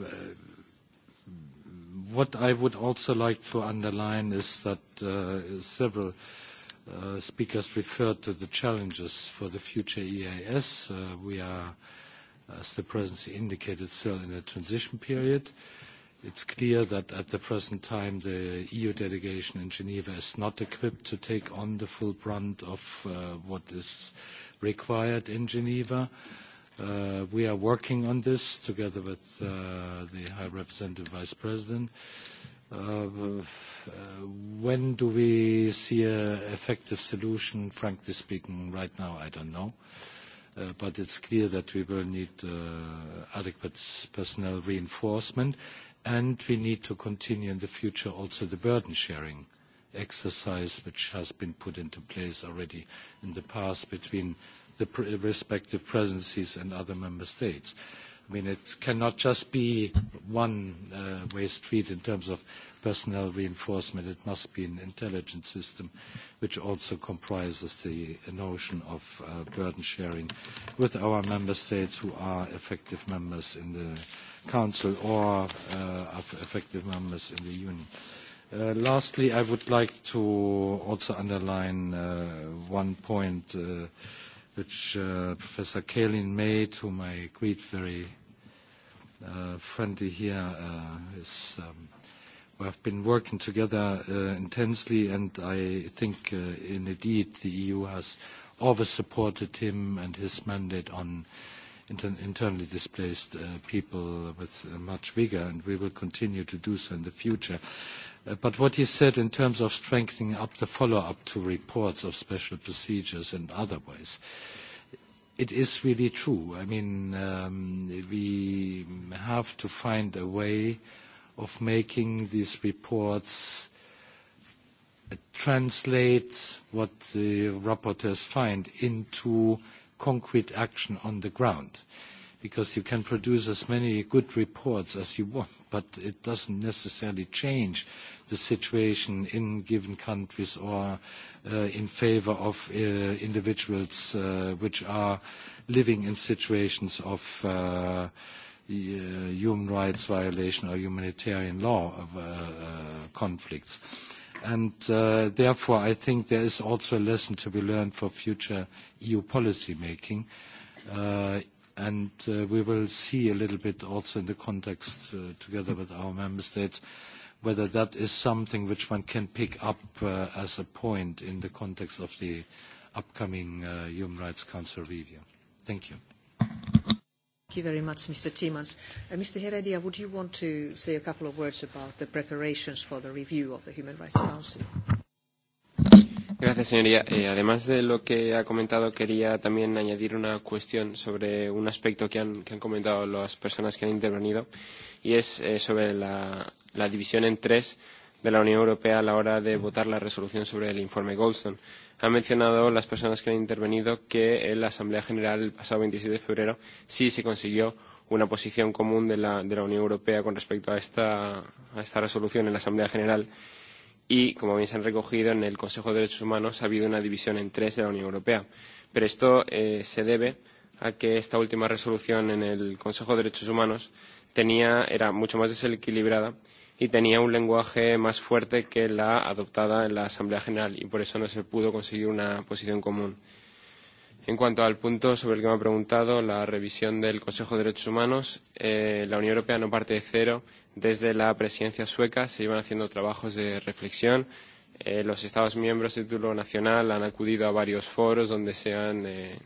Speaker 5: What I would also like to underline is that uh, several uh, speakers referred to the challenges for the future EIS. Uh, we are, as the presidency indicated, still in a transition period. It's clear that at the present time, the EU delegation in Geneva is not equipped to take on the full brunt of what is required in Geneva. Uh, Uh, we are working on this together with uh, the High Representative Vice President. Uh, uh when do we see an effective solution? Frankly speaking, right now, I don't know. Uh, but it's clear that we will need uh, adequate personnel reinforcement, and we need to continue in the future also the burden sharing exercise, which has been put into place already in the past between uh, the pr respective presidencies and other member states. I mean, it cannot just be one-way uh, street in terms of personnel reinforcement. It must be an intelligent system which also comprises the notion of uh, burden sharing with our member states who are effective members in the Council or uh, are effective members in the Union. Uh, lastly, I would like to also underline uh, one point uh, which uh, Professor Kalin made, whom I greet very uh, friendly here, uh, is, um, we have been working together uh, intensely, and I think, uh, in indeed, the EU has always supported him and his mandate on inter internally displaced uh, people with uh, much vigor, and we will continue to do so in the future. Uh, Uh, but what he said in terms of strengthening up the follow-up to reports of special procedures and other ways, it is really true. I mean, um, we have to find a way of making these reports uh, translate what the rapporteurs find into concrete action on the ground. Uh, because you can produce as many good reports as you want, but it doesn't necessarily change the situation in given countries or uh, in favor of uh, individuals uh, which are living in situations of uh, human rights violation or humanitarian law of, uh, uh, conflicts. And uh, therefore, I think there is also a lesson to be learned for future EU policy making. Uh, and uh, we will see a little bit also in the context uh, together with our member states whether that is something which one can pick up uh, as a point in the context of the upcoming uh, Human Rights Council review. Thank you. Thank
Speaker 1: you very much, Mr. Timmermans. Uh, Mr. Heredia, would you want to say a couple of words about the preparations for the review of the Human Rights Council?
Speaker 10: Gracias, señoría. Eh, además de lo que ha comentado, quería también añadir una cuestión sobre un aspecto que han, que han comentado las personas que han intervenido, y es eh, sobre la, la división en tres de la Unión Europea a la hora de votar la resolución sobre el informe Goldstone. Han mencionado las personas que han intervenido que en la Asamblea General el pasado 26 de febrero sí se consiguió una posición común de la, de la Unión Europea con respecto a esta, a esta resolución en la Asamblea General y, como bien se han recogido en el Consejo de Derechos Humanos, ha habido una división en tres de la Unión Europea. Pero esto eh, se debe a que esta última resolución en el Consejo de Derechos Humanos tenía, era mucho más desequilibrada y tenía un lenguaje más fuerte que la adoptada en la Asamblea General y por eso no se pudo conseguir una posición común. Eh, En cuanto al punto sobre el que me ha preguntado, la revisión del Consejo de Derechos Humanos, eh, la Unión Europea no parte de cero. Desde la presidencia sueca se llevan haciendo trabajos de reflexión. Eh, los Estados miembros de título nacional han acudido a varios foros donde se han eh,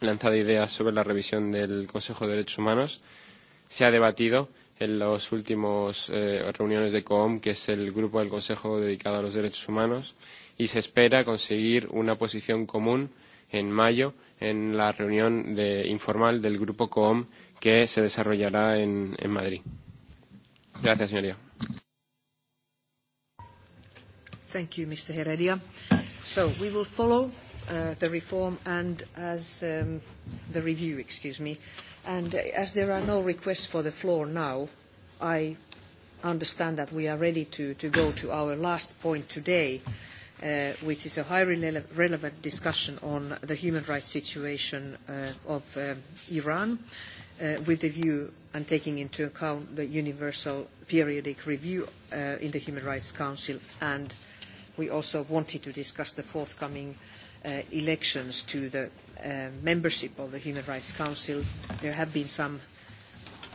Speaker 10: lanzado ideas sobre la revisión del Consejo de Derechos Humanos. Se ha debatido en las últimas eh, reuniones de COOM, que es el grupo del Consejo dedicado a los derechos humanos, y se espera conseguir una posición común en mayo en la reunión de, informal del Grupo COOM que se desarrollará en, en Madrid. Gracias, señoría.
Speaker 1: Thank you, Mr. Heredia. So we will follow uh, the reform and as um, the review, excuse me. And as there are no requests for the floor now, I understand that we are ready to, to go to our last point today. Uh, uh, which is a highly rele relevant discussion on the human rights situation uh, of um, Iran, uh, with a view and taking into account the Universal Periodic Review uh, in the Human Rights Council. And we also wanted to discuss the forthcoming uh, elections to the uh, membership of the Human Rights Council. There have been some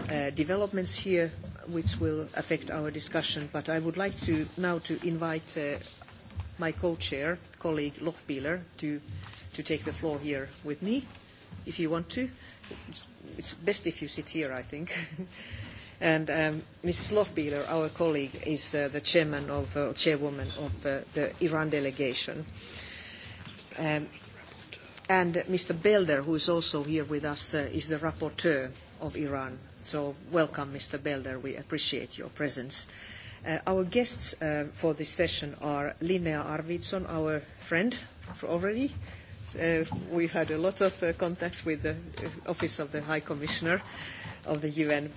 Speaker 1: uh, developments here which will affect our discussion, but I would like to now to invite uh, my co-chair, colleague Lochbieler, to, to take the floor here with me, if you want to. It's best if you sit here, I think. and um, Mrs. Lochbieler, our colleague, is uh, the chairman of, uh, chairwoman of uh, the Iran delegation. Um, and Mr. Belder, who is also here with us, uh, is the rapporteur of Iran. So welcome, Mr. Belder. We appreciate your presence. Uh, Uh, our guests uh, for this session are Linnea Arvidsson, our friend already. Uh, we've had a lot of uh, contacts with the uh, Office of the High Commissioner of the UN.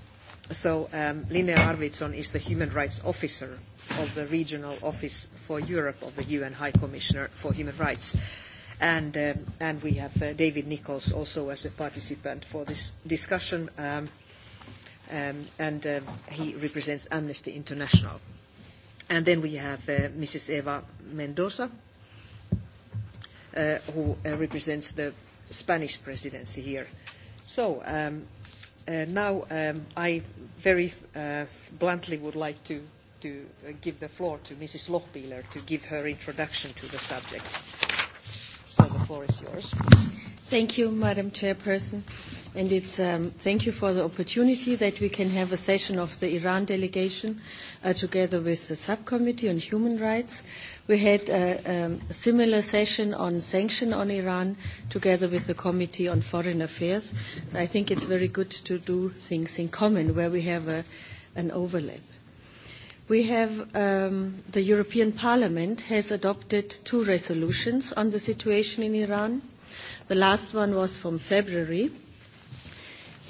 Speaker 1: So um, Linnea Arvidsson is the Human Rights Officer of the Regional Office for Europe of the UN High Commissioner for Human Rights. And, um, and we have uh, David Nichols also as a participant for this discussion. Um, um, and uh, he represents Amnesty International. And then we have uh, Mrs. Eva Mendoza, uh, who uh, represents the Spanish presidency here. So um, uh, now um, I very uh, bluntly would like to, to uh, give the floor to Mrs. Lochbieler to give her introduction to the subject. So the floor is yours.
Speaker 6: Thank you, Madam Chairperson. Uh, and it's um, thank you for the opportunity that we can have a session of the Iran delegation uh, together with the subcommittee on human rights. We had a, uh, um, a similar session on sanction on Iran together with the committee on foreign affairs. I think it's very good to do things in common where we have a, an overlap. We have um, the European Parliament has adopted two resolutions on the situation in Iran. The last one was from February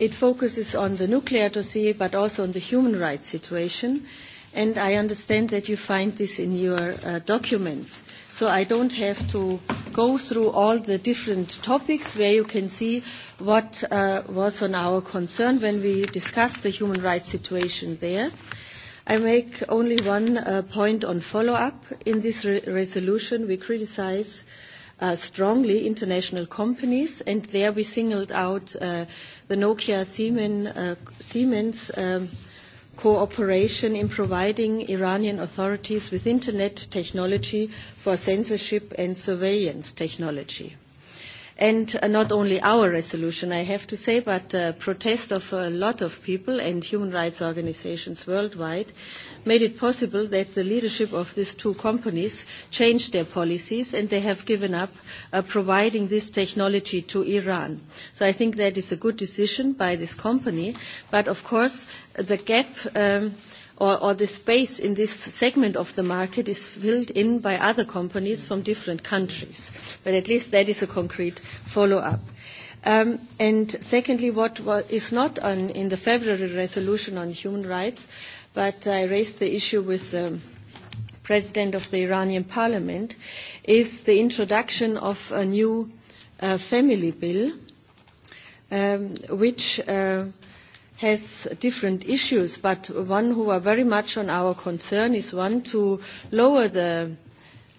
Speaker 6: It focuses on the nuclear dossier, but also on the human rights situation. And I understand that you find this in your uh, documents. So I don't have to go through all the different topics where you can see what uh, was on our concern when we discussed the human rights situation there. I make only one uh, point on follow-up. In this re- resolution, we criticize uh, strongly international companies, and there we singled out uh, the Nokia Siemens, uh, Siemens um, cooperation in providing Iranian authorities with internet technology for censorship and surveillance technology. And uh, not only our resolution, I have to say, but uh, protest of a lot of people and human rights organizations worldwide uh, made it possible that the leadership of these two companies changed their policies and they have given up uh, providing this technology to Iran. So I think that is a good decision by this company. But of course, the gap um, or, or the space in this segment of the market is filled in by other companies from different countries. But at least that is a concrete follow-up. Um, and secondly, what was, is not on, in the February resolution on human rights but I raised the issue with the President of the Iranian Parliament, is the introduction of a new uh, family bill, um, which uh, has different issues, but one who are very much on our concern is one to lower the uh,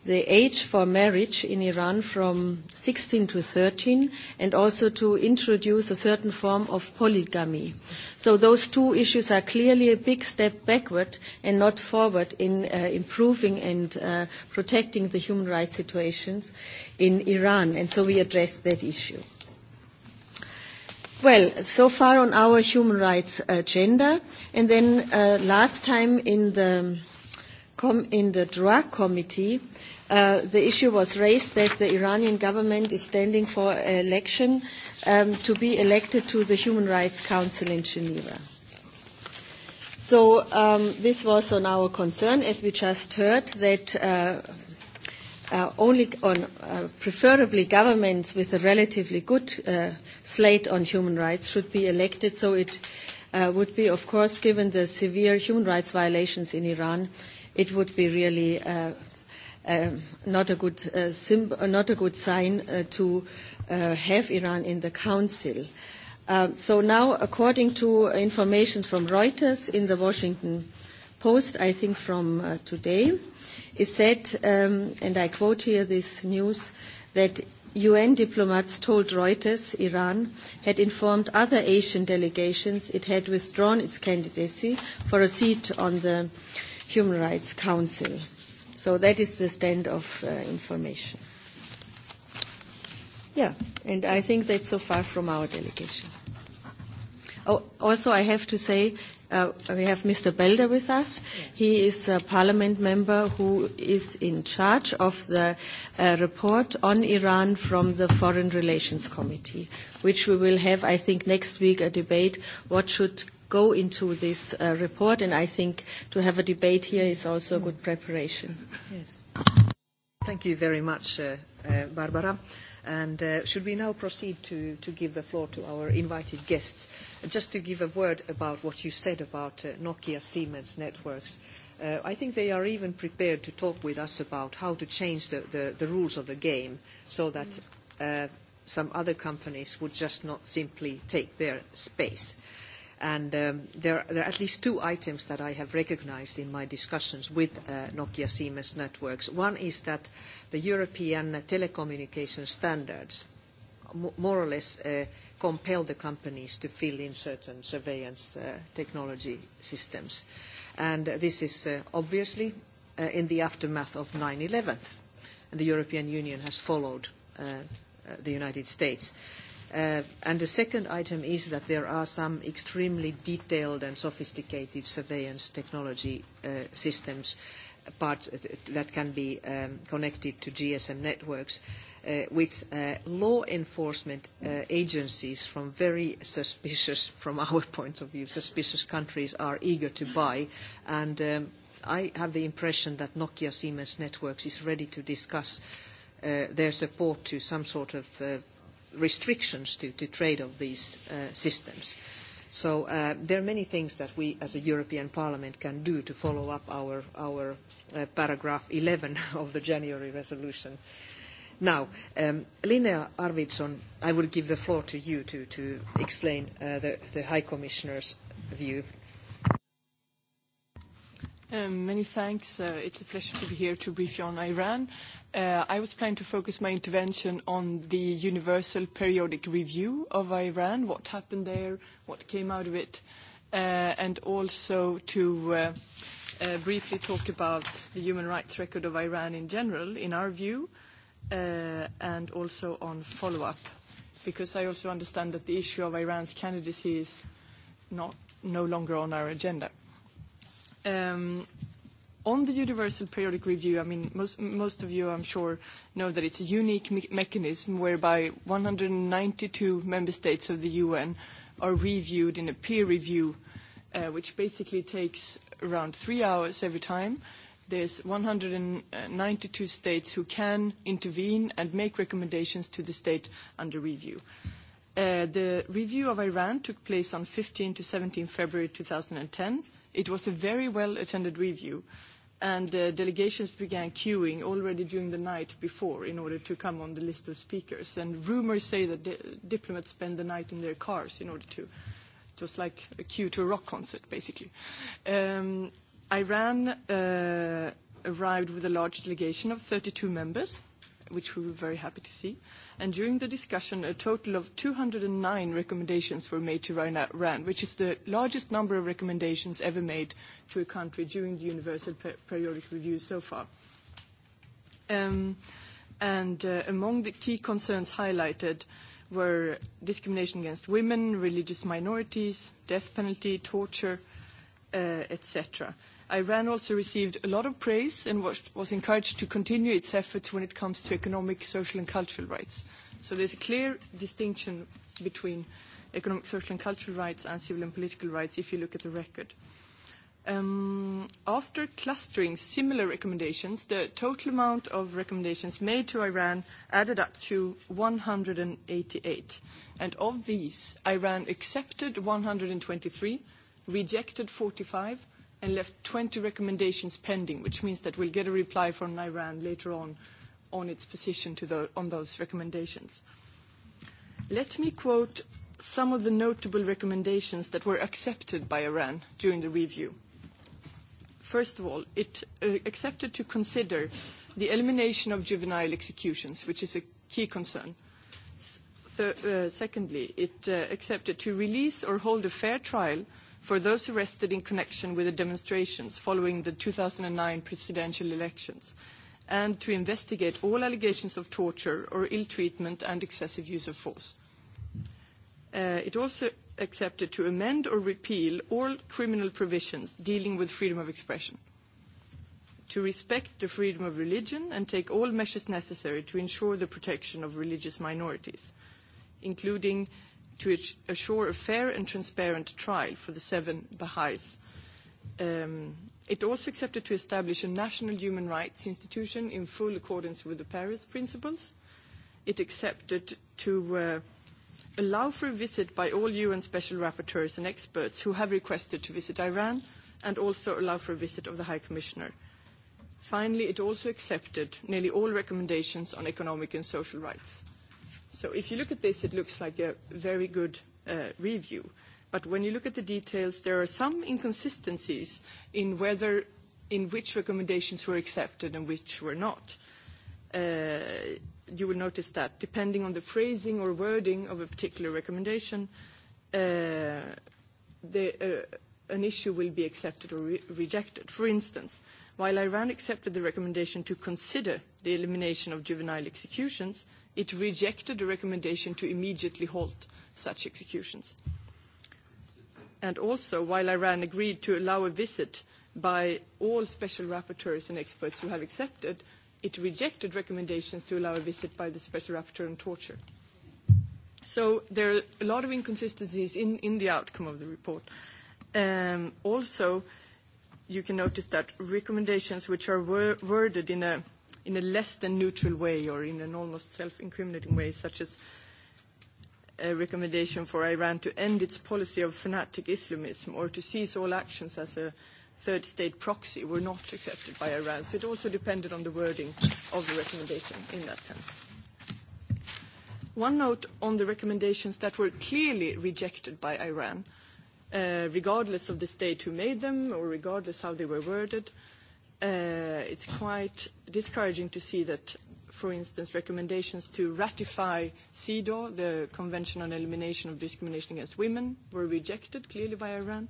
Speaker 6: the age for marriage in Iran from 16 to 13 and also to introduce a certain form of polygamy. So those two issues are clearly a big step backward and not forward in uh, improving and uh, protecting the human rights situations in Iran. And so we address that issue. Well, so far on our human rights agenda. And then uh, last time in the com- in the drug committee, uh, the issue was raised that the Iranian government is standing for election um, to be elected to the Human Rights Council in Geneva. So um, this was on our concern, as we just heard, that uh, uh, only on uh, preferably governments with a relatively good uh, slate on human rights should be elected. So it uh, would be, of course, given the severe human rights violations in Iran, it would be really uh, uh, not, a good, uh, sim- uh, not a good sign uh, to uh, have Iran in the Council. Uh, so now, according to information from Reuters in the Washington Post, I think from uh, today, is said, um, and I quote here this news, that UN diplomats told Reuters Iran had informed other Asian delegations it had withdrawn its candidacy for a seat on the Human Rights Council. So that is the stand of uh, information. Yeah, and I think that's so far from our
Speaker 1: delegation.
Speaker 6: Oh, also, I have to say uh, we have Mr. Belder with us. He is a parliament member who is in charge of the uh, report on Iran from the Foreign Relations Committee, which we will have, I think, next week a debate what should go into this uh, report, and I
Speaker 1: think to have a debate here is also a good preparation. Yes. Thank you very much, uh, uh, Barbara. And uh, should we now proceed to, to give the floor to our invited guests? Just to give a word about what you said about uh, Nokia Siemens networks. Uh, I think they are even prepared to talk with us about how to change the, the, the rules of the game so that mm. uh, some other companies would just not simply take their space. And um, there, there are at least two items that I have recognized in my discussions with uh, Nokia Siemens Networks. One is that the European telecommunication standards more or less uh, compel the companies to fill in certain surveillance uh, technology systems. And this is uh, obviously uh, in the aftermath of 9/11, and the European Union has followed uh, uh the United States. Uh, Uh, and the second item is that there are some extremely detailed and sophisticated surveillance technology uh, systems uh, parts that can be um, connected to GSM networks, uh, which uh, law enforcement uh, agencies from very suspicious, from our point of view, suspicious countries are eager to buy. And um, I have the impression that Nokia Siemens Networks is ready to discuss uh, their support to some sort of uh, restrictions to, to trade of these uh, systems. So uh, there are many things that we as a European Parliament can do to follow up our, our uh, paragraph 11 of the January resolution. Now, um, Linnea Arvidsson, I will give the floor to you to, to explain uh, the, the High Commissioner's view.
Speaker 9: Um, many thanks. Uh, it's a pleasure to be here to brief you on Iran. Uh, I was planning to focus my intervention on the Universal Periodic Review of Iran, what happened there, what came out of it, uh, and also to uh, uh, briefly talk about the human rights record of Iran in general, in our view, uh, and also on follow-up, because I also understand that the issue of Iran's candidacy is not, no longer on our agenda. Um, On the Universal Periodic Review, I mean, most, most of you, I'm sure, know that it's a unique me- mechanism whereby 192 member states of the UN are reviewed in a peer review, uh, which basically takes around three hours every time. There's 192 states who can intervene and make recommendations to the state under review. Uh, the review of Iran took place on 15 to 17 February 2010. It was a very well attended review. Uh, and uh, delegations began queuing already during the night before in order to come on the list of speakers. And rumors say that di- diplomats spend the night in their cars in order to, just like a queue to a rock concert, basically. Um, Iran uh, arrived with a large delegation of 32 members, which we were very happy to see. Uh, and during the discussion, a total of 209 recommendations were made to Iran, which is the largest number of recommendations ever made to a country during the Universal per Periodic Review so far. Um, and uh, among the key concerns highlighted were discrimination against women, religious minorities, death penalty, torture, uh, etc. Iran also received a lot of praise and was, was encouraged to continue its efforts when it comes to economic, social, and cultural rights. So there's a clear distinction between economic, social, and cultural rights and civil and political rights if you look at the record. Um, after clustering similar recommendations, the total amount of recommendations made to Iran added up to 188. And of these, Iran accepted 123 rejected 45, and left 20 recommendations pending, which means that we'll get a reply from Iran later on on its position to the, on those recommendations. Let me quote some of the notable recommendations that were accepted by Iran during the review. First of all, it uh, accepted to consider the elimination of juvenile executions, which is a key concern. S- th- uh, secondly, it uh, accepted to release or hold a fair trial uh, for those arrested in connection with the demonstrations following the 2009 presidential elections, and to investigate all allegations of torture or ill treatment and excessive use of force. Uh, it also accepted to amend or repeal all criminal provisions dealing with freedom of expression, to respect the freedom of religion and take all measures necessary to ensure the protection of religious minorities, including uh, to assure a fair and transparent trial for the seven Baha'is. Um, it also accepted to establish a national human rights institution in full accordance with the Paris principles. It accepted to uh, allow for a visit by all UN special rapporteurs and experts who have requested to visit Iran and also allow for a visit of the High Commissioner. Finally, it also accepted nearly all recommendations on economic and social rights. So if you look at this, it looks like a very good uh, review. But when you look at the details, there are some inconsistencies in whether in which recommendations were accepted and which were not. Uh, you will notice that depending on the phrasing or wording of a particular recommendation, uh, the, uh, an issue will be accepted or re- rejected. For instance, While Iran accepted the recommendation to consider the elimination of juvenile executions, it rejected the recommendation to immediately halt such executions. And also, while Iran agreed to allow a visit by all special rapporteurs and experts who have accepted, it rejected recommendations to allow a visit by the special rapporteur on torture. So there are a lot of inconsistencies in, in the outcome of the report. Um, also, you can notice that recommendations which are wor worded in a, in a less than neutral way or in an almost self-incriminating way, such as a recommendation for Iran to end its policy of fanatic Islamism or to cease all actions as a third state proxy were not accepted by Iran. So it also depended on the wording of the recommendation in that sense. One note on the recommendations that were clearly rejected by Iran – uh, regardless of the state who made them or regardless how they were worded. Uh, it's quite discouraging to see that, for instance, recommendations to ratify CEDAW, the Convention on Elimination of Discrimination Against Women, were rejected clearly by Iran.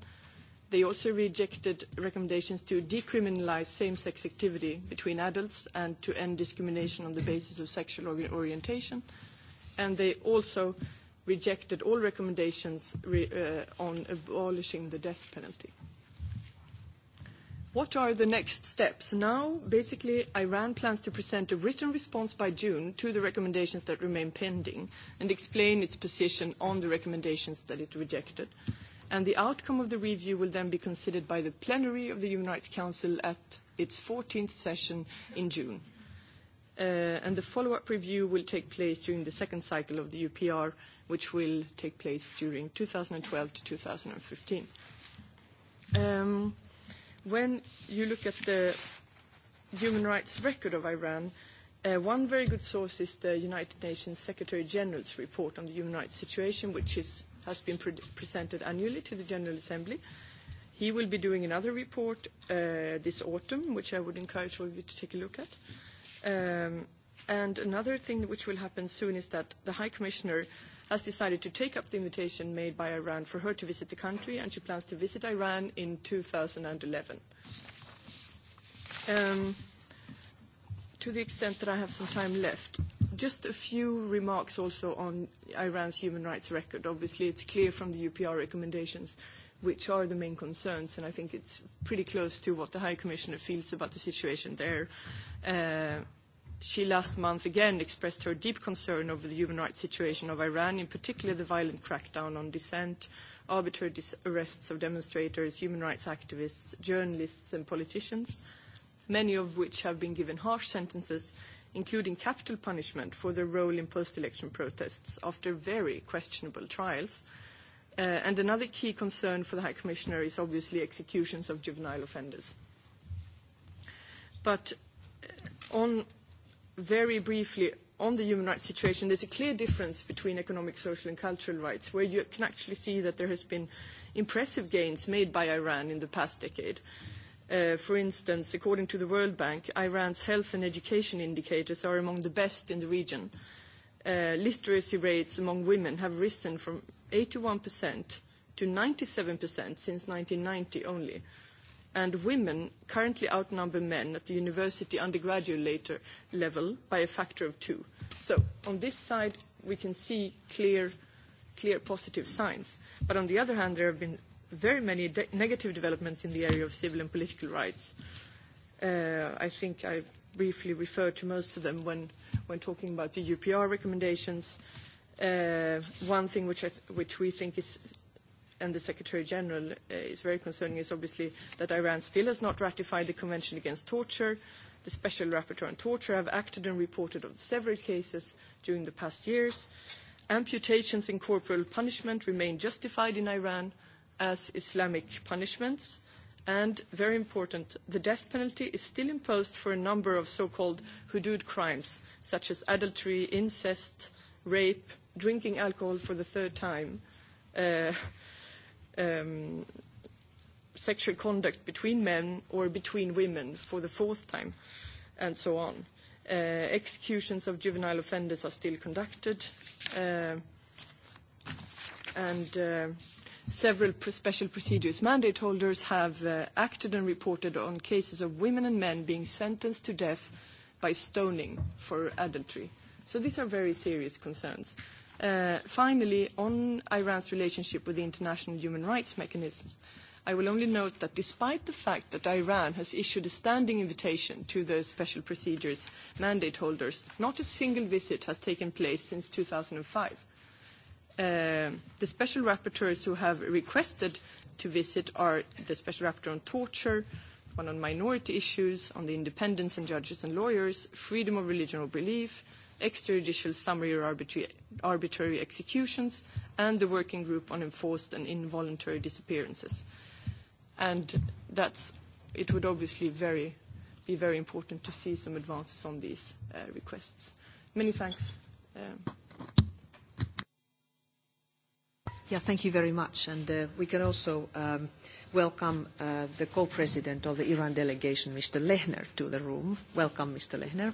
Speaker 9: They also rejected recommendations to decriminalize same-sex activity between adults and to end discrimination on the basis of sexual orientation. And they also uh, rejected all recommendations re, uh, on abolishing the death penalty. What are the next steps? Now, basically, Iran plans to present a written response by June to the recommendations that remain pending and explain its position on the recommendations that it rejected. And the outcome of the review will then be considered by the plenary of the Human Rights Council at its 14th session in June uh, and the follow-up review will take place during the second cycle of the UPR, which will take place during 2012 to 2015. Um, when you look at the human rights record of Iran, uh, one very good source is the United Nations Secretary General's report on the human rights situation, which is, has been pre- presented annually to the General Assembly. He will be doing another report uh, this autumn, which I would encourage all of you to take a look at. Uh, Um, and another thing which will happen soon is that the High Commissioner has decided to take up the invitation made by Iran for her to visit the country, and she plans to visit Iran in 2011. Um, to the extent that I have some time left, just a few remarks also on Iran's human rights record. Obviously, it's clear from the UPR recommendations uh, which are the main concerns, and I think it's pretty close to what the High Commissioner feels about the situation there. Uh, she last month again expressed her deep concern over the human rights situation of Iran, in particular the violent crackdown on dissent, arbitrary dis- arrests of demonstrators, human rights activists, journalists, and politicians, many of which have been given harsh sentences, including capital punishment for their role in post election protests after very questionable trials. Uh, Uh, and another key concern for the High Commissioner is obviously executions of juvenile offenders. But uh, on very briefly on the human rights situation, there's a clear difference between economic, social, and cultural rights, where you can actually see that there has been impressive gains made by Iran in the past decade. Uh, for instance, according to the World Bank, Iran's health and education indicators are among the best in the region. Uh, literacy rates among women have risen from 81% to 97% since 1990 only. And women currently outnumber men at the university undergraduate later level by a factor of two. So on this side, we can see clear, clear positive signs. But on the other hand, there have been very many de- negative developments in the area of civil and political rights. Uh, I think I've briefly referred to most of them when, when talking about the UPR recommendations. Uh, Uh, one thing which, I, which we think is, and the Secretary General uh, is very concerning, is obviously that Iran still has not ratified the Convention Against Torture. The Special Rapporteur on Torture have acted and reported on several cases during the past years. Amputations and corporal punishment remain justified in Iran as Islamic punishments. And very important, the death penalty is still imposed for a number of so-called hudud crimes, such as adultery, incest, rape, drinking alcohol for the third time, uh, um, sexual conduct between men or between women for the fourth time, and so on. Uh, executions of juvenile offenders are still conducted, uh, and uh, several special procedures mandate holders have uh, acted and reported on cases of women and men being sentenced to death by stoning for adultery. So these are very serious concerns. Uh, Uh, finally, on Iran's relationship with the international human rights mechanisms, I will only note that despite the fact that Iran has issued a standing invitation to the special procedures mandate holders, not a single visit has taken place since 2005. Uh, the special rapporteurs who have requested to visit are the special rapporteur on torture, one on minority issues, on the independence of judges and lawyers, freedom of religion or belief, uh, extrajudicial summary or arbitrary, arbitrary executions, and the working group on enforced and involuntary disappearances. And that's, it would obviously very, be very important to see some advances on these uh, requests. Many thanks. Um,
Speaker 1: Yeah, thank you very much. And uh, we can also um, welcome uh, the co-president of the Iran delegation, Mr. Lehner, to the room. Welcome, Mr. Lehner.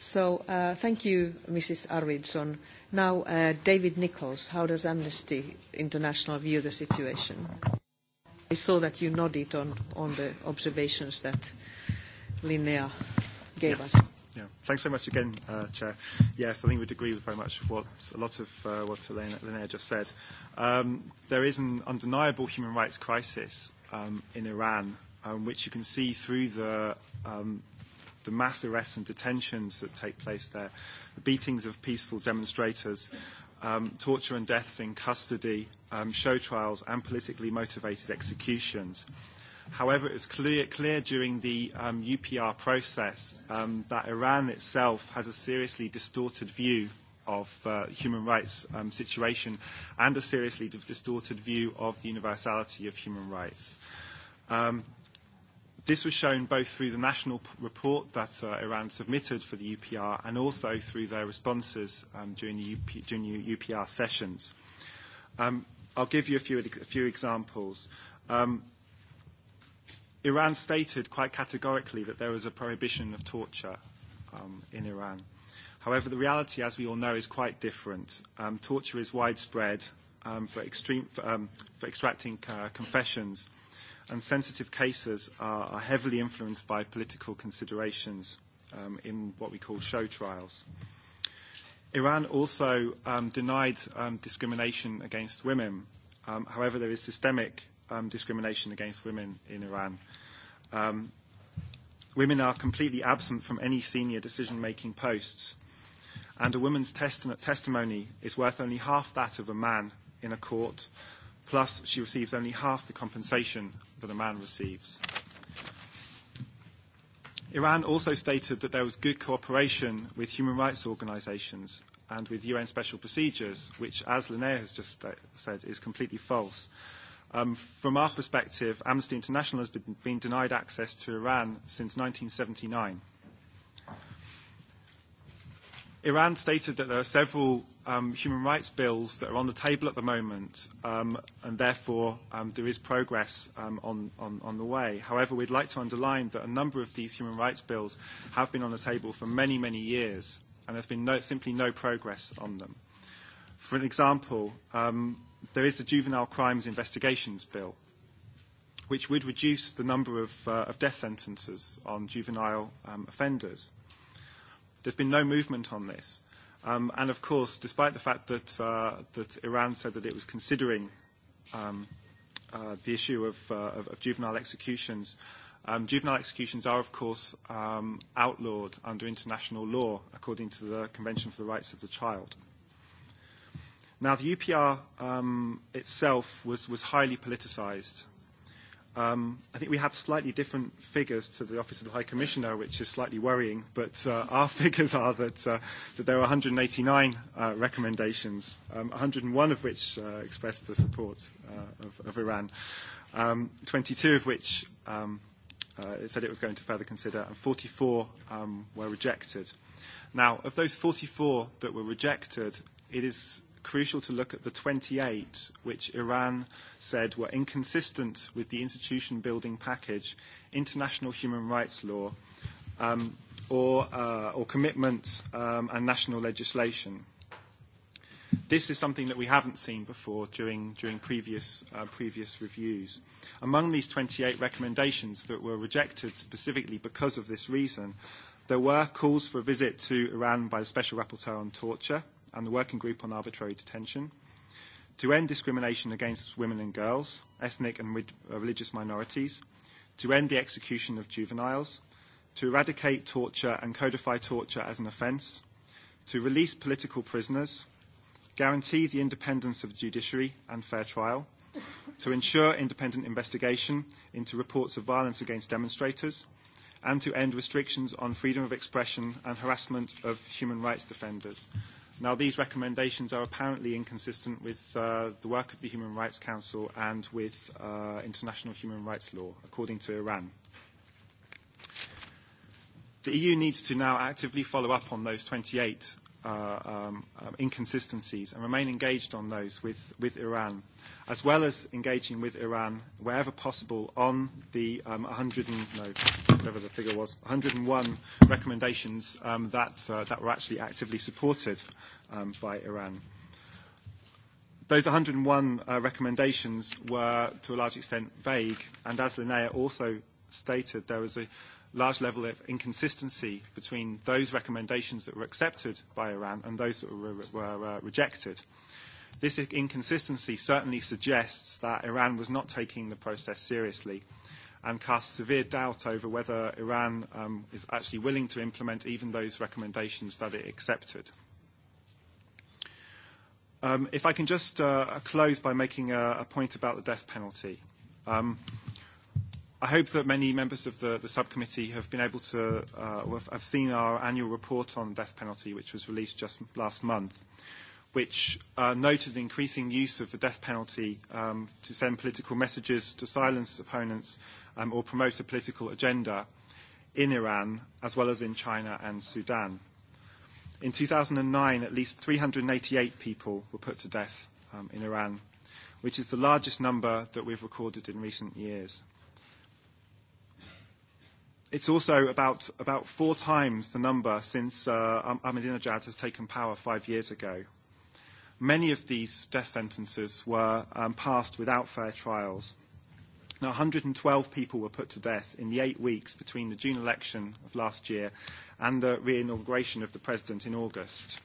Speaker 1: So uh, thank you, Mrs. Arvidsson. Now, uh, David Nichols, how does Amnesty International view the situation? I saw that you nodded on, on the observations that Linnea
Speaker 11: gave yeah. us. Yeah. Thanks very much again, uh, Chair. Yes, I think we'd agree very much with what a lot of uh, what Elena, Linnea just said. Um, there is an undeniable human rights crisis um, in Iran, um, which you can see through the um, the mass arrests and detentions that take place there, the beatings of peaceful demonstrators, um, torture and deaths in custody, um, show trials, and politically motivated executions. However, it was clear, clear during the um, UPR process um, that Iran itself has a seriously distorted view of uh, human rights um, situation and a seriously distorted view of the universality of human rights. Um, This was shown both through the national report that uh, Iran submitted for the UPR and also through their responses um, during, the UP, during the UPR sessions. Um, I'll give you a few, a few examples. Um, Iran stated quite categorically that there was a prohibition of torture um, in Iran. However, the reality, as we all know, is quite different. Um, torture is widespread um, for, extreme, for, um, for extracting uh, confessions and sensitive cases are, are heavily influenced by political considerations um, in what we call show trials. Iran also um, denied um, discrimination against women. Um, however, there is systemic um, discrimination against women in Iran. Um, women are completely absent from any senior decision-making posts, and a woman's test- testimony is worth only half that of a man in a court, Plus, she receives only half the compensation that a man receives. Iran also stated that there was good cooperation with human rights organizations and with UN special procedures, which, as Linnea has just said, is completely false. Um, from our perspective, Amnesty International has been, been denied access to Iran since 1979. Iran stated that there are several um, human rights bills that are on the table at the moment, um, and therefore um, there is progress um, on, on, on the way. However, we'd like to underline that a number of these human rights bills have been on the table for many, many years, and there's been no, simply no progress on them. For an example, um, there is the Juvenile Crimes Investigations Bill, which would reduce the number of, uh, of death sentences on juvenile um, offenders. Uh, There's been no movement on this. Um, and of course, despite the fact that, uh, that Iran said that it was considering um, uh, the issue of, uh, of, of juvenile executions, um, juvenile executions are, of course, um, outlawed under international law according to the Convention for the Rights of the Child. Now, the UPR um, itself was, was highly politicized Um, I think we have slightly different figures to the Office of the High Commissioner, which is slightly worrying, but uh, our figures are that, uh, that there are 189 uh, recommendations, um, 101 of which uh, expressed the support uh, of, of Iran, um, 22 of which um, uh, it said it was going to further consider, and 44 um, were rejected. Now, of those 44 that were rejected, it is crucial to look at the 28 which Iran said were inconsistent with the institution building package, international human rights law, um, or, uh, or commitments um, and national legislation. This is something that we haven't seen before during, during previous, uh, previous reviews. Among these 28 recommendations that were rejected specifically because of this reason, there were calls for a visit to Iran by the Special Rapporteur on Torture, uh, and the Working Group on Arbitrary Detention to end discrimination against women and girls, ethnic and uh, religious minorities, to end the execution of juveniles, to eradicate torture and codify torture as an offence, to release political prisoners, guarantee the independence of the judiciary and fair trial, to ensure independent investigation into reports of violence against demonstrators, and to end restrictions on freedom of expression and harassment of human rights defenders. Now, these recommendations are apparently inconsistent with uh, the work of the Human Rights Council and with uh, international human rights law, according to Iran. The EU needs to now actively follow up on those 28 Uh, um, um, inconsistencies and remain engaged on those with, with Iran, as well as engaging with Iran wherever possible on the um, 100 and, no, whatever the figure was, 101 recommendations um, that, uh, that were actually actively supported um, by Iran. Those 101 uh, recommendations were, to a large extent, vague, and as Linnea also stated, there was a large level of inconsistency between those recommendations that were accepted by Iran and those that were, were uh, rejected. This inconsistency certainly suggests that Iran was not taking the process seriously and casts severe doubt over whether Iran um, is actually willing to implement even those recommendations that it accepted. Um, if I can just uh, close by making a, a point about the death penalty. Um, uh, I hope that many members of the, the subcommittee have been able to uh, have seen our annual report on death penalty, which was released just last month, which uh, noted the increasing use of the death penalty um, to send political messages to silence opponents um, or promote a political agenda in Iran, as well as in China and Sudan. In 2009, at least 388 people were put to death um, in Iran, which is the largest number that we've recorded in recent years it's also about, about four times the number since uh, Ahmadinejad has taken power five years ago. Many of these death sentences were um, passed without fair trials. Now, 112 people were put to death in the eight weeks between the June election of last year and the re-inauguration of the president in August.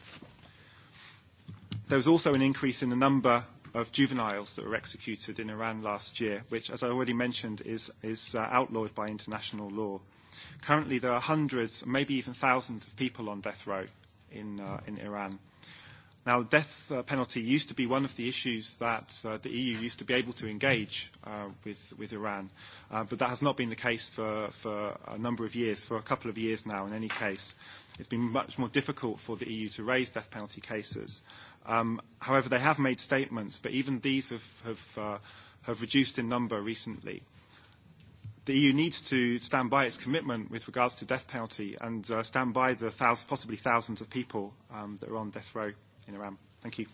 Speaker 11: There was also an increase in the number of juveniles that were executed in Iran last year, which, as I already mentioned, is, is uh, outlawed by international law. Currently, there are hundreds, maybe even thousands of people on death row in, uh, in Iran. Now, the death uh, penalty used to be one of the issues that uh, the EU used to be able to engage uh, with, with Iran, uh, but that has not been the case for, for a number of years, for a couple of years now in any case. It's been much more difficult for the EU to raise death penalty cases. Um, however, they have made statements, but even these have, have, uh, have reduced in number recently the EU needs to stand by its commitment with regards to death penalty and uh, stand by the thousands, possibly thousands of people um, that are on death row in Iran. Thank you.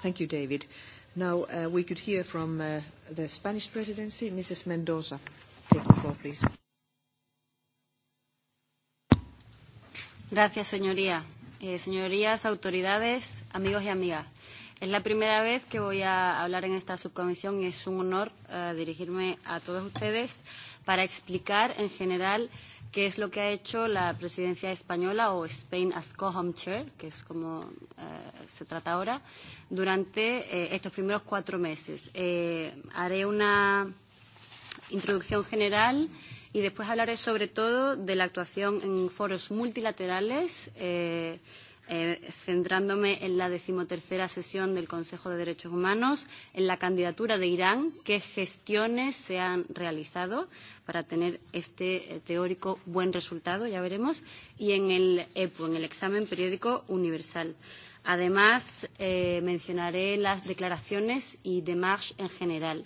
Speaker 1: Thank you, David. Now uh, we could hear from uh, the Spanish presidency, Mrs. Mendoza. Take the floor, please.
Speaker 13: Gracias, señoría. Eh, señorías, autoridades, amigos y amigas. Eh, Es la primera vez que voy a hablar en esta subcomisión y es un honor uh, dirigirme a todos ustedes para explicar en general qué es lo que ha hecho la presidencia española o Spain as co-home chair, que es como eh, se trata ahora, durante eh, estos primeros cuatro meses. Eh, haré una introducción general y después hablaré sobre todo de la actuación en foros multilaterales. Eh, eh, centrándome en la decimotercera sesión del Consejo de Derechos Humanos, en la candidatura de Irán, qué gestiones se han realizado para tener este eh, teórico buen resultado, ya veremos, y en el EPU, en el examen periódico universal. Además, eh, mencionaré las declaraciones y demarches en general,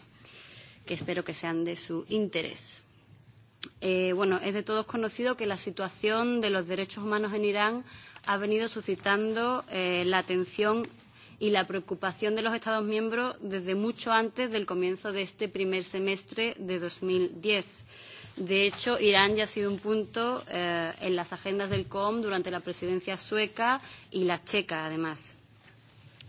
Speaker 13: que espero que sean de su interés. Eh, bueno, es de todos conocido que la situación de los derechos humanos en Irán ha venido suscitando eh, la atención y la preocupación de los Estados miembros desde mucho antes del comienzo de este primer semestre de 2010. De hecho, Irán ya ha sido un punto eh, en las agendas del COM durante la presidencia sueca y la checa, además.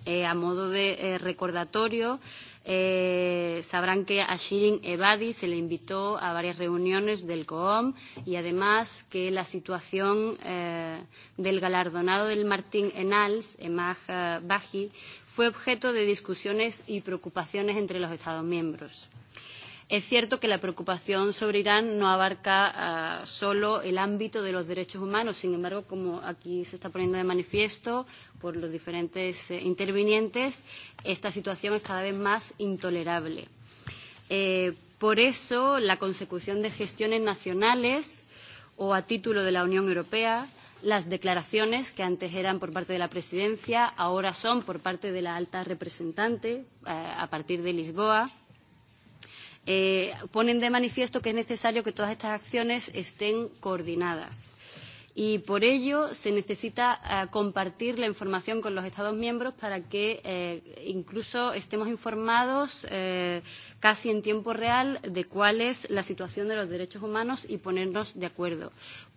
Speaker 13: Eh, a modo de eh, recordatorio, eh, Eh, sabrán que a Shirin Ebadi se le invitó a varias reuniones del COOM y además que la situación eh, del galardonado del Martín Enals, Emag eh, Baji, fue objeto de discusiones y preocupaciones entre los Estados miembros. Eh, Es cierto que la preocupación sobre Irán no abarca uh, solo el ámbito de los derechos humanos, sin embargo, como aquí se está poniendo de manifiesto por los diferentes eh, intervinientes, esta situación es cada vez más intolerable. Eh, por eso, la consecución de gestiones nacionales o a título de la Unión Europea, las declaraciones que antes eran por parte de la Presidencia, ahora son por parte de la alta representante eh, a partir de Lisboa, eh, ponen de manifiesto que es necesario que todas estas acciones estén coordinadas. Y por ello se necesita eh, compartir la información con los Estados miembros para que eh, incluso estemos informados eh, casi en tiempo real de cuál es la situación de los derechos humanos y ponernos de acuerdo.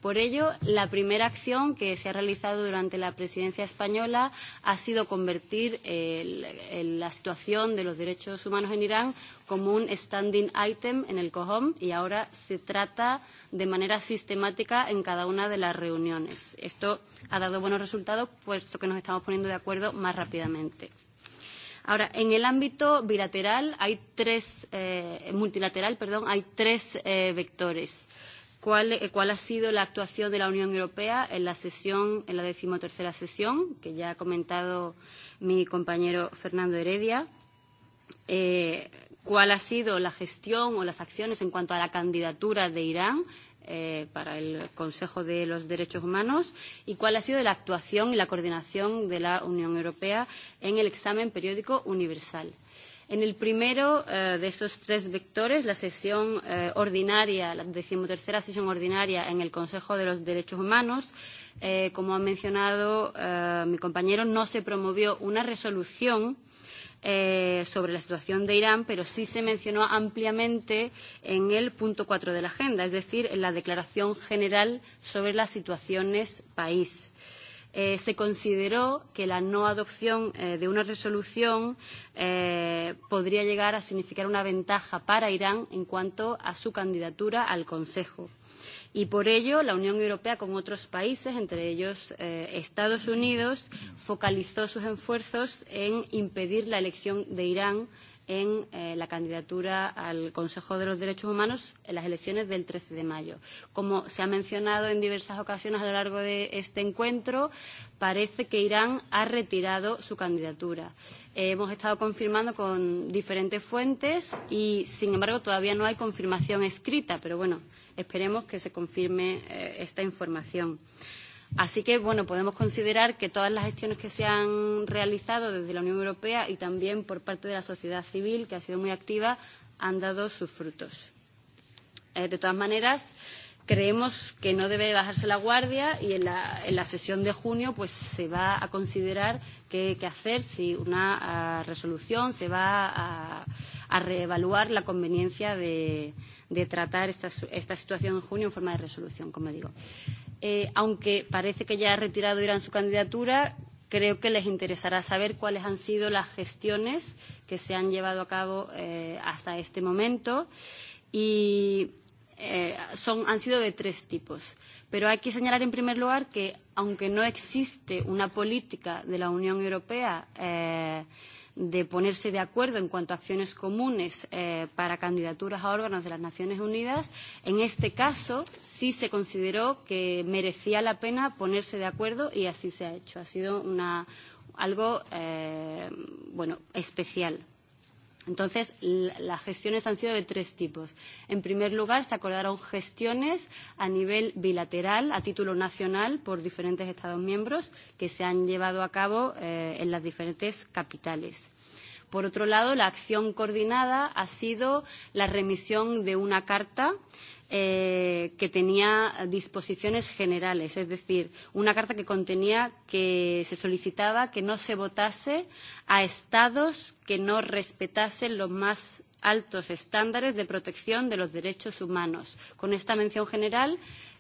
Speaker 13: Por ello, la primera acción que se ha realizado durante la presidencia española ha sido convertir el, el, la situación de los derechos humanos en Irán como un standing item en el COHOM y ahora se trata de manera sistemática en cada una de las reuniones. Esto ha dado buenos resultados puesto que nos estamos poniendo de acuerdo más rápidamente. Ahora, en el ámbito bilateral hay tres, eh, multilateral, perdón, hay tres eh, vectores. Eh, cuál, eh, cuál ha sido la actuación de la Unión Europea en la sesión, en la decimotercera sesión, que ya ha comentado mi compañero Fernando Heredia. Eh, cuál ha sido la gestión o las acciones en cuanto a la candidatura de Irán eh, para el Consejo de los Derechos Humanos y cuál ha sido la actuación y la coordinación de la Unión Europea en el examen periódico universal. Eh, En el primero eh, de estos tres vectores, la sesión eh, ordinaria, la decimotercera sesión ordinaria en el Consejo de los Derechos Humanos, eh, como ha mencionado eh, mi compañero, no se promovió una resolución eh, sobre la situación de Irán, pero sí se mencionó ampliamente en el punto 4 de la agenda, es decir, en la Declaración General sobre las Situaciones País. Eh, eh, se consideró que la no adopción eh, de una resolución eh, podría llegar a significar una ventaja para Irán en cuanto a su candidatura al Consejo. Y por ello, la Unión Europea, con otros países, entre ellos eh, Estados Unidos, focalizó sus esfuerzos en impedir la elección de Irán eh, en eh, la candidatura al Consejo de los Derechos Humanos en las elecciones del 13 de mayo. Como se ha mencionado en diversas ocasiones a lo largo de este encuentro, parece que Irán ha retirado su candidatura. Eh, hemos estado confirmando con diferentes fuentes y, sin embargo, todavía no hay confirmación escrita, pero bueno, esperemos que se confirme eh, esta información. Eh, Así que, bueno, podemos considerar que todas las gestiones que se han realizado desde la Unión Europea y también por parte de la sociedad civil, que ha sido muy activa, han dado sus frutos. Eh, de todas maneras, creemos que no debe bajarse la guardia y en la, en la sesión de junio pues, se va a considerar qué, qué hacer, si una a, ah, resolución se va a, a reevaluar la conveniencia de, de tratar esta, esta situación en junio en forma de resolución, como digo. Eh, eh, aunque parece que ya ha retirado Irán su candidatura, creo que les interesará saber cuáles han sido las gestiones que se han llevado a cabo eh, hasta este momento. Y eh, son, han sido de tres tipos. Pero hay que señalar en primer lugar que, aunque no existe una política de la Unión Europea eh, de ponerse de acuerdo en cuanto a acciones comunes eh, para candidaturas a órganos de las Naciones Unidas, en este caso sí se consideró que merecía la pena ponerse de acuerdo y así se ha hecho. Ha sido una, algo eh, bueno, especial. Entonces, las gestiones han sido de tres tipos. En primer lugar, se acordaron gestiones a nivel bilateral, a título nacional, por diferentes Estados miembros, que se han llevado a cabo eh, en las diferentes capitales. Por otro lado, la acción coordinada ha sido la remisión de una carta eh, eh, que tenía disposiciones generales, es decir, una carta que contenía que se solicitaba que no se votase a estados que no respetasen los más altos estándares de protección de los derechos humanos. Con esta mención general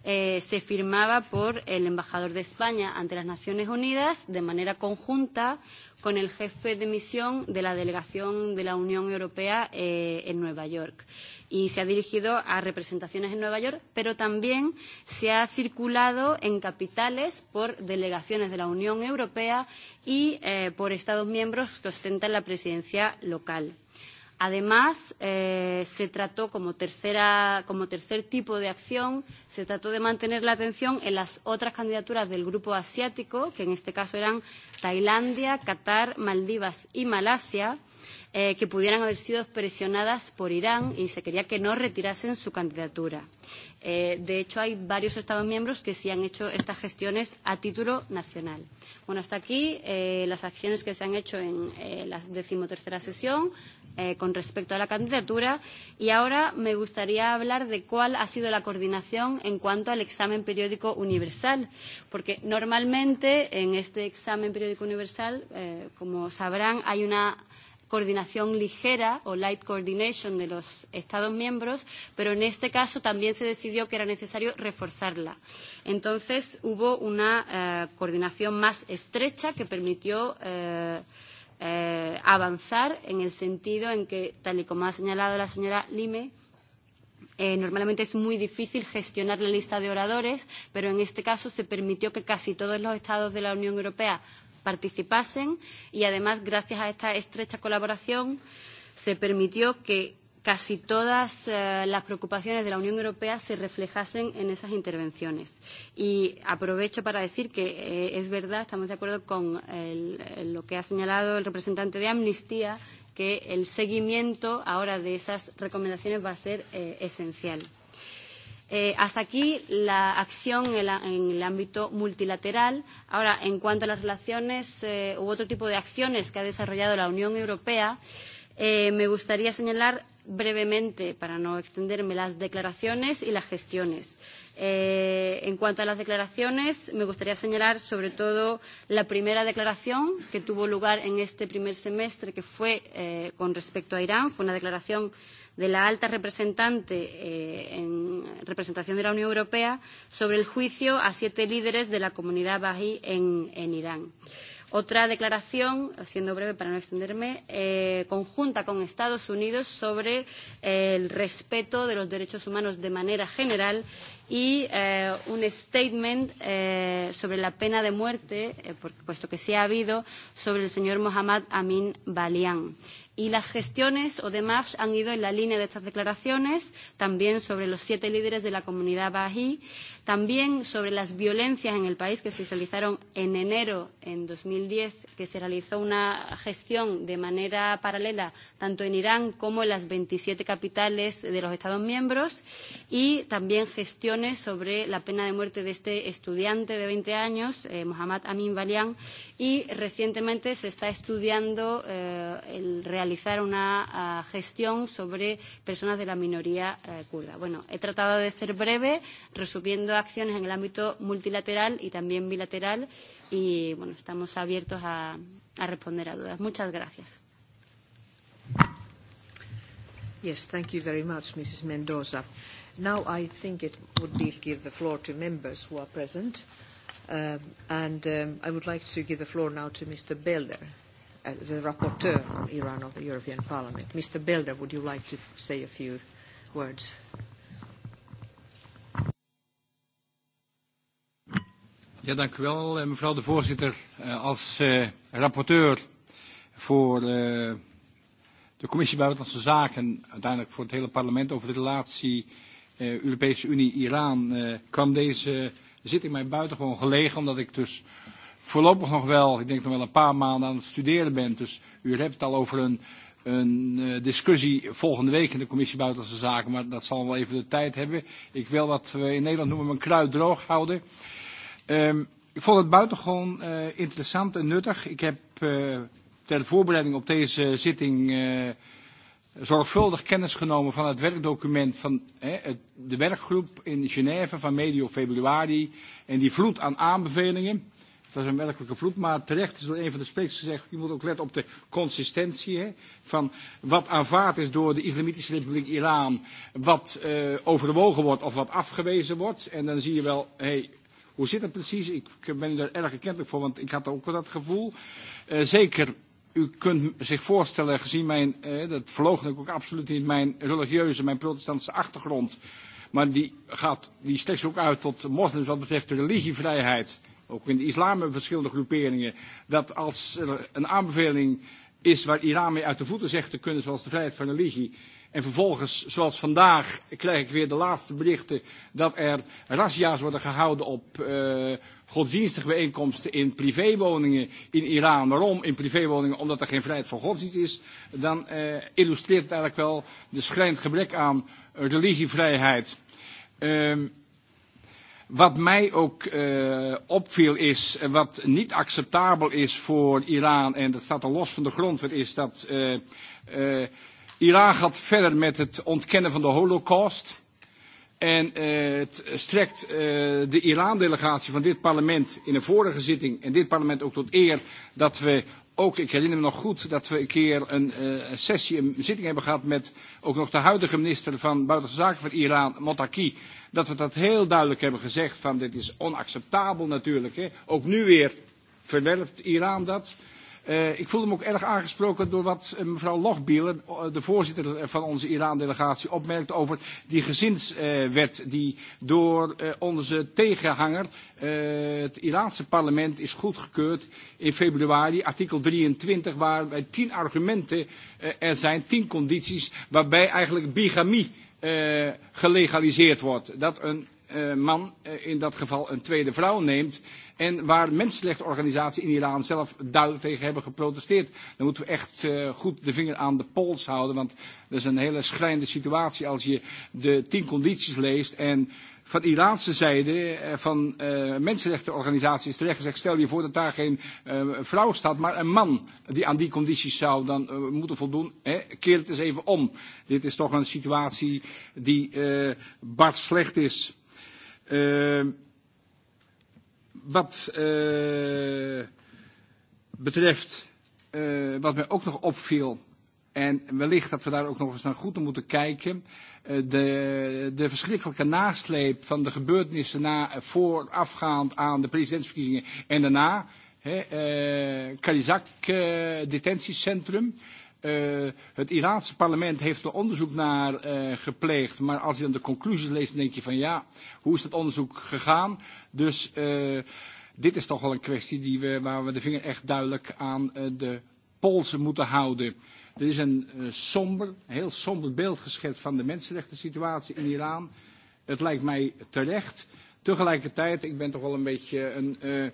Speaker 13: eh, se firmaba por el embajador de España ante las Naciones Unidas de manera conjunta con el jefe de misión de la delegación de la Unión Europea eh, en Nueva York. Y se ha dirigido a representaciones en Nueva York, pero también se ha circulado en capitales por delegaciones de la Unión Europea y eh, por Estados miembros que ostentan la presidencia local. Eh, Además, eh, se trató como, tercera, como tercer tipo de acción, se trató de mantener la atención en las otras candidaturas del grupo asiático, que en este caso eran Tailandia, Qatar, Maldivas y Malasia, eh, que pudieran haber sido presionadas por Irán y se quería que no retirasen su candidatura. Eh, Eh, de hecho, hay varios Estados miembros que sí han hecho estas gestiones a título nacional. Bueno, hasta aquí eh, las acciones que se han hecho en eh, la decimotercera sesión eh, con respecto a la candidatura. Y ahora me gustaría hablar de cuál ha sido la coordinación en cuanto al examen periódico universal. Porque normalmente en este examen periódico universal, eh, como sabrán, hay una coordinación ligera o light coordination de los Estados miembros, pero en este caso también se decidió que era necesario reforzarla. Entonces hubo una eh, coordinación más estrecha que permitió eh, eh, avanzar en el sentido en que, tal y como ha señalado la señora Lime, Eh, normalmente es muy difícil gestionar la lista de oradores, pero en este caso se permitió que casi todos los Estados de la Unión Europea participasen y además gracias a esta estrecha colaboración se permitió que casi todas eh, las preocupaciones de la Unión Europea se reflejasen en esas intervenciones. Y aprovecho para decir que eh, es verdad, estamos de acuerdo con el, el, lo que ha señalado el representante de Amnistía, que el seguimiento ahora de esas recomendaciones va a ser eh, esencial. Eh, hasta aquí la acción en, la, en el ámbito multilateral. Ahora, en cuanto a las relaciones eh, u otro tipo de acciones que ha desarrollado la Unión Europea, eh, me gustaría señalar brevemente, para no extenderme, las declaraciones y las gestiones. Eh, en cuanto a las declaraciones, me gustaría señalar sobre todo la primera declaración que tuvo lugar en este primer semestre, que fue eh, con respecto a Irán. Fue una declaración de la alta representante eh, en representación de la Unión Europea sobre el juicio a siete líderes de la comunidad bají en, en Irán. Otra declaración, siendo breve para no extenderme, eh, conjunta con Estados Unidos sobre eh, el respeto de los derechos humanos de manera general y eh, un statement eh, sobre la pena de muerte, eh, por, puesto que sí ha habido, sobre el señor Mohammad Amin Balian. Eh, Y las gestiones o demás han ido en la línea de estas declaraciones, también sobre los siete líderes de la comunidad bají, también sobre las violencias en el país que se realizaron en enero en 2010, que se realizó una gestión de manera paralela tanto en Irán como en las 27 capitales de los Estados miembros, y también gestiones sobre la pena de muerte de este estudiante de 20 años, eh, Mohammad Amin Balian, y recientemente se está estudiando eh, el realizar una uh, gestión sobre personas de la minoría eh, kurda. Bueno, he tratado de ser breve, resumiendo acciones en el ámbito multilateral y también bilateral y bueno, estamos abiertos a, a responder a dudas. Muchas gracias.
Speaker 1: Yes, thank you very much, Mrs. Mendoza. Now I think it would be give the floor to members who are present. Uh, Um, and um, I would like to give the floor now to Mr. Belder, uh, the rapporteur on Iran of the European Parliament. Mr. Belder, would you like to f- say a few words?
Speaker 14: Ja, dank u wel, eh, mevrouw de voorzitter. Eh, als uh, rapporteur voor uh, de Commissie Buitenlandse Zaken, uiteindelijk voor het hele parlement over de relatie uh, Europese Unie-Iran, uh, kwam deze uh, zit ik mij buitengewoon gelegen, omdat ik dus voorlopig nog wel, ik denk nog wel een paar maanden aan het studeren ben. Dus u hebt het al over een, een uh, discussie volgende week in de commissie Buitenlandse Zaken, maar dat zal wel even de tijd hebben. Ik wil wat we in Nederland noemen mijn kruid droog houden. Um, ik vond het buitengewoon uh, interessant en nuttig. Ik heb uh, ter voorbereiding op deze zitting... Uh, zorgvuldig kennis genomen van het werkdocument van hè, het, de werkgroep in Genève van medio februari en die vloed aan aanbevelingen. Het was een werkelijke vloed, maar terecht is door een van de sprekers gezegd, je moet ook letten op de consistentie hè, van wat aanvaard is door de Islamitische Republiek Iran, wat uh, overwogen wordt of wat afgewezen wordt. En dan zie je wel, hey, hoe zit dat precies? Ik ben er erg erkentelijk voor, want ik had ook wel dat gevoel. Uh, zeker u kunt zich voorstellen, gezien mijn, eh, dat verloog ik ook absoluut niet, mijn religieuze, mijn protestantse achtergrond. Maar die, gaat, die strekt zich ook uit tot moslims wat betreft de religievrijheid. Ook in de islam hebben verschillende groeperingen. Dat als er een aanbeveling is waar Iran mee uit de voeten zegt te kunnen, zoals de vrijheid van religie. En vervolgens, zoals vandaag, krijg ik weer de laatste berichten dat er razzia's worden gehouden op, uh, godsdienstige bijeenkomsten in privéwoningen in Iran. Waarom in privéwoningen? Omdat er geen vrijheid van godsdienst is. Dan uh, illustreert het eigenlijk wel de schrijnend gebrek aan religievrijheid. Uh, wat mij ook uh, opviel is, uh, wat niet acceptabel is voor Iran, en dat staat al er los van de grondwet, is dat uh, uh, Iran gaat verder met het ontkennen van de holocaust. En uh, eh, het strekt uh, de Iran-delegatie van dit parlement in een vorige zitting en dit parlement ook tot eer dat we ook, ik herinner me nog goed, dat we een keer een uh, sessie, een zitting hebben gehad met ook nog de huidige minister van Buitenlandse Zaken van Iran, Mottaki. Dat we dat heel duidelijk hebben gezegd van dit is onacceptabel natuurlijk. Hè. Ook nu weer verwerpt Iran dat. Uh, Uh, ik voelde me ook erg aangesproken door wat uh, mevrouw Lochbieler, uh, de voorzitter van onze Iran-delegatie, opmerkte over die gezinswet uh, die door uh, onze tegenhanger, uh, het Iraanse parlement, is goedgekeurd in februari, artikel 23, waarbij tien argumenten uh, er zijn, tien condities, waarbij eigenlijk bigamie uh, gelegaliseerd wordt. Dat een uh, man uh, in dat geval een tweede vrouw neemt. Uh, En waar mensenrechtenorganisaties in Iran zelf duidelijk tegen hebben geprotesteerd. Dan moeten we echt uh, goed de vinger aan de pols houden. Want dat is een hele schrijnende situatie als je de tien condities leest. En van Iraanse zijde eh, van uh, mensenrechtenorganisaties terecht gezegd, stel je voor dat daar geen uh, vrouw staat, maar een man die aan die condities zou dan uh, moeten voldoen. Hè? Keer het eens even om. Dit is toch een situatie die uh, bart slecht is. Uh, Wat uh, betreft, uh, wat mij ook nog opviel, en wellicht dat we daar ook nog eens naar goed naar moeten kijken, uh, de, de verschrikkelijke nasleep van de gebeurtenissen na, voorafgaand aan de presidentsverkiezingen en daarna, hè, uh, Karizak uh, detentiecentrum, uh, Uh, het Iraanse parlement heeft er onderzoek naar uh, gepleegd. Maar als je dan de conclusies leest, dan denk je van ja, hoe is dat onderzoek gegaan? Dus uh, dit is toch wel een kwestie die we, waar we de vinger echt duidelijk aan uh, de polsen moeten houden. Er is een uh, somber, heel somber beeld geschetst van de mensenrechten situatie in Iran. Het lijkt mij terecht. Tegelijkertijd, ik ben toch wel een beetje een... Uh,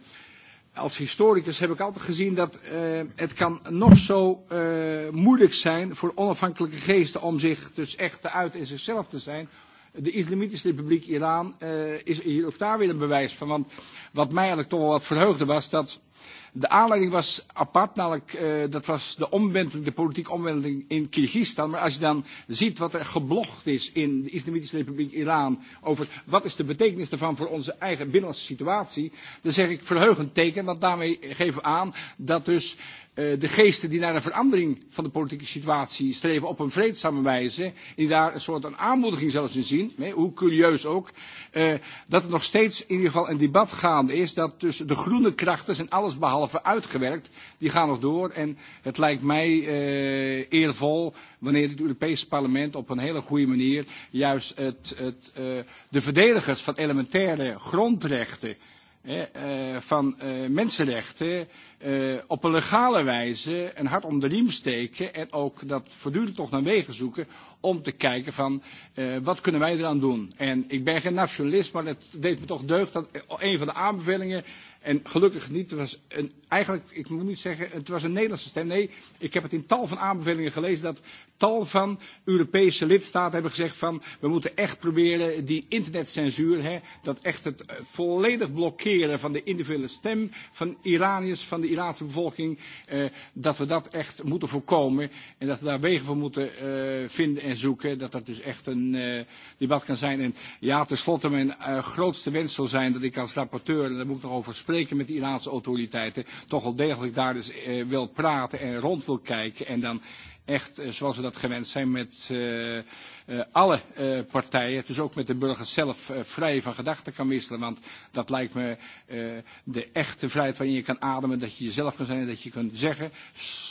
Speaker 14: als historicus heb ik altijd gezien dat uh, het kan nog zo uh, moeilijk zijn voor onafhankelijke geesten om zich dus echt te uiten in zichzelf te zijn. De Islamitische Republiek Iran uh, is hier ook daar weer een bewijs van. Want wat mij eigenlijk toch wel wat verheugde was dat De aanleiding was apart, namelijk uh, dat was de omwenteling, de politieke omwenteling in Kyrgyzstan. Maar als je dan ziet wat er geblogd is in de Islamitische Republiek Iran over wat is de betekenis daarvan voor onze eigen binnenlandse situatie, dan zeg ik verheugend teken, want daarmee geven we aan dat dus uh, uh, de geesten die naar een verandering van de politieke situatie streven op een vreedzame wijze, die daar een soort van aanmoediging zelfs in zien, hè, hoe curieus ook, uh, dat er nog steeds in ieder geval een debat gaande is dat tussen de groene krachten zijn alles behalve uitgewerkt, die gaan nog door en het lijkt mij uh, eervol wanneer het Europese parlement op een hele goede manier juist het, het, uh, de verdedigers van elementaire grondrechten Eh, van eh, mensenrechten eh, op een legale wijze een hart om de riem steken en ook dat voortdurend toch naar wegen zoeken om te kijken van wat kunnen wij eraan doen. En ik ben geen nationalist, maar het deed me toch deugd dat een van de aanbevelingen En gelukkig niet, het was een, eigenlijk, ik moet niet zeggen, het was een Nederlandse stem. Nee, ik heb het in tal van aanbevelingen gelezen dat tal van Europese lidstaten hebben gezegd van we moeten echt proberen die internetcensuur, hè, dat echt het eh, volledig blokkeren van de individuele stem van Iraniërs, van de Iraanse bevolking, eh, dat we dat echt moeten voorkomen en dat we daar wegen voor moeten eh, vinden en zoeken. Dat dat dus echt een eh, debat kan zijn. En ja, tenslotte mijn eh, grootste wens zal zijn dat ik als rapporteur, en daar moet ik nog over spreken met de Iraanse autoriteiten, toch wel degelijk daar dus eh, wil praten en rond wil kijken en dan echt eh, zoals we dat gewend zijn met... Uh, uh, alle uh, partijen, dus ook met de burgers zelf, uh, vrij van gedachten kan wisselen. Want dat lijkt me uh, de echte vrijheid waarin je kan ademen, dat je jezelf kan zijn en dat je kunt zeggen,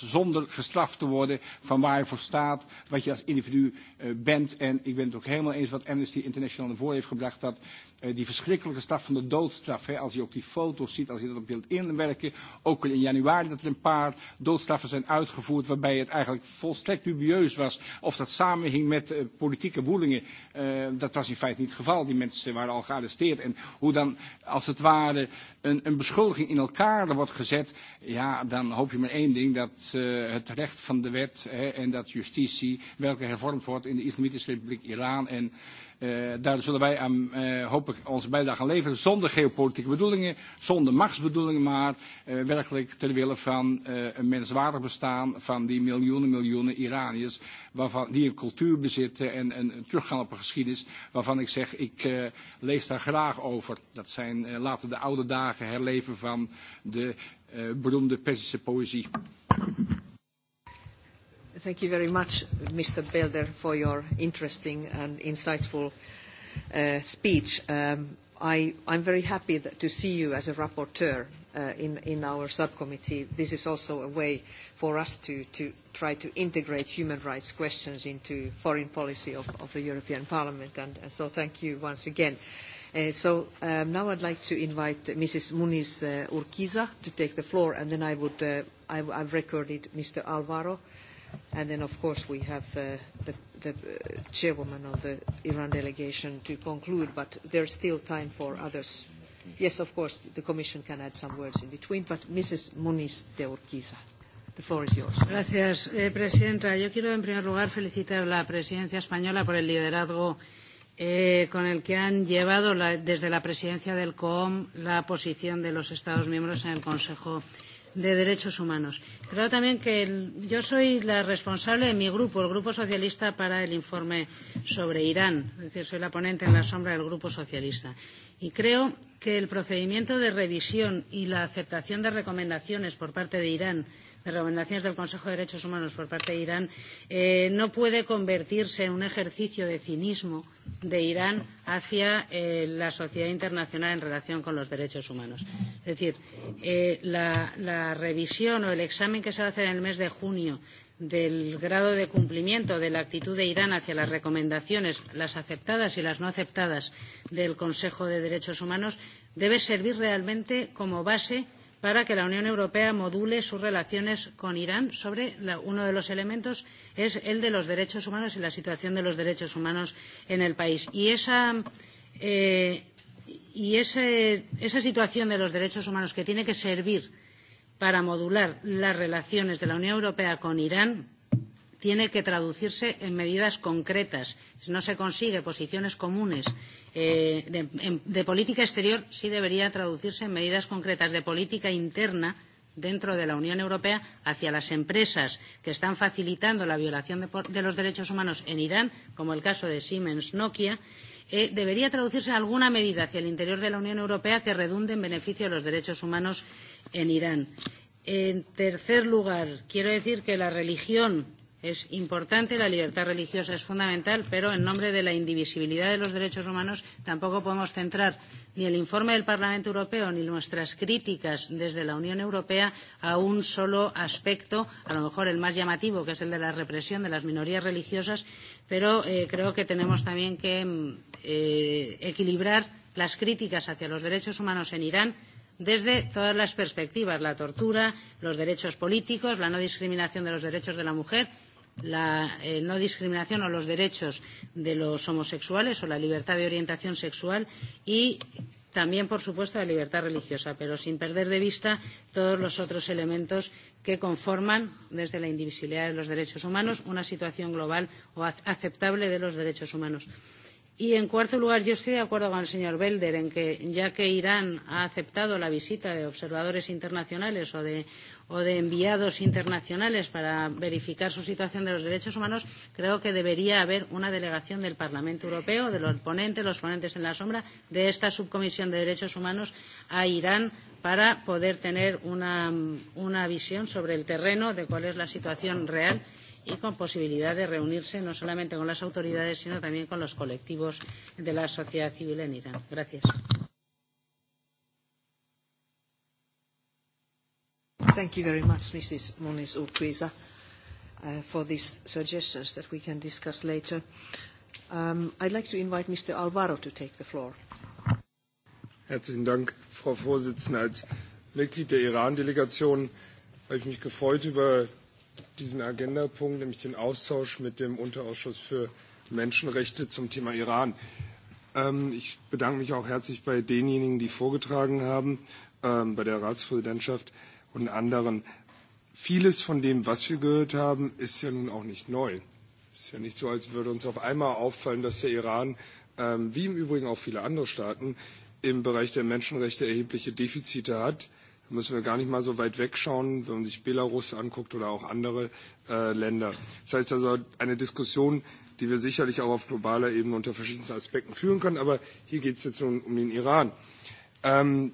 Speaker 14: zonder gestraft te worden van waar je voor staat, wat je als individu uh, bent. En ik ben het ook helemaal eens wat Amnesty International naar voren heeft gebracht, dat uh, die verschrikkelijke straf van de doodstraf, hè, als je ook die foto's ziet, als je dat op beeld inwerken, ook in januari dat er een paar doodstraffen zijn uitgevoerd, waarbij het eigenlijk volstrekt dubieus was of dat samenhing met uh, politieke woelingen, uh, dat was in feite niet het geval. Die mensen waren al gearresteerd. En hoe dan, als het ware, een, een beschuldiging in elkaar wordt gezet, ja, dan hoop je maar één ding, dat uh, het recht van de wet hè, en dat justitie, welke hervormd wordt in de Islamitische Republiek Iran en Uh, daar zullen wij aan, uh, hoop ik, onze bijdrage aan leveren. Zonder geopolitieke bedoelingen, zonder machtsbedoelingen, maar uh, werkelijk ter wille van uh, een menswaardig bestaan van die miljoenen, miljoenen Iraniërs. Waarvan, die een cultuur bezitten en, en teruggaan op een geschiedenis. Waarvan ik zeg, ik uh, lees daar graag over. Dat zijn uh, laten de oude dagen herleven van de uh, beroemde Persische poëzie.
Speaker 1: Thank you very much, Mr. Belder, for your interesting and insightful uh, speech. Um, I, I'm very happy that, to see you as a rapporteur uh, in, in our subcommittee. This is also a way for us to, to try to integrate human rights questions into foreign policy of, of the European Parliament, and, and so thank you once again. Uh, so um, now I'd like to invite Mrs. Muniz uh, Urquiza to take the floor, and then I would, uh, I, I've recorded Mr. Alvaro, uh, And then, of course, we have uh, the, the uh, chairwoman of the Iran delegation to conclude, but there's still time for others. Yes, of course, the Commission can add some words in between, but Mrs. Muniz de Urquiza. The floor is yours. Gracias,
Speaker 15: eh, Presidenta. Yo quiero, en primer lugar, felicitar a la Presidencia española por el liderazgo eh, con el que han llevado la, desde la Presidencia del COOM la posición de los Estados miembros en el Consejo de de Derechos Humanos. Creo también que el, yo soy la responsable de mi grupo, el Grupo Socialista, para el informe sobre Irán. Es decir, soy la ponente en la sombra del Grupo Socialista. Y creo que el procedimiento de revisión y la aceptación de recomendaciones por parte de Irán eh, de recomendaciones del Consejo de Derechos Humanos por parte de Irán eh, no puede convertirse en un ejercicio de cinismo de Irán hacia eh, la sociedad internacional en relación con los derechos humanos. Es decir, eh, la, la revisión o el examen que se va a hacer en el mes de junio del grado de cumplimiento de la actitud de Irán hacia las recomendaciones, las aceptadas y las no aceptadas del Consejo de Derechos Humanos, debe servir realmente como base para que la Unión Europea module sus relaciones con Irán sobre la, uno de los elementos es el de los derechos humanos y la situación de los derechos humanos en el país. Y esa, eh, y ese, esa situación de los derechos humanos que tiene que servir para modular las relaciones de la Unión Europea con Irán tiene que traducirse en medidas concretas. Si no se consigue posiciones comunes eh, de, en, de política exterior, sí debería traducirse en medidas concretas de política interna dentro de la Unión Europea hacia las empresas que están facilitando la violación de, de los derechos humanos en Irán, como el caso de Siemens Nokia, eh, debería traducirse alguna medida hacia el interior de la Unión Europea que redunde en beneficio de los derechos humanos en Irán. En tercer lugar, quiero decir que la religión es importante, la libertad religiosa es fundamental, pero en nombre de la indivisibilidad de los derechos humanos tampoco podemos centrar ni el informe del Parlamento Europeo ni nuestras críticas desde la Unión Europea a un solo aspecto, a lo mejor el más llamativo, que es el de la represión de las minorías religiosas, pero eh, creo que tenemos también que mm, eh, equilibrar las críticas hacia los derechos humanos en Irán desde todas las perspectivas la tortura, los derechos políticos, la no discriminación de los derechos de la mujer la eh, no discriminación o los derechos de los homosexuales o la libertad de orientación sexual y también, por supuesto, la libertad religiosa, pero sin perder de vista todos los otros elementos que conforman, desde la indivisibilidad de los derechos humanos, una situación global o aceptable de los derechos humanos. Y, en cuarto lugar, yo estoy de acuerdo con el señor Belder en que, ya que Irán ha aceptado la visita de observadores internacionales o de o de enviados internacionales para verificar su situación de los derechos humanos, creo que debería haber una delegación del Parlamento Europeo, de los ponentes, los ponentes en la sombra, de esta subcomisión de derechos humanos a Irán para poder tener una, una visión sobre el terreno de cuál es la situación real y con posibilidad de reunirse no solamente con las autoridades, sino también con los colectivos de la sociedad civil en Irán. Gracias.
Speaker 1: Thank you very much, Mrs. Moniz Urquiza, uh, for these suggestions that we can discuss later. Um, I'd like to invite Mr. Alvaro to take the floor.
Speaker 16: Herzlichen Dank, Frau Vorsitzende. Als Mitglied der Iran-Delegation habe ich mich gefreut über diesen Agendapunkt, nämlich den Austausch mit dem Unterausschuss für Menschenrechte zum Thema Iran. Ähm, ich bedanke mich auch herzlich bei denjenigen, die vorgetragen haben, ähm, bei der Ratspräsidentschaft. Äh, und anderen. Vieles von dem, was wir gehört haben, ist ja nun auch nicht neu. Es ist ja nicht so, als würde uns auf einmal auffallen, dass der Iran, ähm, wie im Übrigen auch viele andere Staaten, im Bereich der Menschenrechte erhebliche Defizite hat. Da müssen wir gar nicht mal so weit wegschauen, wenn man sich Belarus anguckt oder auch andere äh, Länder. Das heißt also, eine Diskussion, die wir sicherlich auch auf globaler Ebene unter verschiedensten Aspekten führen können. Aber hier geht es jetzt nun um den Iran. Ähm,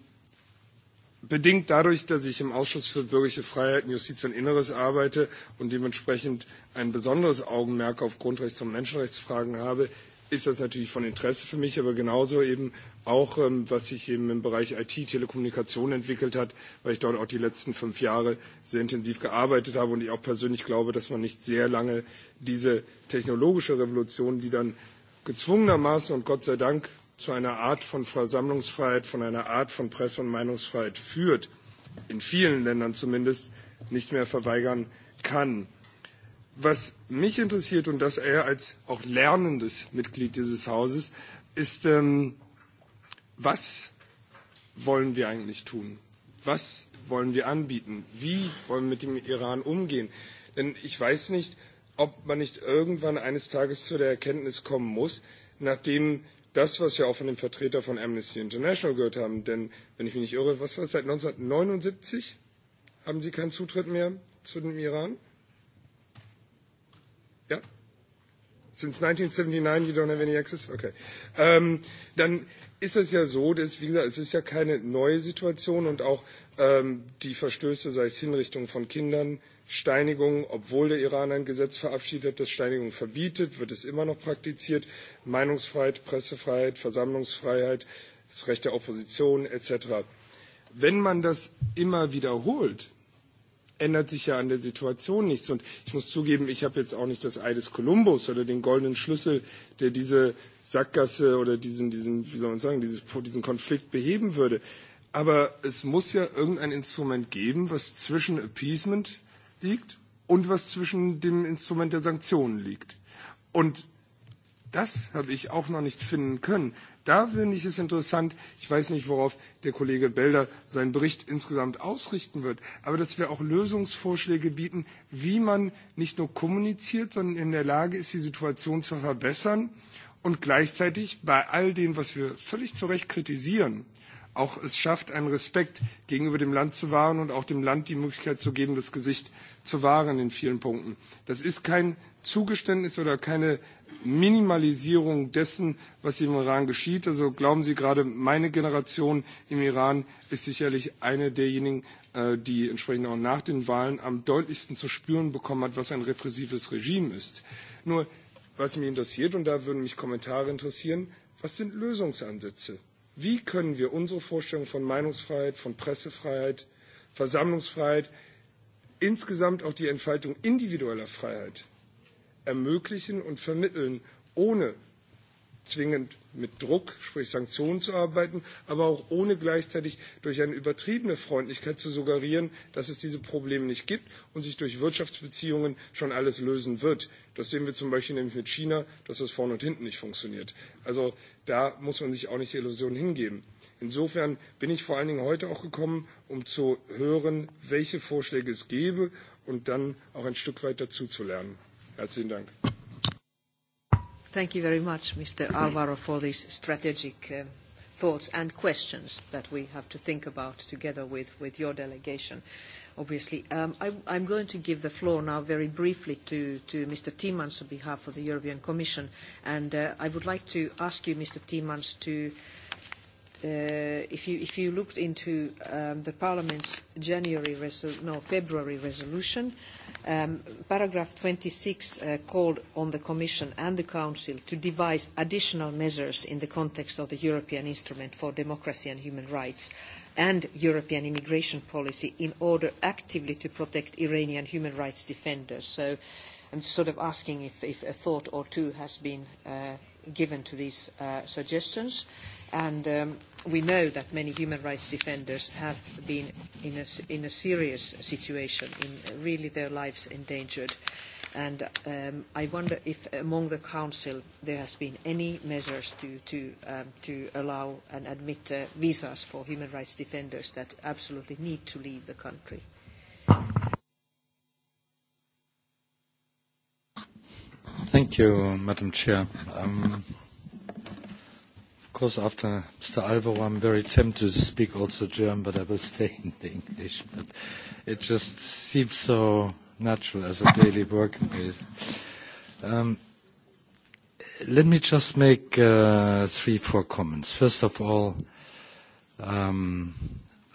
Speaker 16: bedingt dadurch, dass ich im Ausschuss für bürgerliche Freiheiten, Justiz und Inneres arbeite und dementsprechend ein besonderes Augenmerk auf Grundrechts- und Menschenrechtsfragen habe, ist das natürlich von Interesse für mich, aber genauso eben auch, ähm, was sich eben im Bereich IT, Telekommunikation entwickelt hat, weil ich dort auch die letzten fünf Jahre sehr intensiv gearbeitet habe und ich auch persönlich glaube, dass man nicht sehr lange diese technologische Revolution, die dann gezwungenermaßen und Gott sei Dank zu einer Art von Versammlungsfreiheit, von einer Art von Presse- und Meinungsfreiheit führt, in vielen Ländern zumindest, nicht mehr verweigern kann. Was mich interessiert und das eher als auch lernendes Mitglied dieses Hauses ist, ähm, was wollen wir eigentlich tun? Was wollen wir anbieten? Wie wollen wir mit dem Iran umgehen? Denn ich weiß nicht, ob man nicht irgendwann eines Tages zu der Erkenntnis kommen muss, nachdem das, was wir auch von dem Vertreter von Amnesty International gehört haben. Denn, wenn ich mich nicht irre, was war es seit 1979? Haben Sie keinen Zutritt mehr zu dem Iran? Since 1979 you don't have any access? Okay. Ähm, dann ist es ja so, dass, wie gesagt, es ist ja keine neue Situation und auch ähm, die Verstöße, sei es Hinrichtung von Kindern, Steinigung, obwohl der Iran ein Gesetz verabschiedet hat, das Steinigung verbietet, wird es immer noch praktiziert. Meinungsfreiheit, Pressefreiheit, Versammlungsfreiheit, das Recht der Opposition etc. Wenn man das immer wiederholt, ändert sich ja an der Situation nichts. Und ich muss zugeben, ich habe jetzt auch nicht das Ei des Kolumbus oder den goldenen Schlüssel, der diese Sackgasse oder diesen, diesen wie soll man sagen, dieses, diesen Konflikt beheben würde. Aber es muss ja irgendein Instrument geben, was zwischen Appeasement liegt und was zwischen dem Instrument der Sanktionen liegt. Und das habe ich auch noch nicht finden können. Da finde ich es interessant, ich weiß nicht, worauf der Kollege Belder seinen Bericht insgesamt ausrichten wird, aber dass wir auch Lösungsvorschläge bieten, wie man nicht nur kommuniziert, sondern in der Lage ist, die Situation zu verbessern und gleichzeitig bei all dem, was wir völlig zu Recht kritisieren, auch es schafft, einen Respekt gegenüber dem Land zu wahren und auch dem Land die Möglichkeit zu geben, das Gesicht zu wahren in vielen Punkten. Das ist kein Zugeständnis oder keine Minimalisierung dessen, was im Iran geschieht. Also glauben Sie, gerade meine Generation im Iran ist sicherlich eine derjenigen, äh, die entsprechend auch nach den Wahlen am deutlichsten zu spüren bekommen hat, was ein repressives Regime ist. Nur, was mich interessiert, und da würden mich Kommentare interessieren, was sind Lösungsansätze? Wie können wir unsere Vorstellung von Meinungsfreiheit, von Pressefreiheit, Versammlungsfreiheit, insgesamt auch die Entfaltung individueller Freiheit ermöglichen und vermitteln, ohne zwingend mit Druck, sprich Sanktionen zu arbeiten, aber auch ohne gleichzeitig durch eine übertriebene Freundlichkeit zu suggerieren, dass es diese Probleme nicht gibt und sich durch Wirtschaftsbeziehungen schon alles lösen wird. Das sehen wir zum Beispiel nämlich mit China, dass das vorne und hinten nicht funktioniert. Also da muss man sich auch nicht Illusionen hingeben. Insofern bin ich vor allen Dingen heute auch gekommen, um zu hören, welche Vorschläge es gäbe und dann auch ein Stück weit dazuzulernen. Herzlichen Dank.
Speaker 1: Thank you very much, Mr. Alvaro, for these strategic uh, thoughts and questions that we have to think about together with, with your delegation, obviously. Um, I, I'm going to give the floor now very briefly to, to Mr. Timans on behalf of the European Commission, and uh, I would like to ask you, Mr. Timans, to uh, Uh, if you, if you looked into um, the Parliament's January resol- no, February resolution, um, paragraph 26 uh, called on the Commission and the Council to devise additional measures in the context of the European Instrument for Democracy and Human Rights and European immigration policy in order actively to protect Iranian human rights defenders. So I'm sort of asking if, if a thought or two has been uh, given to these uh, suggestions. Uh, And um, we know that many human rights defenders have been in a, in a serious situation, in really their lives endangered. And um, I wonder if among the Council there has been any measures to, to, um, to allow and admit uh, visas for human rights defenders that absolutely need to leave the country.
Speaker 5: Thank you, Madam Chair. Um, course, after Mr. Alvaro, I'm very tempted to speak also German, but I will stay in the English. But it just seems so natural as a daily working base. Um, let me just make uh, three, four comments. First of all, um,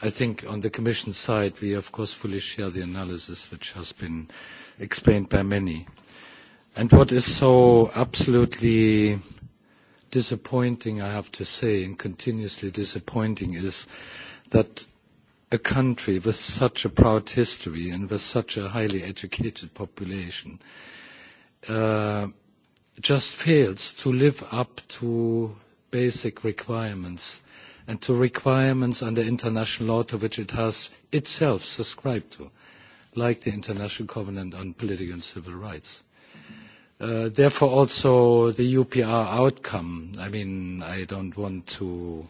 Speaker 5: I think on the Commission side, we of course fully share the analysis which has been explained by many. And what is so absolutely disappointing, I have to say, and continuously disappointing, is that a country with such a proud history and with such a highly educated population uh, just fails to live up to basic requirements and to requirements under international law to which it has itself subscribed to, like the International Covenant on Political and Civil Rights. Uh, therefore, also the UPR outcome. I mean, I don't want to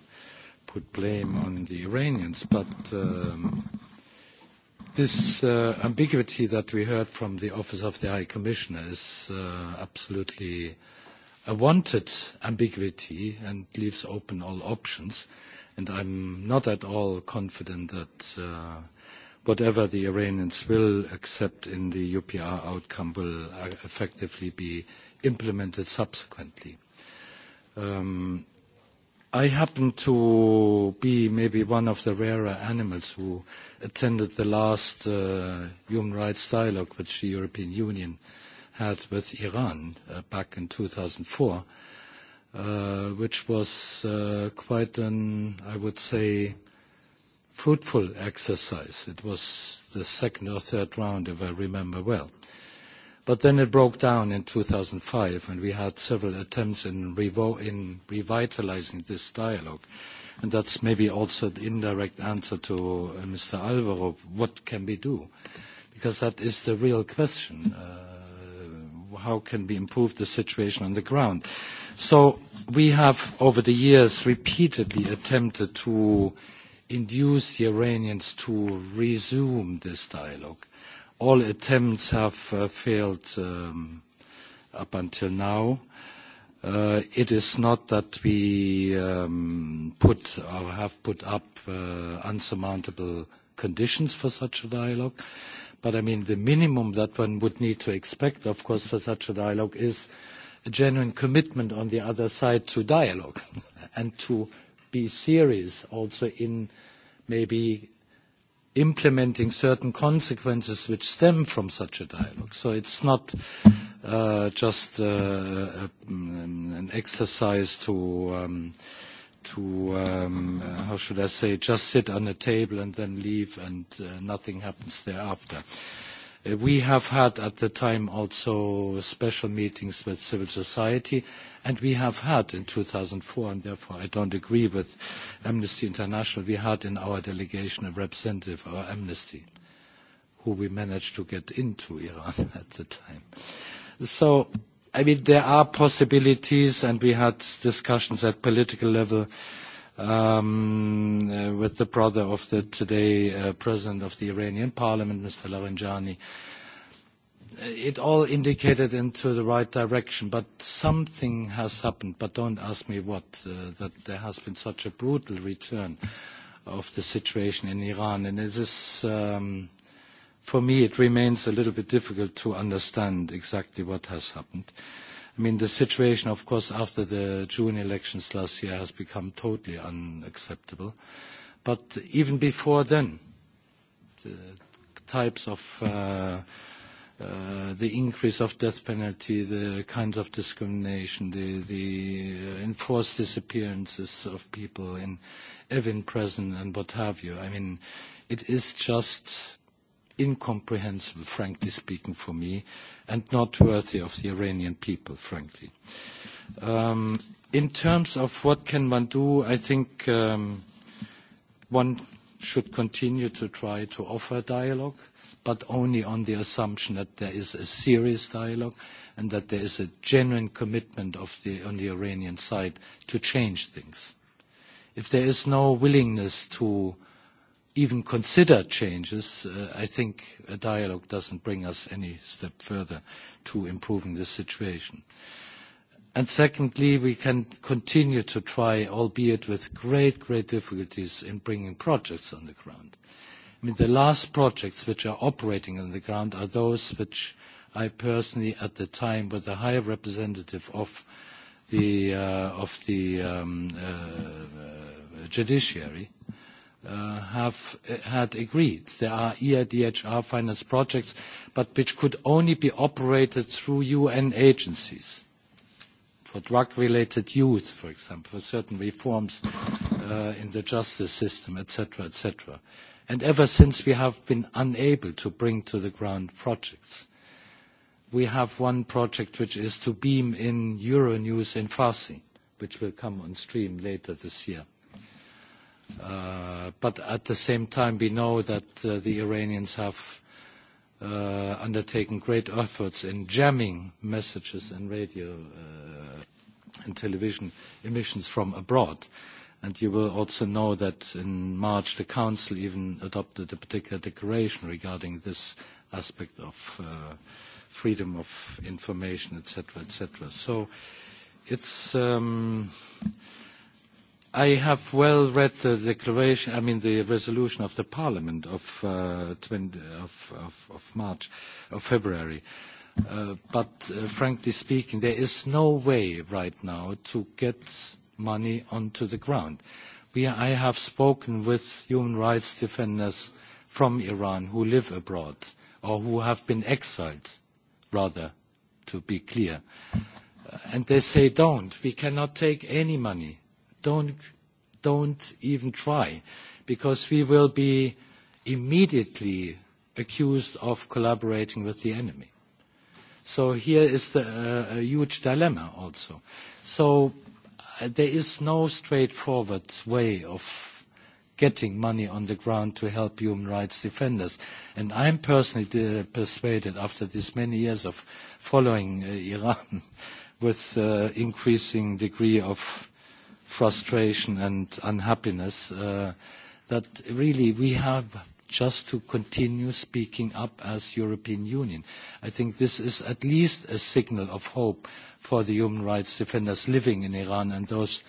Speaker 5: put blame on the Iranians, but um, this uh, ambiguity that we heard from the Office of the High Commissioner is uh, absolutely a wanted ambiguity and leaves open all options. And I'm not at all confident that uh, whatever the Iranians will accept in the UPR outcome will uh, effectively be implemented subsequently. Um, I happen to be maybe one of the rarer animals who attended the last uh, human rights dialogue which the European Union had with Iran uh, back in 2004, uh, which was uh, quite an, I would say, uh, fruitful exercise. It was the second or third round, if I remember well. But then it broke down in 2005, and we had several attempts in, revo- in revitalizing this dialogue. And that's maybe also the indirect answer to uh, Mr. Alvaro. What can we do? Because that is the real question. Uh, how can we improve the situation on the ground? So we have, over the years, repeatedly attempted to uh, induce the Iranians to resume this dialogue. All attempts have uh, failed um, up until now. Uh, it is not that we um, put or have put up uh, unsurmountable conditions for such a dialogue. But I mean, the minimum that one would need to expect, of course, for such a dialogue is a genuine commitment on the other side to dialogue and to be serious also in maybe implementing certain consequences which stem from such a dialogue. So it's not uh, just uh, a, an exercise to, um, to um, uh, how should I say, just sit on a table and then leave and uh, nothing happens thereafter. Uh, Uh, we have had at the time also special meetings with civil society, and we have had in 2004, and therefore I don't agree with Amnesty International, we had in our delegation a representative of Amnesty who we managed to get into Iran at the time. So, I mean, there are possibilities, and we had discussions at political level um, uh, with the brother of the today uh, president of the Iranian parliament, Mr. Laranjani. Uh, it all indicated into the right direction, but something has happened, but don't ask me what, uh, that there has been such a brutal return of the situation in Iran. And it is, um, for me, it remains a little bit difficult to understand exactly what has happened. Uh, I mean, the situation, of course, after the June elections last year has become totally unacceptable. But even before then, the types of uh, uh, the increase of death penalty, the kinds of discrimination, the, the uh, enforced disappearances of people in Evin prison and what have you. I mean, it is just incomprehensible, frankly speaking, for me, uh, and not worthy of the Iranian people, frankly. Um, in terms of what can one do, I think um, one should continue to try to offer dialogue, but only on the assumption that there is a serious dialogue and that there is a genuine commitment of the, on the Iranian side to change things. If there is no willingness to uh, even consider changes, uh, I think a dialogue doesn't bring us any step further to improving this situation. And secondly, we can continue to try, albeit with great, great difficulties in bringing projects on the ground. I mean, the last projects which are operating on the ground are those which I personally, at the time, was a high representative of the, uh, of the um, uh, uh judiciary, uh, uh, have uh, had agreed. There are EIDHR finance projects, but which could only be operated through UN agencies for drug-related use, for example, for certain reforms uh, in the justice system, etc., etc. And ever since, we have been unable to bring to the ground projects. We have one project, which is to beam in Euronews in Farsi, which will come on stream later this year Uh, but at the same time, we know that uh, the Iranians have uh, undertaken great efforts in jamming messages and radio uh, and television emissions from abroad. And you will also know that in March, the Council even adopted a particular declaration regarding this aspect of uh, freedom of information, et cetera, et cetera. So it's um, I have well read the declaration, I mean the resolution of the Parliament of, uh, 20, of, of, of March, of February. Uh, but uh, frankly speaking, there is no way right now to get money onto the ground. We, I have spoken with human rights defenders from Iran who live abroad or who have been exiled, rather, to be clear. Uh, and they say, don't, we cannot take any money don't, don't even try, because we will be immediately accused of collaborating with the enemy. So here is the, uh, a huge dilemma also. So uh, there is no straightforward way of getting money on the ground to help human rights defenders. And I'm personally uh, persuaded after these many years of following uh, Iran with uh, increasing degree of frustration and unhappiness uh, that really we have just to continue speaking up as European Union. I think this is at least a signal of hope for the human rights defenders living in Iran and those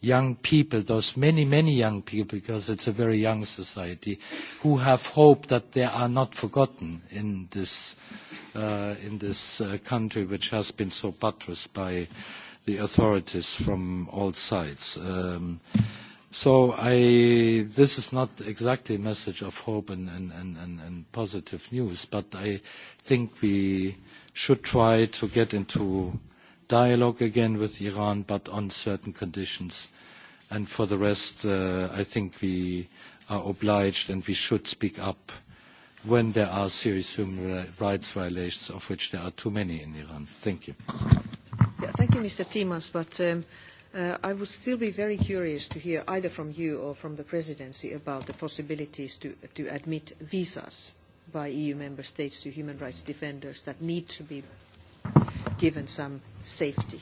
Speaker 5: young people, those many, many young people, because it's a very young society, who have hope that they are not forgotten in this, uh, in this uh, country which has been so buttressed by uh, the authorities from all sides. Um, so I, this is not exactly a message of hope and, and, and, and, and positive news, but I think we should try to get into dialogue again with Iran, but on certain conditions. And for the rest, uh, I think we are obliged and we should speak up when there are serious human rights violations, of which there are too many in Iran. Thank you.
Speaker 1: Yeah, thank you, Mr. Timmermans. But um, uh, I would still be very curious to hear either from you or from the presidency about the possibilities to, to admit visas by EU member states to human rights defenders that need to be given some safety.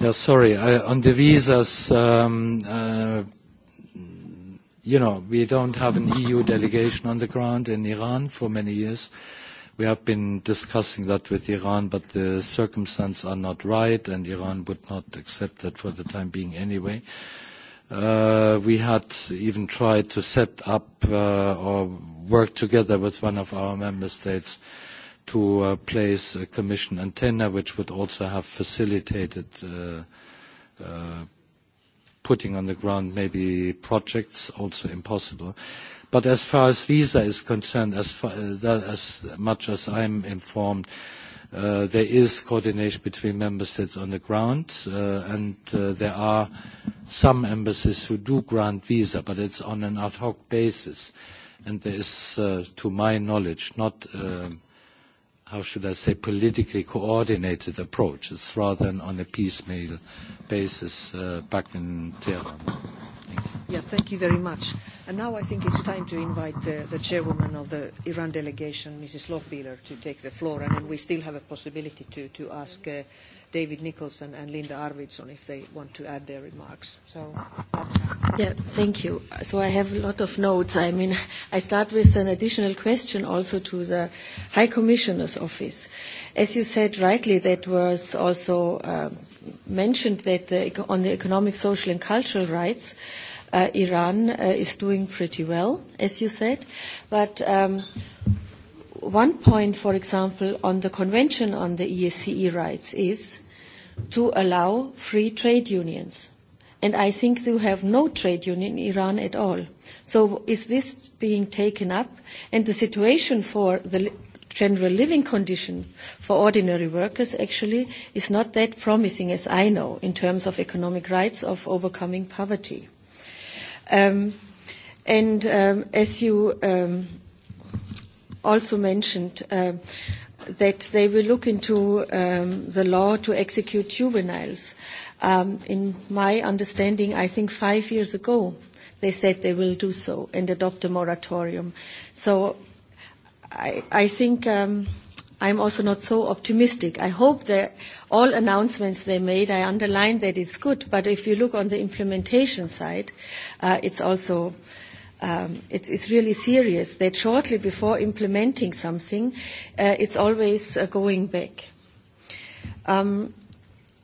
Speaker 5: Yeah, sorry. Uh, on the visas, um, uh, you know, we don't have an EU delegation on the ground in Iran for many years. Uh, We have been discussing that with Iran, but the circumstances are not right, and Iran would not accept that for the time being anyway. Uh, we had even tried to set up uh, or work together with one of our member states to uh, place a commission antenna, which would also have facilitated uh, uh, putting on the ground maybe projects, also impossible. But as far as Visa is concerned, as, far, uh, that, as much as I'm informed, uh, there is coordination between member states on the ground, uh, and uh, there are some embassies who do grant visa, but it's on an ad hoc basis. And there is, uh, to my knowledge, not, uh, how should I say, politically coordinated approach. It's rather on a piecemeal basis uh, back in Tehran.
Speaker 1: Thank you. Yeah, thank you very much. And now I think it's time to invite uh, the chairwoman of the Iran delegation, Mrs. Lochbieler, to take the floor, and then we still have a possibility to, to ask uh, David Nicholson and Linda Arvidsson if they want to add their remarks. So,
Speaker 6: yeah, thank you. So I have a lot of notes. I mean, I start with an additional question also to the High Commissioner's office. As you said rightly, that was also uh, mentioned that the, on the economic, social, and cultural rights. Uh, uh, Iran uh, is doing pretty well, as you said. But um, one point, for example, on the Convention on the ESCE e rights is to allow free trade unions. And I think you have no trade union in Iran at all. So is this being taken up? And the situation for the general living condition for ordinary workers actually is not that promising as I know in terms of economic rights of overcoming poverty. Um, and um, as you um, also mentioned, uh, that they will look into um, the law to execute juveniles. Um, in my understanding, I think five years ago, they said they will do so and adopt a moratorium. So I, I think um, – I'm also not so optimistic. I hope that all announcements they made, I underline that it's good, but if you look on the implementation side, uh, it's also um, it's, it's really serious that shortly before implementing something, uh, it's always uh, going back. Um,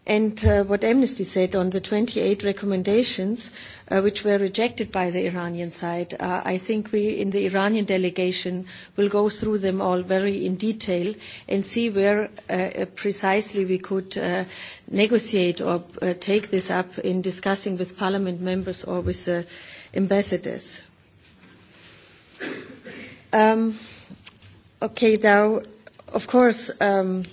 Speaker 6: And uh, what Amnesty said on the 28 recommendations, uh, which were rejected by the Iranian side, uh, I think we in the Iranian delegation will go through them all very in detail and see where uh, precisely we could uh, negotiate or uh, take this up in discussing with parliament members or with the ambassadors. Um, okay, now, of course, um, –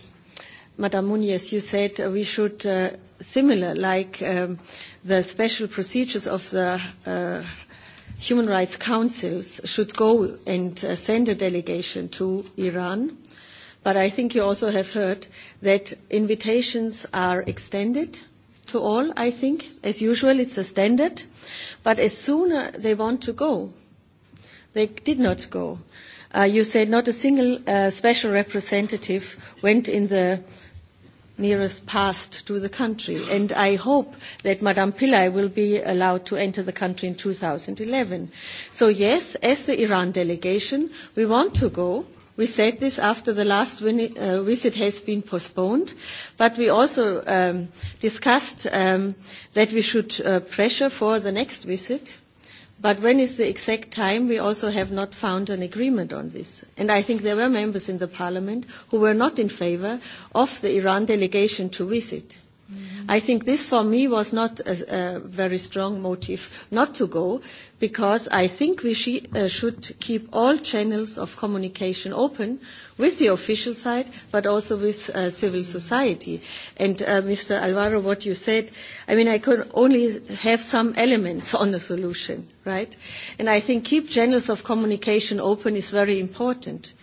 Speaker 6: Madame Muniz, you said we should, uh, similar like um, the special procedures of the uh, Human Rights Councils, should go and uh, send a delegation to Iran. But I think you also have heard that invitations are extended to all, I think. As usual, it's a standard. But as soon they want to go, they did not go. Uh, you said not a single uh, special representative went in the nearest past to the country. And I hope that Madame Pillai will be allowed to enter the country in 2011. So yes, as the Iran delegation, we want to go. We said this after the last win- uh, visit has been postponed, but we also um, discussed um, that we should uh, pressure for the next visit But when is the exact time? We also have not found an agreement on this. And I think there were members in the parliament who were not in favor of the Iran delegation to visit. Mm-hmm. I think this for me was not a, a very strong motive not to go because I think we she, uh, should keep all channels of communication open uh, with the official side, but also with uh, civil society. And uh, Mr. Alvaro, what you said, I mean, I could only have some elements on the solution, right? And I think keep channels of communication open is very important.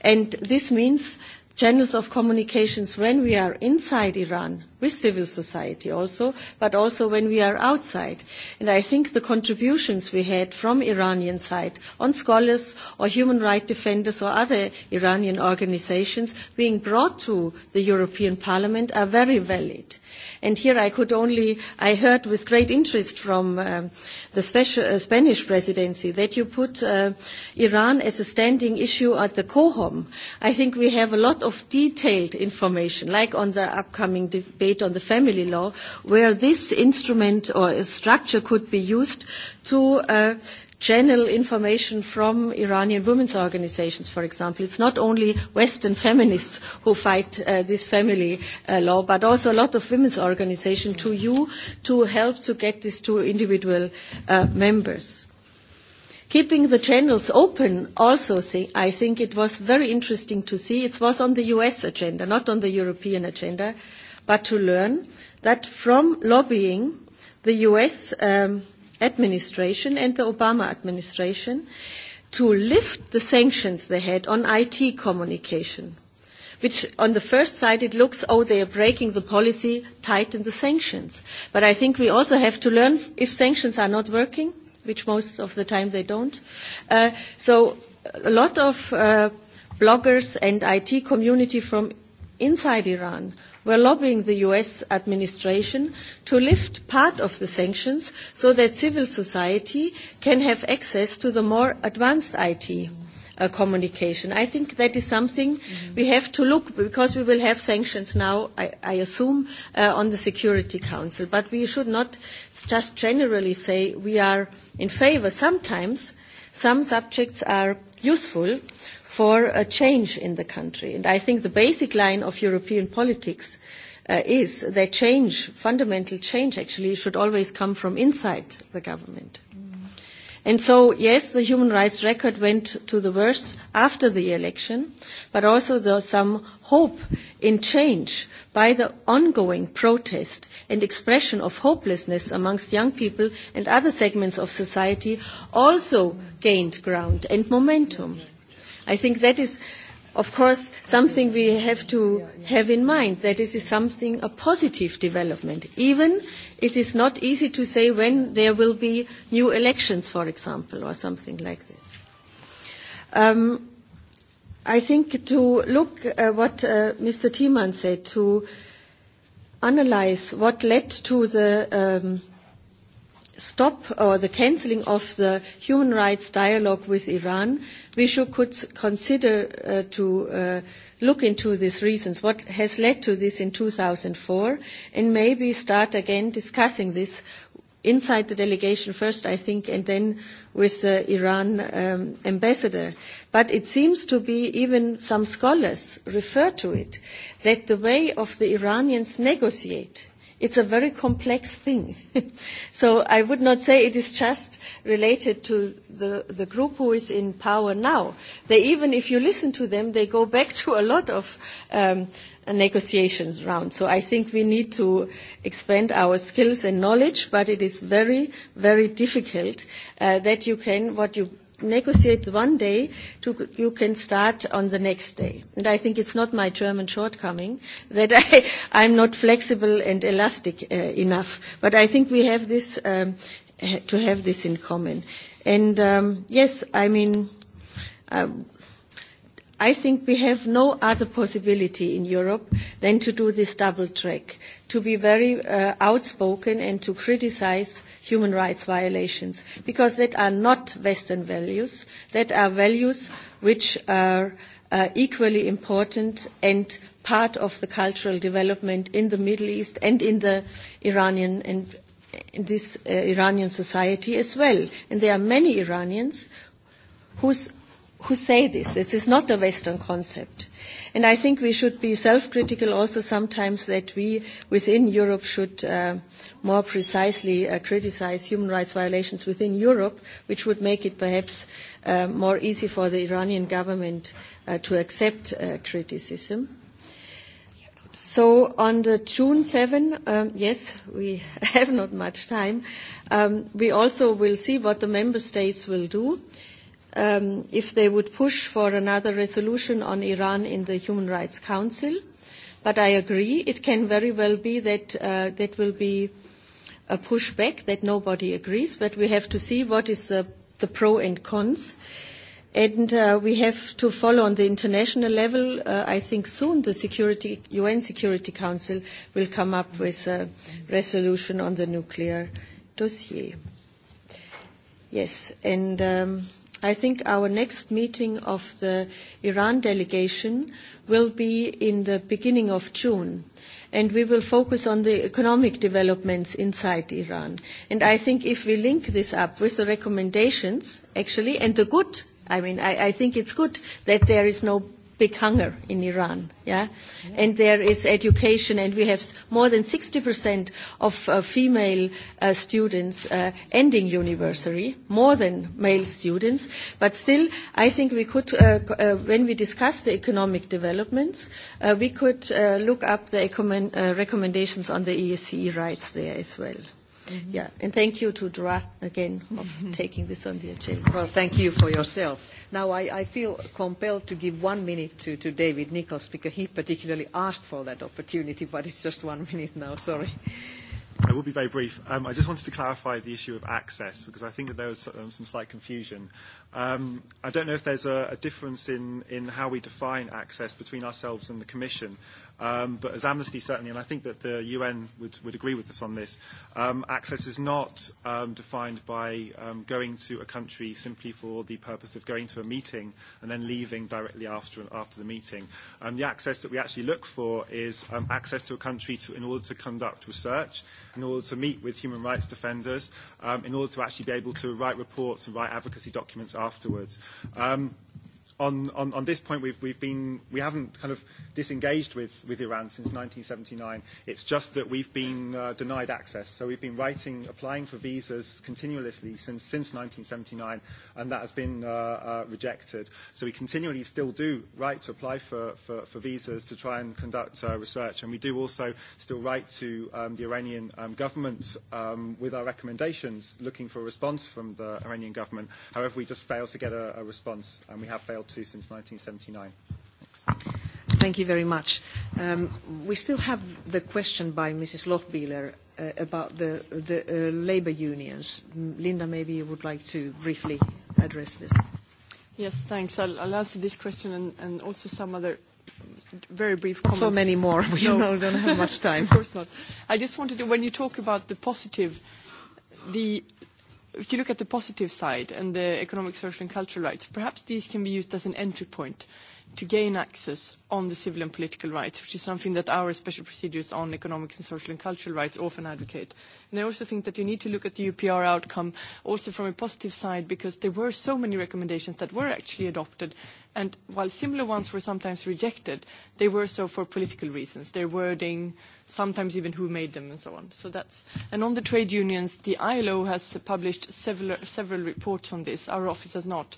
Speaker 6: And this means channels of communications when we are inside Iran with civil society also, but also when we are outside. And I think the contributions we had from Iranian side on scholars or human rights defenders or other Iranian organizations being brought to the European Parliament are very valid. And here I could only, I heard with great interest from um, the special, uh, Spanish presidency that you put uh, Iran as a standing issue at the COHOM. I think we have a lot of detailed information, like on the upcoming debate on the family law, where this instrument or structure could be used to uh, channel information from Iranian women's organizations, for example. It's not only Western feminists who fight uh, this family uh, law, but also a lot of women's organizations to you to help to get this to individual uh, members. Keeping the channels open also, th- I think it was very interesting to see. It was on the US agenda, not on the European agenda, but to learn that from lobbying, the US um, administration and the Obama administration to lift the sanctions they had on IT communication, which on the first sight it looks, oh, they are breaking the policy, tighten the sanctions. But I think we also have to learn if sanctions are not working, which most of the time they don't. Uh, so a lot of uh, bloggers and IT community from inside Iran were lobbying the US administration to lift part of the sanctions so that civil society can have access to the more advanced IT uh, communication. I think that is something mm-hmm. we have to look because we will have sanctions now, I, I assume, uh, on the Security Council. But we should not just generally say we are in favor. Sometimes some subjects are useful for a change in the country. And I think the basic line of European politics uh, is that change, fundamental change actually, should always come from inside the government. Mm. And so, yes, the human rights record went to the worse after the election, but also there's some hope in change by the ongoing protest and expression of hopelessness amongst young people and other segments of society also gained ground and momentum. Yeah. I think that is, of course, something we have to have in mind, that this is something, a positive development. Even it is not easy to say when there will be new elections, for example, or something like this. Um, I think to look at uh, what uh, Mr. Thiemann said, to analyze what led to the um, stop or the cancelling of the human rights dialogue with Iran we should could consider uh, to uh, look into these reasons, what has led to this in 2004, and maybe start again discussing this inside the delegation first, I think, and then with the Iran um, ambassador. But it seems to be even some scholars refer to it, that the way of the Iranians negotiate It's a very complex thing. so I would not say it is just related to the, the group who is in power now. They even, if you listen to them, they go back to a lot of um, negotiations round. So I think we need to expand our skills and knowledge, but it is very, very difficult uh, that you can, what you negotiate one day, to, you can start on the next day. And I think it's not my German shortcoming that I, I'm not flexible and elastic uh, enough. But I think we have this um, to have this in common. And um, yes, I mean. Um, I think we have no other possibility in Europe than to do this double track, to be very uh, outspoken and to criticize human rights violations, because that are not Western values, that are values which are uh, equally important and part of the cultural development in the Middle East and in the Iranian and in this uh, Iranian society as well. And there are many Iranians whose who say this. This is not a Western concept. And I think we should be self-critical also sometimes that we within Europe should uh, more precisely uh, criticize human rights violations within Europe, which would make it perhaps uh, more easy for the Iranian government uh, to accept uh, criticism. So on the June 7, um, yes, we have not much time. Um, we also will see what the member states will do. Uh, um, if they would push for another resolution on Iran in the Human Rights Council. But I agree, it can very well be that uh, that will be a pushback that nobody agrees, but we have to see what is the, the pro and cons. And uh, we have to follow on the international level. Uh, I think soon the security, UN Security Council will come up with a resolution on the nuclear dossier. Yes, and um, I think our next meeting of the Iran delegation will be in the beginning of June and we will focus on the economic developments inside Iran. And I think if we link this up with the recommendations, actually, and the good, I mean, I, I think it's good that there is no big hunger in Iran. Yeah? yeah. And there is education, and we have more than 60% of uh, female uh, students uh, ending university, more than male students. But still, I think we could, uh, uh, when we discuss the economic developments, uh, we could uh, look up the recommend, uh, recommendations on the ESCE rights there as well. Mm-hmm. Yeah, and thank you to Dra again for mm-hmm. taking this on the agenda.
Speaker 1: Well, thank you for yourself. Now I, I feel compelled to give one minute to, to David Nichols because he particularly asked for that opportunity, but it's just one
Speaker 11: minute now, sorry. I will be very brief. Um, I just wanted to clarify the issue of access because I think that there was um, some slight confusion. Um, I don't know if there's a, a difference in, in how we define access between ourselves and the Commission, um, but as Amnesty certainly, and I think that the UN would, would agree with us on this, um, access is not um, defined by um, going to a country simply for the purpose of going to a meeting and then leaving directly after, after the meeting. Um, the access that we actually look for is um, access to a country to, in order to conduct research, in order to meet with human rights defenders, um, in order to actually be able to write reports and write advocacy documents afterwards. Um, on, on, on this point, we've, we've been, we haven't kind of disengaged with, with Iran since 1979. It's just that we've been uh, denied access. So we've been writing, applying for visas continuously since, since 1979, and that has been uh, uh, rejected. So we continually still do write to apply for, for, for visas to try and conduct uh, research, and we do also still write to um, the Iranian um, government um, with our recommendations, looking for a response from the Iranian government. However, we just failed to get a, a response, and we have failed held to since 1979?
Speaker 1: Thanks. Thank you very much. Um, we still have the question by Mrs. Lochbihler uh, about the, the uh, labor unions. Linda, maybe you would like to briefly address this.
Speaker 9: Yes, thanks. I'll, I'll answer this question and, and also some other very brief comments. So many more. We no. know, don't have much time. of course not. I just wanted to, when you talk about the positive, the if you look at the positive side and the economic, social and cultural rights, perhaps these can be used as an entry point to gain access on the civil and political rights, which is something that our special procedures on economic and social and cultural rights often advocate. And I also think that you need to look at the UPR outcome also from a positive side, because there were so many recommendations that were actually adopted. And while similar ones were sometimes rejected, they were so for political reasons, their wording, sometimes even who made them and so on. So that's, and on the trade unions, the ILO has published several, several reports on this. Our office has not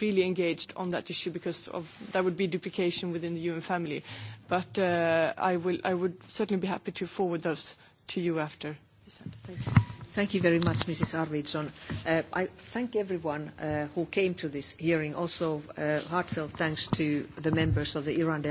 Speaker 9: really engaged on that issue because of that would be duplication within the UN family. But uh, I, will, I would certainly be happy to forward those to you after this. Thank you. Thank you very much, Mrs. Arvidsson.
Speaker 1: Uh, I thank everyone uh, who came to this hearing. Also, uh, heartfelt thanks to the members of the Iran